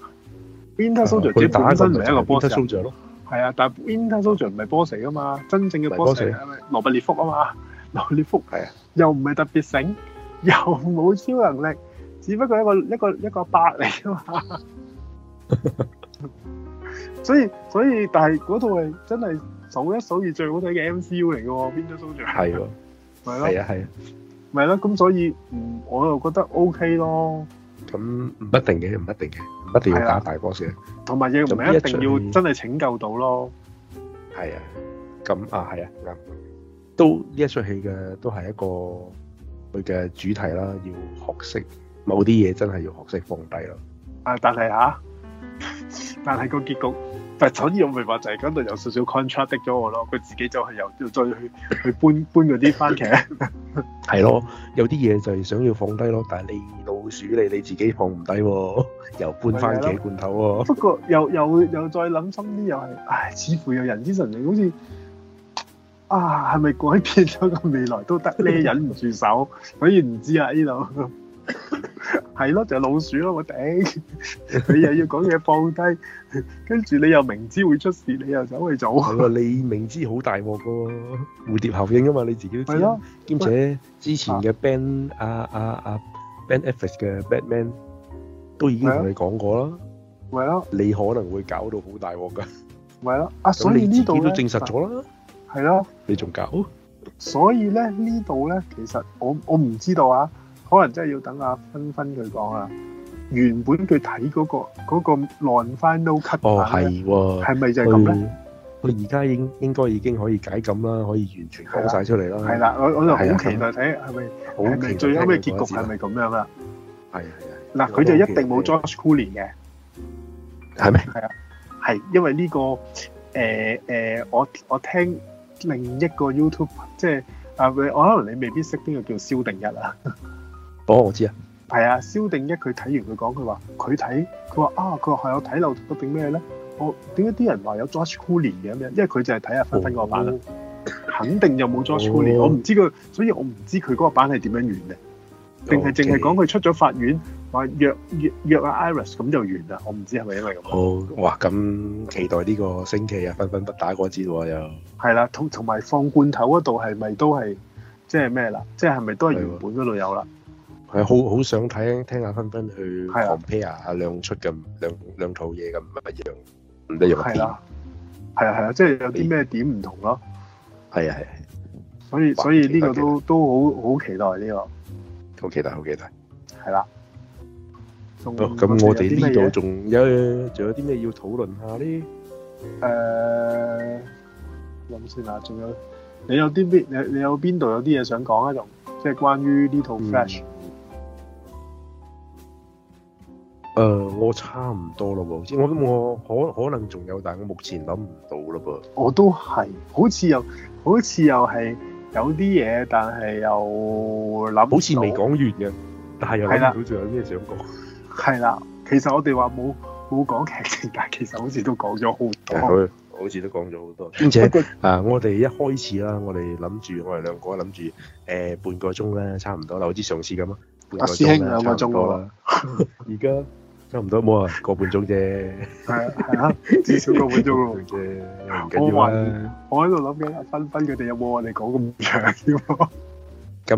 Winter Soldier 只本身唔係一個 boss 咯，係啊，但係 Winter Soldier 唔係 boss 嚟噶嘛，真正嘅 boss 係咪羅伯列福啊嘛，羅列福係啊，又唔係特別醒，又冇超能力，只不過一個一個一個白嚟啊嘛。所以所以，但係嗰套係真係數一數二最好睇嘅 MCU 嚟嘅，Winter Soldier 係咯，係啊，係。咪、就、咯、是，咁所以唔我又覺得 OK 咯。咁唔一定嘅，唔一定嘅，唔一定要打大 boss 嘅。同埋亦唔係一定要真係拯救到咯。係啊，咁啊係啊啱，都呢一出戲嘅都係一個佢嘅主題啦，要學識某啲嘢真係要學識放低咯。啊，但係吓、啊，但係個結局，但係總之我明白就係嗰度有少少 contract 咗我咯，佢自己就係又再去去搬搬嗰啲番茄。 [LAUGHS] [LAUGHS] 係咯，有啲嘢就係想要放低咯，但係你老鼠你你自己放唔低喎，又搬翻幾罐頭喎、啊。不過又又又再諗深啲，又係，唉，似乎有人之常情，好似啊，係咪改變咗個未來都得咧？ [LAUGHS] 忍唔住手，所以唔知啊呢度。係咯，就老鼠咯，我頂。你又要講嘢放低，跟住，你又明知會出事，你又走嚟做。係咯，你明知好大鑊個蝴蝶效應啊嘛，你自己都知。係咯，兼且之前嘅 Ben 阿阿阿 Ben Affleck 嘅 Batman 都已經同你講過啦。係咯，你可能會搞到好大鑊噶。係咯，阿所以呢度都證實咗啦。係咯，你仲搞？所以咧呢度咧，其實我我唔知道啊。可能真係要等阿芬芬佢講啊！原本佢睇嗰個嗰個 long final cut 哦，係喎，係咪就係咁樣？我哋而家應應該已經可以解禁啦，可以完全講曬出嚟咯。係啦，我我就好期待睇係咪，係咪最後咩結局係咪咁樣啦？係係係嗱，佢就一定冇 Josh Cullen 嘅，係咩？係啊，係因為呢個誒誒，我我聽另一個 YouTube，即係啊，我可能你未必識邊個叫蕭定一啊。啊啊、他他哦，我知啊，係啊，蕭定一佢睇完佢講，佢話佢睇，佢話啊，佢話係有睇漏到定咩咧？我點解啲人話有 George Clooney 嘅，咁因為佢就係睇下分分嗰版啦，哦，肯定又冇 George Clooney，哦、我唔知佢，所以我唔知佢嗰個版係點樣完嘅，定係淨係講佢出咗法院，話、okay. 約約約阿 Iris 咁就完啦。我唔知係咪因為咁。好、哦，哇，咁期待呢個星期啊，分分不打嗰節，啊、又係啦、啊，同同埋放罐頭嗰度係咪都係即係咩啦？即係係咪都係原本嗰度有啦？係好好想睇聽下芬芬去 compare 亮出嘅兩兩套嘢咁唔一樣，唔一樣點？係啦，係啊係啊，即係有啲咩點唔同咯？係啊係，所以所以呢個都都好好期待呢、這個，好期待好期待，係啦。咁、嗯、我哋呢度仲有仲有啲咩要討論下呢？誒、呃、諗先啦，仲有你有啲邊你你有邊度有啲嘢想講啊？就即係關於呢套 Flash、嗯。誒、呃，我差唔多咯噃，好似我我可可能仲有，但係我目前諗唔到咯噃。我都係，好似又好似又係有啲嘢，但係又諗好似未講完嘅，但係又諗唔到仲有咩想講。係啦，其實我哋話冇冇講劇情，但係其實好似都講咗好多，好似都講咗好多。 [LAUGHS] 而且 [LAUGHS] 啊，我哋一開始啦，我哋諗住我哋兩個諗住誒半個鐘啦，差唔多，好似上次咁啊，師兄兩個鐘啦，而家。嗯差唔多冇啊，個半鐘啫。係啊，係啊，至少個半鐘啫。我暈，我喺度諗緊分分佢哋有冇我哋講咁長添？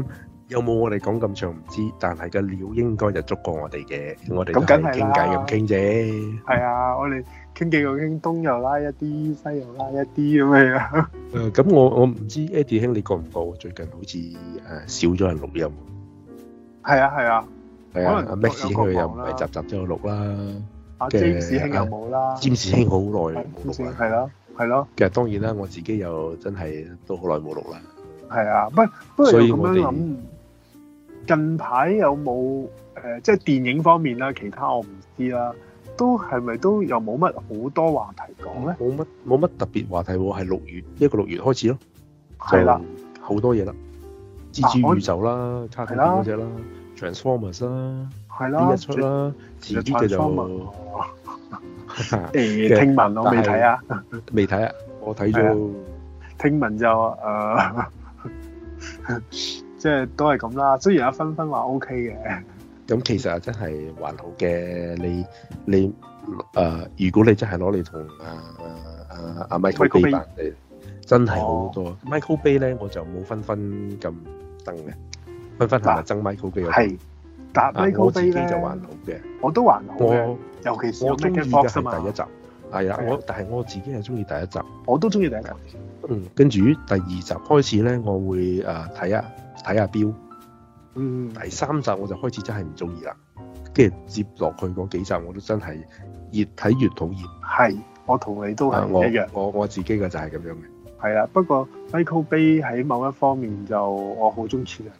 咁有冇我哋講咁長唔知？但係個料應該就足過我哋嘅。我哋就係傾偈咁傾啫。係啊，我哋傾幾個傾，東又拉一啲，西又拉一啲咁嘅樣。誒，咁我我唔知 Eddie 兄你過唔過？最近好似誒少咗人錄音。係啊，係啊。可能阿、啊、Max 兄又唔係集集都、啊、有錄啦，阿詹士兄又冇啦，詹士兄好耐冇錄先，係咯，係咯。其實當然啦，我自己又真係都好耐冇錄啦。係啊，不不過又咁樣諗，近排有冇誒即係電影方面啦？其他我唔知啦，都係咪都又冇乜好多話題講咧？冇乜冇乜特別話題喎，係六月一個六月開始咯，係啦，好多嘢啦，蜘蛛宇宙啦，啊、卡通嗰隻啦。Transformers 啦，呢一出啦，蜘蛛嘅就誒，聽聞我未睇啊，未睇啊，我睇咗。聽聞就誒，即係都係咁啦。雖然有分分話 OK 嘅，咁其實真係還好嘅。你你誒，如果你真係攞嚟同啊啊啊 Michael Bay 嚟，真係好多 Michael Bay 咧，我就冇分分咁登嘅。睇翻下爭 Michael Bay 嘅，係，但係我自己就還好嘅，我都還好嘅。尤其是我中意嘅係第一集，係啊！我但係我自己係中意第一集，我都中意第一集。嗯，跟住第二集開始咧，我會誒睇下睇下表。啊、看看看看 Bill，嗯，第三集我就開始真係唔中意啦，跟住接落去嗰幾集我都真係越睇越討厭。係，我同你都係一樣。我我，我自己嘅就係咁樣嘅。係啦，不過 Michael Bay 喺某一方面就我好中意啊。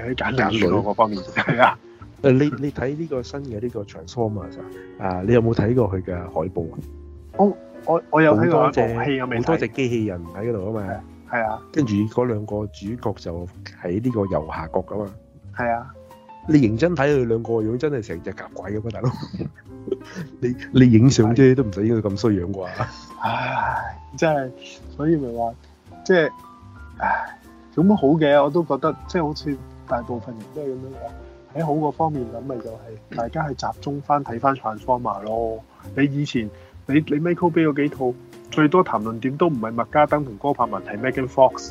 喺揀人類嗰方面，係 [LAUGHS] 啊！誒，你你睇呢個新嘅呢、呢個 Transformers 啊！啊，你有冇睇過佢嘅海報啊？我我我有睇過一，好多隻好多隻機器人喺嗰度啊嘛，係啊！跟住嗰兩個主角就喺呢個右下角噶嘛，係啊！你認真睇佢哋兩個係係、啊 [LAUGHS] 係啊、樣係、啊， [LAUGHS] 真係成隻甲鬼咁啊，大佬！你你影相啫，都唔使影到咁衰樣啩！唉，真係，所以咪話，即係唉，咁好嘅我都覺得，即係好似。大部分人都係咁樣講，喺好個方面咁咪就係大家係集中翻睇翻 Transformer 咯。你以前你你 Michael Bay 嗰幾套，最多談論點都唔係麥嘉登同柯柏文，係 Megan Fox。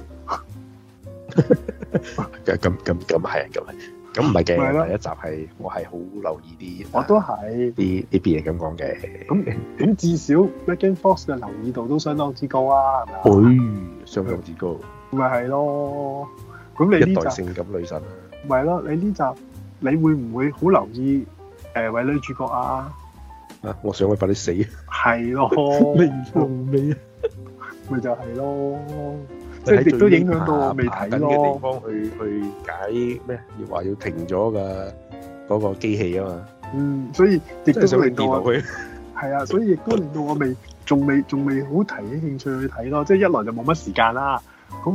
咁咁咁係啊，咁係，咁唔係嘅第一集係我係好留意啲，我都係啲啲啲嘢咁講嘅。咁咁 [LAUGHS] 至少 Megan Fox 嘅留意度都相當之高啊，係咪啊？會、哦、相當之高，咪係咯。咁你呢集？一代性感女神，咪咯？你呢集你會唔會好留意？誒，位女主角啊？啊！我想佢快啲死。係咯，你仲未？咪就係咯，即係亦都影響到我未睇嘅地方去去解咩？要話要停咗噶嗰個機器啊嘛。嗯，所以亦都令到係啊，所以亦都令到我未仲未仲未好提起興趣去睇咯。即係一來就冇乜時間啦。咁。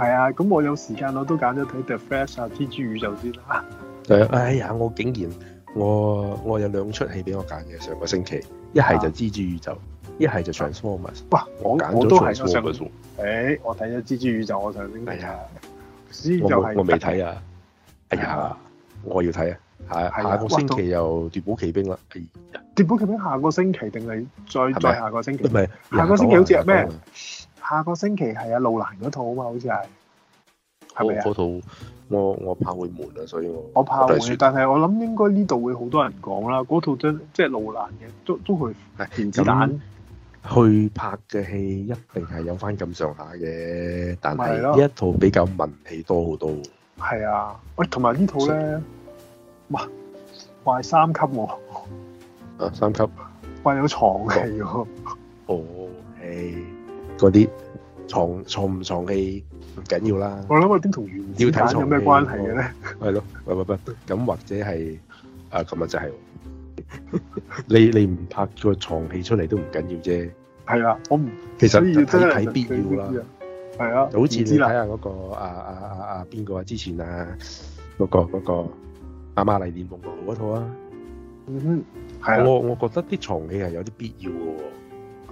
係啊，咁我有時間我都揀咗睇 The Flash 啊，蜘蛛宇宙先啦。誒，哎呀，我竟然我我有兩出戲俾我揀嘅上個星期，一係就是蜘蛛宇宙，一、啊、係就 Transformers、啊》。哇，我揀咗錯嘅喎。誒，我睇咗、哎、蜘蛛宇宙，我上星期係啊。蜘蛛、就是、我未睇啊。哎呀，啊、我要睇啊。係下、啊、下個星期又《奪寶奇兵》啦、嗯。《奪寶奇兵》下個星期定係再再下個星期？唔係下個星期好似係咩？下個星期係阿、啊、路蘭嗰套啊嘛，好似係係咪嗰套我我怕會悶啊，所以我,我怕會我是，但係我諗應該呢度會好多人講啦。嗰套真即係路蘭嘅，都都會係原子彈去拍嘅戲，一定係有翻咁上下嘅。但係呢一套比較文戲多好多。係啊，喂，同埋呢套咧，哇，賣三級喎、啊！啊，三級賣有床戲哦，哦、那個，誒、啊。嗰啲床床唔床戲唔緊要啦。我諗我點同原版有咩關係嘅咧？係咯，喂， [LAUGHS] 喂，喂，咁或者係啊，琴日就係、是、 [LAUGHS] 你你唔拍個床戲出嚟都唔緊要啫。係啊，我唔其實睇睇必要啦。係啊，啊，好似你睇下嗰個啊啊啊啊邊個啊？之前啊嗰、那個嗰、那個阿瑪麗蓮夢露嗰套啊。嗯哼，係啊。我我覺得啲床戲係有啲必要喎、啊。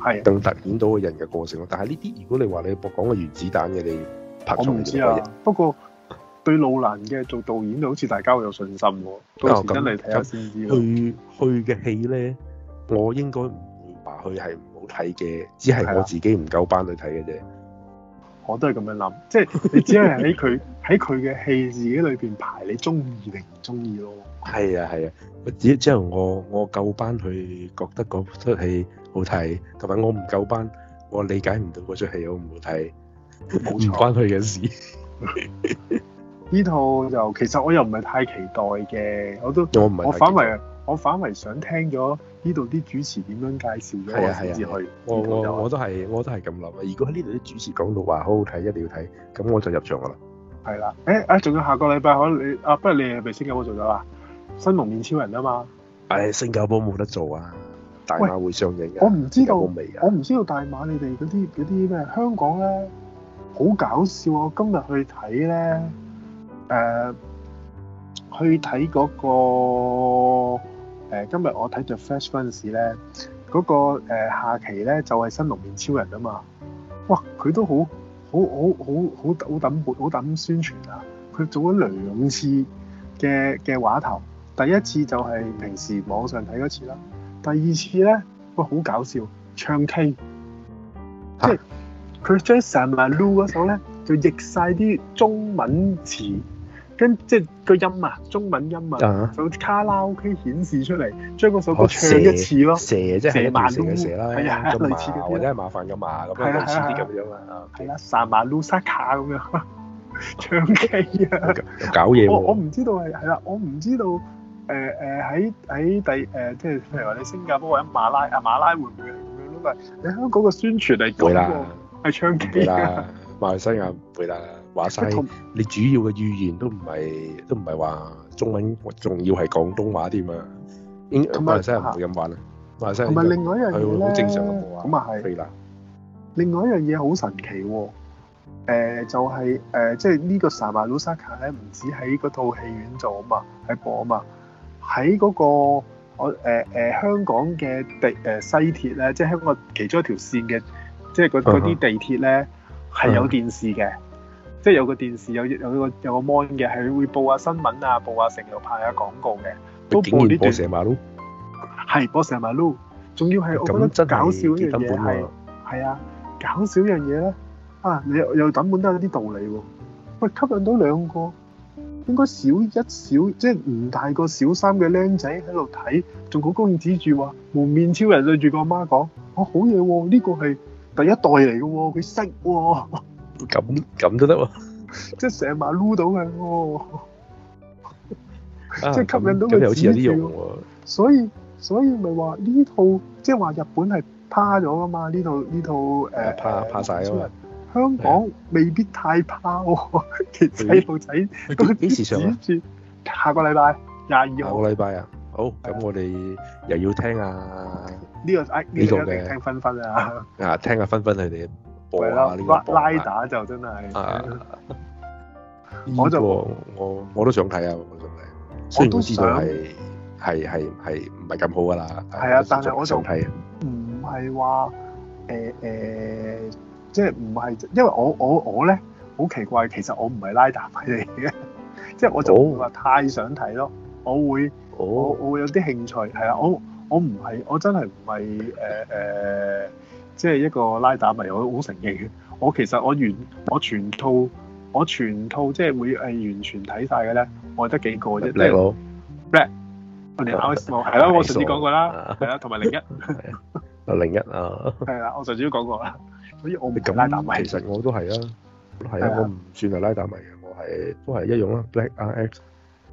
係、啊，更突顯到個人嘅個性咯。但係呢啲，如果你話你博講個原子彈嘅你拍咗唔知啊。不過對路蘭嘅做導演，好似大家會有信心喎、哦。嗱 [LAUGHS] 到時真係嚟睇下先知，咁、哦哦，去去嘅戲咧，我應該唔話佢係唔好睇嘅，只係我自己唔夠班去睇嘅啫。我都係咁樣諗， [LAUGHS] 即係你只係喺佢喺佢嘅戲自己裏邊排你中意定唔中意咯。係啊係啊，只之後我我夠班去覺得嗰出戲，好睇，同埋我唔夠班，我理解唔到嗰出戲，我唔好睇，冇錯，唔 [LAUGHS] 關佢嘅事。呢 [LAUGHS] 套就其實我又唔係太期待嘅，我都我反為我反為想聽咗呢度啲主持點樣介紹，先至、啊啊、去。我我都係，我都係咁諗。如果喺呢度啲主持講到話好好睇，一定要睇，咁我就入場噶啦。係啦，誒啊，仲、欸、有下個禮拜可能你啊，不如你係咪星加坡做咗啦，《新幪面超人》啊嘛。誒、哎，星加坡冇得做啊。大馬會上映嘅，我唔知道，我唔知道大馬你哋嗰啲啲咩？香港咧好搞笑啊！我今日去睇咧、呃，去睇嗰、那個、呃、今日我睇 The Flash 嗰陣時咧，嗰、那個下、呃、期咧就係、是、新龍面超人啊嘛！哇，佢都好好好好好好揼撥好揼宣傳啊！佢做咗兩次嘅嘅話頭，第一次就係平時網上睇嗰次啦。第二次咧，喂，好搞笑，唱 K，即係佢將 Samuel Liu 嗰首咧，就譯晒啲中文詞，跟即係個音啊，中文音啊，就卡拉 OK 顯示出嚟，將嗰首歌唱一次咯。蛇，蛇即係麻煩啲嘅蛇啦，類似啲、啊，或者係麻煩嘅嘛。咁樣，類似啲咁樣啊。係啦，Samuel Liu Saka 咁樣、啊樣啊啊啊啊、 [LAUGHS] 唱 K 啊，搞嘢喎！我唔知道係係啦，我唔知道。誒誒喺喺第誒，即、呃、係譬如話你新加坡或者馬拉啊馬拉會唔會咁樣咯？你香港個宣傳係講喎，係唱 K 馬馬來西亞會啦，話晒你主要嘅語言都唔係都唔係話中文，仲要係廣東話添啊！馬來西亞唔會咁玩啊，馬來西亞同埋另外一樣嘢咧，咁啊係另外一樣嘢好神奇喎、呃！就係、是、誒，即係呢個《薩馬魯沙卡》咧，唔止喺嗰套戲院做啊嘛，喺播啊嘛。喺嗰個我誒誒香港嘅地誒西鐵咧，即係香港嘅其中一條線嘅，即係嗰嗰啲地鐵咧係有電視嘅，即係有個電視有有個有個 mon 嘅，係會報下新聞啊，報下成又排下廣告嘅，都播啲電視嘛都。係播成日咪 lou，仲要係我覺得搞笑一樣嘢係係啊搞笑一樣嘢咧啊，你又揼本都有啲道理喎，喂吸引到兩個。應該少一小，即係唔大個小三嘅僆仔喺度睇，仲好高興指住話：，蒙面超人對住、哦哦，個阿媽講，我好嘢喎，呢個係第一代嚟嘅喎，佢識喎、哦。咁咁都得喎，即係成晚撈到佢喎，即、哦、係、啊、 [LAUGHS] 吸引到佢指住。所以所以咪話呢套，即係話日本係趴咗啊嘛？呢套呢套誒，趴趴曬咯。啊香港未必太怕喎，嘅細路仔都指住下個禮拜廿二號。下個禮拜啊，好咁我哋又要聽啊，呢個呢個嘅聽分分啊，啊聽下分分佢哋播啊呢個播啊，拉打就真係，我就我我都想睇啊，我都想睇，雖然我都知道係係係係唔係咁好㗎喇，係啊，但係我想睇唔係話誒誒。即係唔係，因為我我我咧好奇怪，其實我唔係拉打迷嚟嘅，即係我就唔話太想睇咯，oh。我會我我會有啲興趣係啊！我我唔係我真係唔係誒誒，即係一個拉打迷，我好承認嘅。我其實我完我全套我全套即係會係完全睇晒嘅咧，我係得幾個啫。你好，Red，我我上次講過啦，係啦，同埋零一，啊零一啊，係啦，我上次都講過啦。 [LAUGHS] 所以我咪咁拉打迷，其實我都係啊，都係啊，我唔算係拉打迷嘅，我係都係一樣啦。Black RX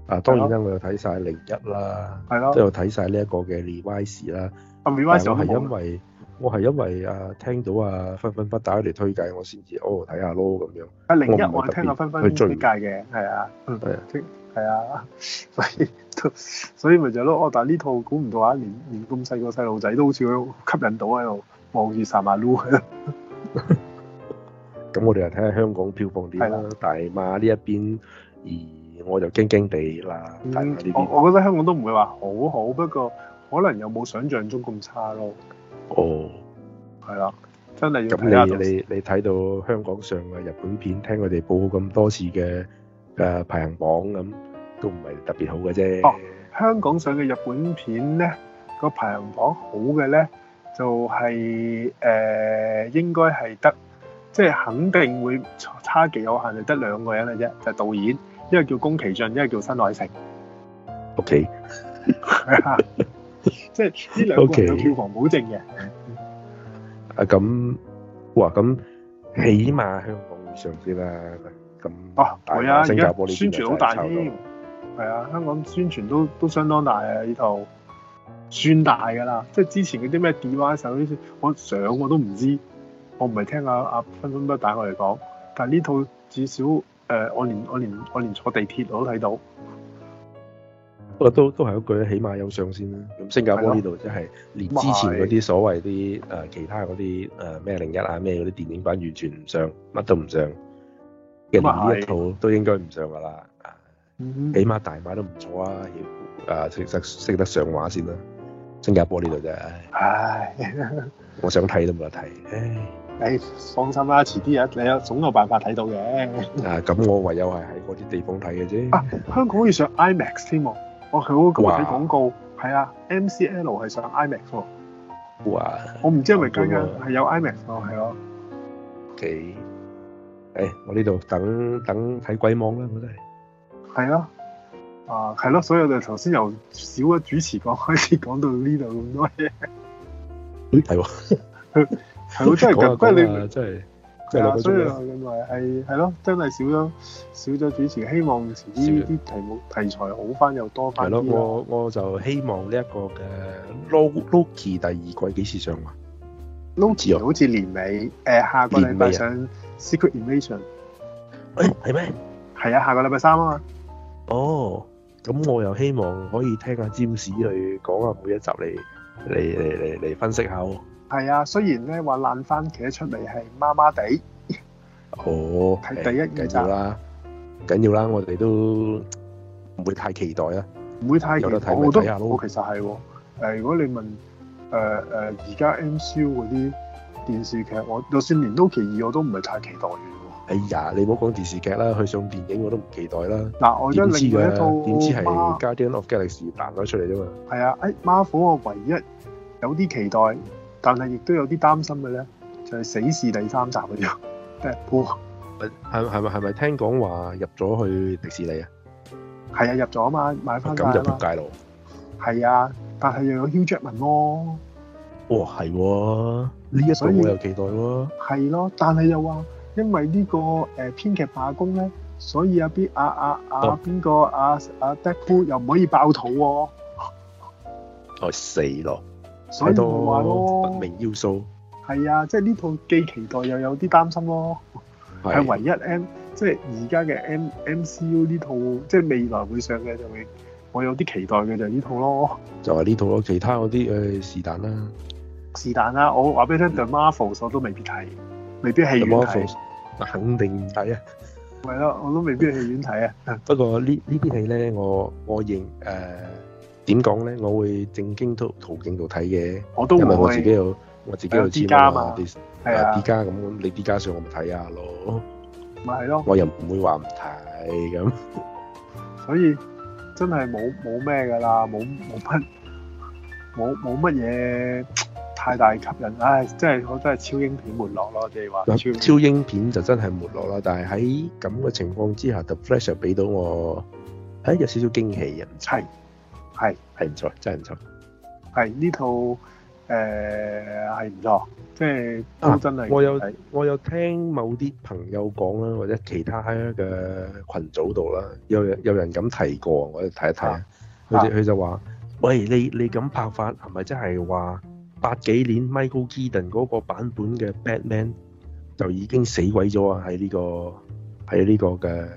啊，當然啦，我又睇曬零一啦，即係我睇曬呢一個嘅 Revice 啦。啊 Revice 我係因為我係因為啊聽到啊分分不打嚟推介我先至哦睇下咯咁樣。啊零一我係聽個分分推介嘅，係啊，嗯，係啊，所以都所以咪就係咯。哦，但係呢套估唔到啊，連連咁細個細路仔都好似吸引到喺度望住撒馬魯。咁 [LAUGHS] 我哋又睇下香港票房點啦，大馬呢一邊，而我就驚驚地啦我、嗯、我覺得香港都唔會話好好，不過可能又冇想像中咁差咯。哦，係啦，真係要睇下，咁你你睇到香港上嘅日本片，聽佢哋報咁多次嘅誒排行榜咁，都唔係特別好嘅啫。哦，香港上嘅日本片呢個排行榜好嘅呢。就係、是、誒、呃，應該係得，即係肯定會差幾有限，就得兩個人嘅啫，就係、導演，一個叫宮崎駿，一個叫新海誠。O.K. [LAUGHS] [LAUGHS] [LAUGHS] 即係呢兩個人票房保證嘅。 [LAUGHS] 啊咁，哇咁，起碼香港會上啲啦，咁哦，係啊，而家、啊、宣傳好大添，係 [LAUGHS] 啊，香港宣傳都都相當大啊，呢套。算大㗎啦，即係之前嗰啲咩 D o 手 e 啲，我想我都唔知，我唔係聽阿阿分分都帶我嚟講，但係呢套至少誒、呃，我連我連我連坐地鐵我都睇到。不過都都係一句，起碼有上先啦。咁新加坡呢度真係連之前嗰啲所謂啲誒其他嗰啲誒咩零一啊咩嗰啲電影版完全唔上，乜都唔上，連呢一套都應該唔上㗎啦、嗯。起碼大馬都唔錯啊，要誒識得識得上畫先啦、啊。新加坡呢度啫，唉，我想睇都冇得睇，唉，你放心啦，遲啲日你有總有辦法睇到嘅。啊，咁我唯有係喺嗰啲地方睇嘅啫。啊，香港要上 IMAX 添喎，我喺嗰度睇廣告，係啊，MCL 係上 IMAX 喎。哇！我唔知係咪間間，係有 IMAX 喎，係咯。OK，誒，我呢度等等睇鬼網啦，我真係。係囉。啊，係咯，所以我哋頭先由少咗主持講開始講到呢度咁多嘢，咦 [LAUGHS] 對了，係 [LAUGHS] 喎， [LAUGHS] 係真係咁，因為你真係係啦，所以我認為係係咯。真係少咗少咗主持，希望遲啲啲題目題材好翻又多翻啲。咯，我我就希望呢一個嘅 Loki 第二季幾時上啊？Loki 好似年尾誒、呃、下個禮拜上 Secret Invasion，誒係咩？係、欸、啊，下個禮拜三啊嘛。哦。咁我又希望可以聽下占士去講下每一集嚟嚟嚟嚟嚟分析下喎。係啊，雖然咧話爛番茄出嚟係麻麻地，哦，第一集要啦，緊要啦，我哋都唔會太期待啊。唔會太期待，期待有得睇就睇就睇，我覺得我其實係喎、啊。如果你問誒誒而家 M C U 嗰啲電視劇，我就算《連都奇異》我都唔係太期待。哎呀，你唔好講電視劇啦，去上電影我都唔期待啦。嗱，我真係另一套點知係 Guardians of Galaxy 打咗出嚟啫嘛。係啊，哎，Marvel 啊，唯一有啲期待，但係亦都有啲擔心嘅咧，就係、是、死侍第三集嘅啫。Deadpool 係係咪係咪聽講話入咗去迪士尼啊？係啊，入咗啊嘛，買翻咁、啊、就扑街係啊，但係又有 Hugh Jackman 咯。哇、哦，係喎、啊，呢一套我有期待咯、啊。係咯、啊，但係又話。因為呢個誒編劇罷工咧，所以阿邊阿阿阿邊個阿阿 Deadpool 又唔可以爆肚喎、哦，哦死咯，所以咪話咯，命要蘇，係啊，即係呢套既期待又有啲擔心咯，係、啊、唯一 M 即係而家嘅 M M C U 呢套即係、就是、未來會上嘅就會，我有啲期待嘅就係、是、呢套咯，就係、是、呢套咯，其他嗰啲誒是但啦，是但啦，我話俾你聽，The Marvels 我都未必睇，未必係嗱，肯定唔睇啊！唔係咯，我都未必去院睇啊。不過呢呢啲戲咧，我我認誒點講咧，我會正經都途徑度睇嘅。我都因為我自己有，我自己有簽啊嘛啲，係啊啲加咁，你啲加上我咪睇下咯。咪係咯，我又唔會話唔睇咁。所以真係冇冇咩噶啦，冇冇乜，冇冇乜嘢。太大吸引，唉，真係我真係超英片沒落咯，即係話超英片就真係沒落啦。但係喺咁嘅情況之下，mm -hmm.，The Flash 俾到我，哎，有少少驚喜人妻，係，係唔錯，真係唔錯，係呢套誒係唔錯，即係都真係，啊。我有我有聽某啲朋友講啦，或者其他嘅群組度啦，有有人咁提過，我哋睇一睇佢，啊，就佢就話，喂，你你咁拍法係咪真係話？八幾年 Michael Keaton 嗰個版本嘅 Batman 就已經死鬼咗啊！喺呢個喺呢個嘅，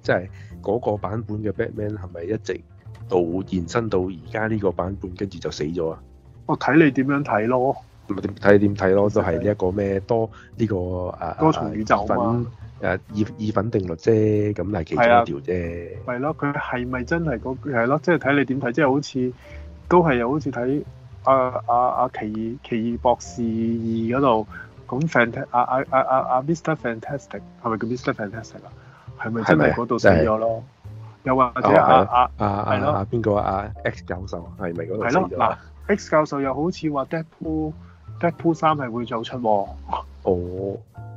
即係嗰個版本嘅 Batman 係咪一直到延伸到而家呢個版本，跟住就死咗啊？我睇你點樣睇咯。唔係點睇點睇咯？都係呢一個咩多呢、呢個啊多重宇宙啊，意、啊、意粉、啊、意粉定律啫。咁係其中一條啫。係咯，佢係咪真係嗰？係咯，即係睇你點睇，即係好似都係又好似睇。阿阿阿奇異奇異博士二嗰度，咁、啊、fant、啊啊啊、Mr Fantastic 係咪叫 Mr Fantastic 啊？係咪真係嗰度死咗咯？又或者、哦、啊，阿阿阿啊，邊個啊，啊，啊，啊 X 教授係咪嗰度死咗？嗱、啊、X 教授又好似話 Deadpool Deadpool 三係會走出喎。哦，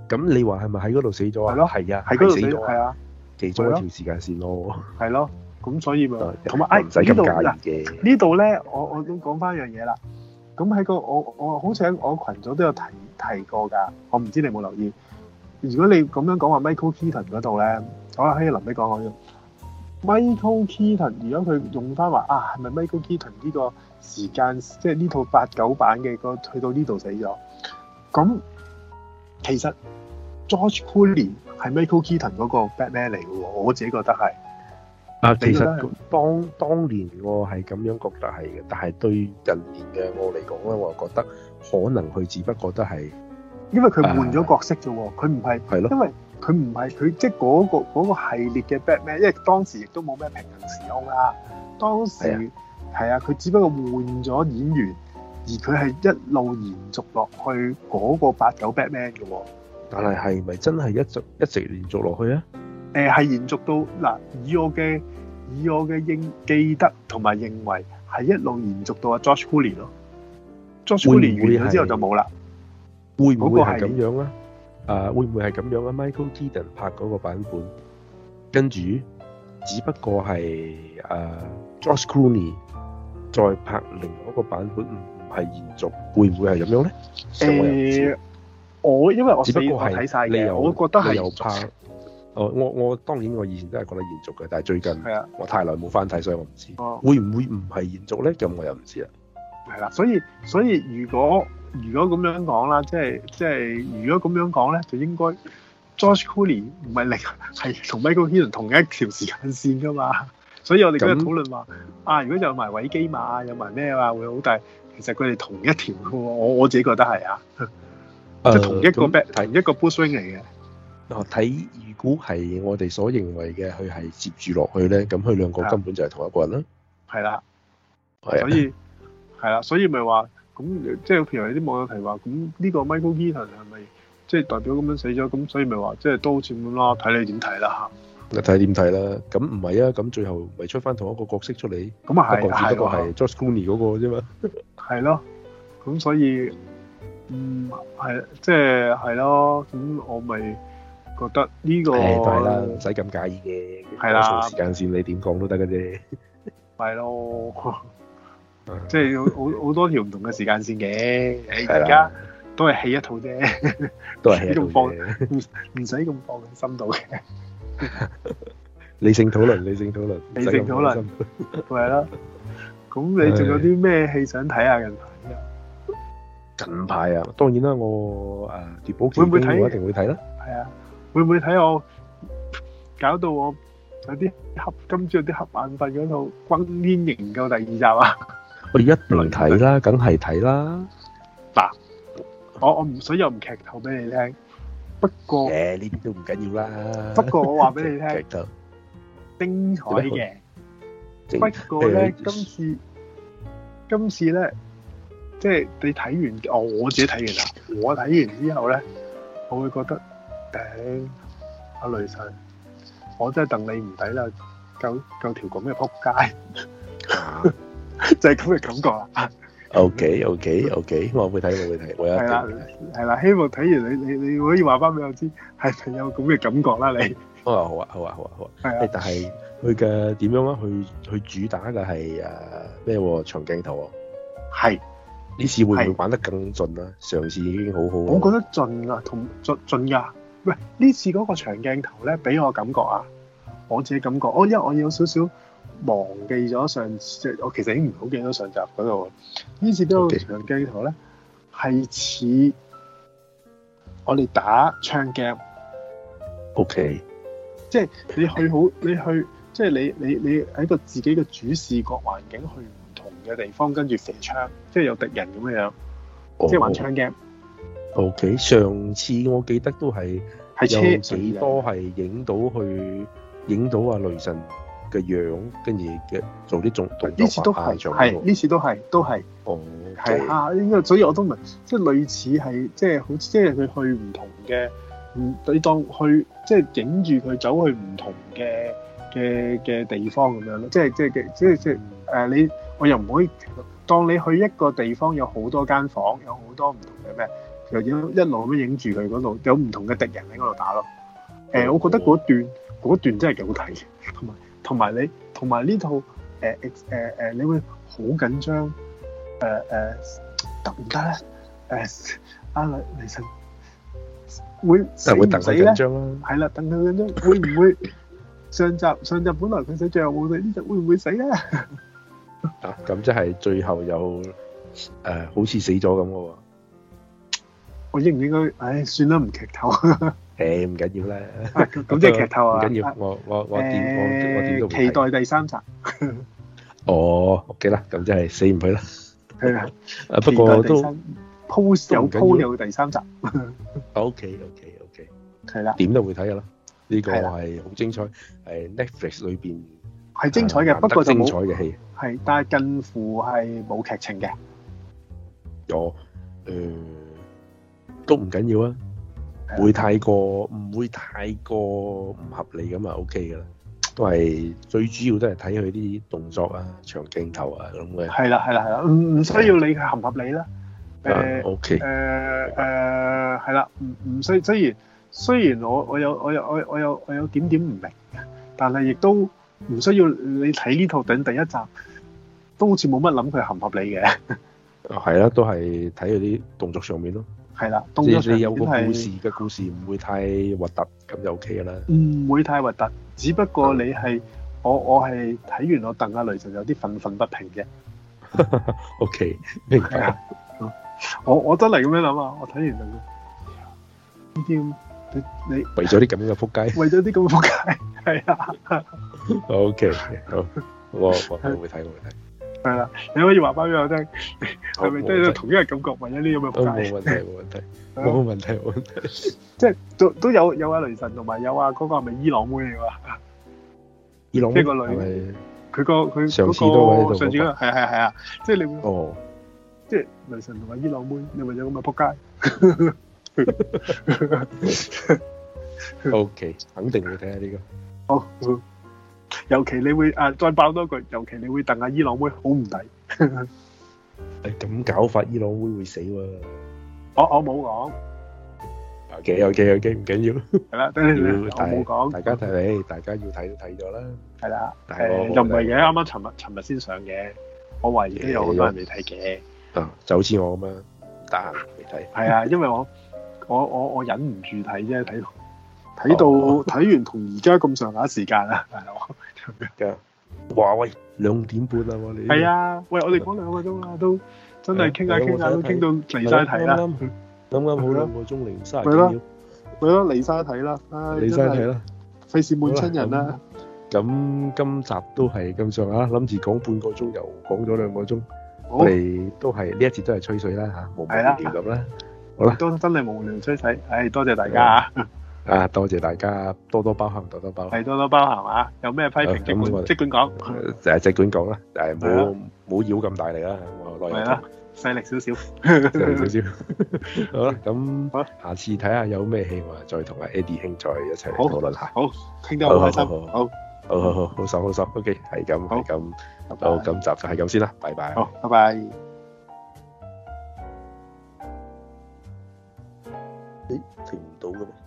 咁你話係咪喺嗰度死咗啊？係咯，係啊，喺嗰度死咗。係啊，其中一條時間線咯？係咯。咁所以咪，同埋呢度啦，呢度咧，我呢我，我都講翻一樣嘢啦。咁喺個我我好似喺我群組都有提提過㗎。我唔知你有冇留意？如果你咁樣講話 Michael Keaton 嗰度咧，好啦，可以臨尾講下 Michael Keaton 如果佢用翻話啊，係咪 Michael Keaton 呢個時間即係呢套八九版嘅個去到呢度死咗？咁其實 George Clooney 係 Michael Keaton 嗰個 Batman 嚟㗎喎，我自己覺得係。啊，其實當當年我係咁樣覺得係嘅，但係對近年嘅我嚟講咧，我覺得可能佢只不過都係，因為佢換咗角色啫喎，佢唔係，係咯，因為佢唔係佢即係嗰個嗰個系列嘅 Batman，因為當時亦都冇咩平行時空啦，當時係啊，佢只不過換咗演員，而佢係一路延續落去嗰個八九 Batman 嘅喎，但係係咪真係一直一直延續落去啊？誒，係延續到嗱，以我嘅以我嘅認記得同埋認為係一路延續到阿 George Clooney 咯。George Clooney 完咗之後就冇啦，會唔會係咁樣咧？誒，會唔會係咁樣咧？Michael Keaton 拍嗰個版本，跟住只不過係誒 George Clooney 再拍另外一個版本，唔係延續，會唔會係咁樣咧？誒，我因為我你話睇晒嘅，我覺得係。哦，我我當然我以前都係覺得延續嘅，但係最近啊，我太耐冇翻睇，所以我唔知、哦，會唔會唔係延續咧？咁我又唔知啦。係啦、啊，所以所以如果如果咁樣講啦，即係即係如果咁樣講咧，就應該 George Clooney 唔係零，係同 Michael Keaton 同一條時間線㗎嘛。所以我哋今日討論話、嗯、啊，如果有埋維基嘛，有埋咩話會好大，其實佢哋同一條㗎喎。我我自己覺得係啊，嗯、即係同一個咩、嗯、同一個,個 boosting 嚟嘅。哦，睇。估係我哋所認為嘅，佢係接住落去咧，咁佢兩個根本就係同一個人啦。係啦，所以係啦，所以咪話咁，即係譬如啲網友提話，咁呢個 Michael Keaton 係咪即係代表咁樣死咗？咁所以咪話即係都好似咁咯，睇你點睇啦嚇。睇點睇啦？咁唔係啊，咁最後咪出翻同一個角色出嚟。咁啊係係，只不過係 George Clooney 嗰個啫嘛。係咯，咁所以嗯係即係係咯，咁我咪。覺得呢個係，就係啦，唔使咁介意嘅。係啦，時間線你點講都得嘅啫。係咯，即係好好好多條唔同嘅時間線嘅。係啊，都係戲一套啫，都係戲一套嘅。唔唔使咁放咁深度嘅。理性討論，理性討論，理性討論，係咯。咁你仲有啲咩戲想睇啊？近排？近排啊，當然啦，我誒《碟爆》會唔會睇？我一定會睇啦。係啊。會唔會睇，我搞到我有啲黑？今朝有啲黑眼瞓嗰套《驚天營救》第二集啊！我哋一零睇啦，梗係睇啦。嗱，我我唔想又唔劇透俾你聽。不過誒，呢啲都唔緊要啦。不過我話俾你聽，精彩嘅。不過咧，今次今次咧，即係你睇完，我我自己睇完啦。我睇完之後咧，我會覺得。頂阿女神，我真係戥你唔抵啦，夠夠條咁嘅撲街，就係咁嘅感覺啦。OK OK OK，我會睇，我會睇，我一係啦，係啦，希望睇完你你你可以話翻俾我知，係咪有咁嘅感覺啦。你啊好啊好啊好啊好啊，係啊。但係佢嘅點樣咧？佢佢主打嘅係誒咩長鏡頭啊？係呢次會唔會玩得更盡咧？上次已經好好，我覺得盡啊，同盡盡壓。喂，呢次嗰個長鏡頭咧，俾我感覺啊，我自己感覺，哦，因為我有少少忘記咗上集，我其實已經唔好記得上集嗰度。呢次嗰個長鏡頭咧，係、okay. 似我哋打槍 game。O、okay. K，即係你去好，你去即係你你你喺個自己嘅主視角環境去唔同嘅地方，跟住射槍，即係有敵人咁樣，oh. 即係玩槍 game。O.K. 上次我記得都係有幾多係影到佢影到阿雷神嘅樣，跟住嘅做啲動作。呢次都係係呢次都係都係哦係啊，應該，所以我都唔即係類似係即係好似即係佢去唔同嘅唔你當去即係影住佢走去唔同嘅嘅嘅地方咁樣咯，即係即係嘅即係即係誒你我又唔可以當你去一個地方有好多間房，有好多唔同嘅咩？又影一路咁樣影住佢嗰度，有唔同嘅敵人喺嗰度打咯。誒，我覺得嗰段嗰段真係幾好睇嘅，同埋同埋你同埋呢套誒誒誒，你會好緊張。誒誒，得唔得咧？誒，阿女女神會會等緊緊張啦。係啦，等緊緊張，會唔會上集上集本來佢死最後會死呢集，會唔會死啊？啊，咁即係最後有誒，好似死咗咁嘅喎。我應唔應該？唉，算啦，唔劇透。誒，唔緊要啦。咁即係劇透啊？唔緊要，我我我點我點都唔睇。期待第三集。哦，OK 啦，咁即係死唔去啦。係啊。誒不過都 post 有 post 有第三集。OK OK OK，係啦，點都會睇噶啦。呢個係好精彩，係 Netflix 裏邊係精彩嘅，不過就冇精彩嘅戲。係，但係近乎係冇劇情嘅。有誒。都唔緊要啊，唔會太過唔會太過唔合理咁啊，O K 噶啦，都係最主要都係睇佢啲動作啊、長鏡頭啊咁嘅。係啦係啦係啦，唔唔需要理佢合唔合理啦。誒 O K 誒誒係啦，唔唔需雖然雖然我我有我有我我有我有點點唔明嘅，但係亦都唔需要你睇呢套頂第一集都好似冇乜諗佢合唔合理嘅。係啦，都係睇佢啲動作上面咯。係啦，即係你有個故事嘅故事唔會太核突，咁就 O K 㗎啦。唔會太核突，只不過你係、嗯、我我係睇完我鄧阿雷就有啲憤憤不平嘅。 [LAUGHS] o、okay, K，明白。 [LAUGHS] 我我真係咁樣諗啊！我睇完就呢啲，你你為咗啲咁樣嘅撲街？為咗啲咁嘅撲街，係啊。O K，好，我我 [LAUGHS] 我會睇，我會睇。係啦，你可以話翻俾我聽，係咪都係同一個感覺？揾一啲咁嘅仆街。都冇問題，冇問題，冇問題，冇問題。即係都都有有阿雷神同埋有啊，嗰個係咪伊朗妹嚟㗎？伊朗即係個女，佢個佢嗰個上次嗰個係係係啊！即係你會哦，即係雷神同埋伊朗妹，你咪有咁嘅仆街。OK，肯定會睇下呢個。好。尤其你會啊，再爆多句，尤其你會鄧阿伊朗妹好唔抵。你咁搞法，伊朗妹會死喎、啊。我我冇講。OK OK OK，唔緊要。係啦，等你我冇講。大家睇你，大家要睇都睇咗啦。係啦。誒、呃，又唔係嘅，啱啱尋日尋日先上嘅，我懷疑都有好多人未睇嘅。啊，就好似我咁但得閒未睇。係啊， [LAUGHS] 因為我我我我忍唔住睇啫，睇喺度睇完同而家咁上下時間啊，係啊，話喂，兩點半啦，我哋係啊，喂，我哋講兩個鐘啦，都真係傾下傾下都傾到離曬題啦，啱啱好兩個鐘零三廿幾秒，係咯，離曬題啦，離曬題啦，費事悶親人啦。咁今集都係咁上下，諗住講半個鐘，又講咗兩個鐘我哋，都係呢一節都係吹水啦嚇，冇計啦。好啦，都真係無聊吹水，唉，多謝大家嚇。啊！多謝大家多多包涵，多多包涵，係多多包涵啊！有咩批評即管即管講，誒，即管講啦，誒，冇冇妖咁大力啦，我耐力，係啦，細力少少，細力少少，好啦，咁好，下次睇下有咩戲，我再同阿 Eddie 兄再一齊討論下，好，傾得好開心，好好好好好，好，好，好，好爽，好爽，OK，係咁，係咁，好，今集就係咁先啦，拜拜，好，拜拜。咦？聽唔到嘅咩？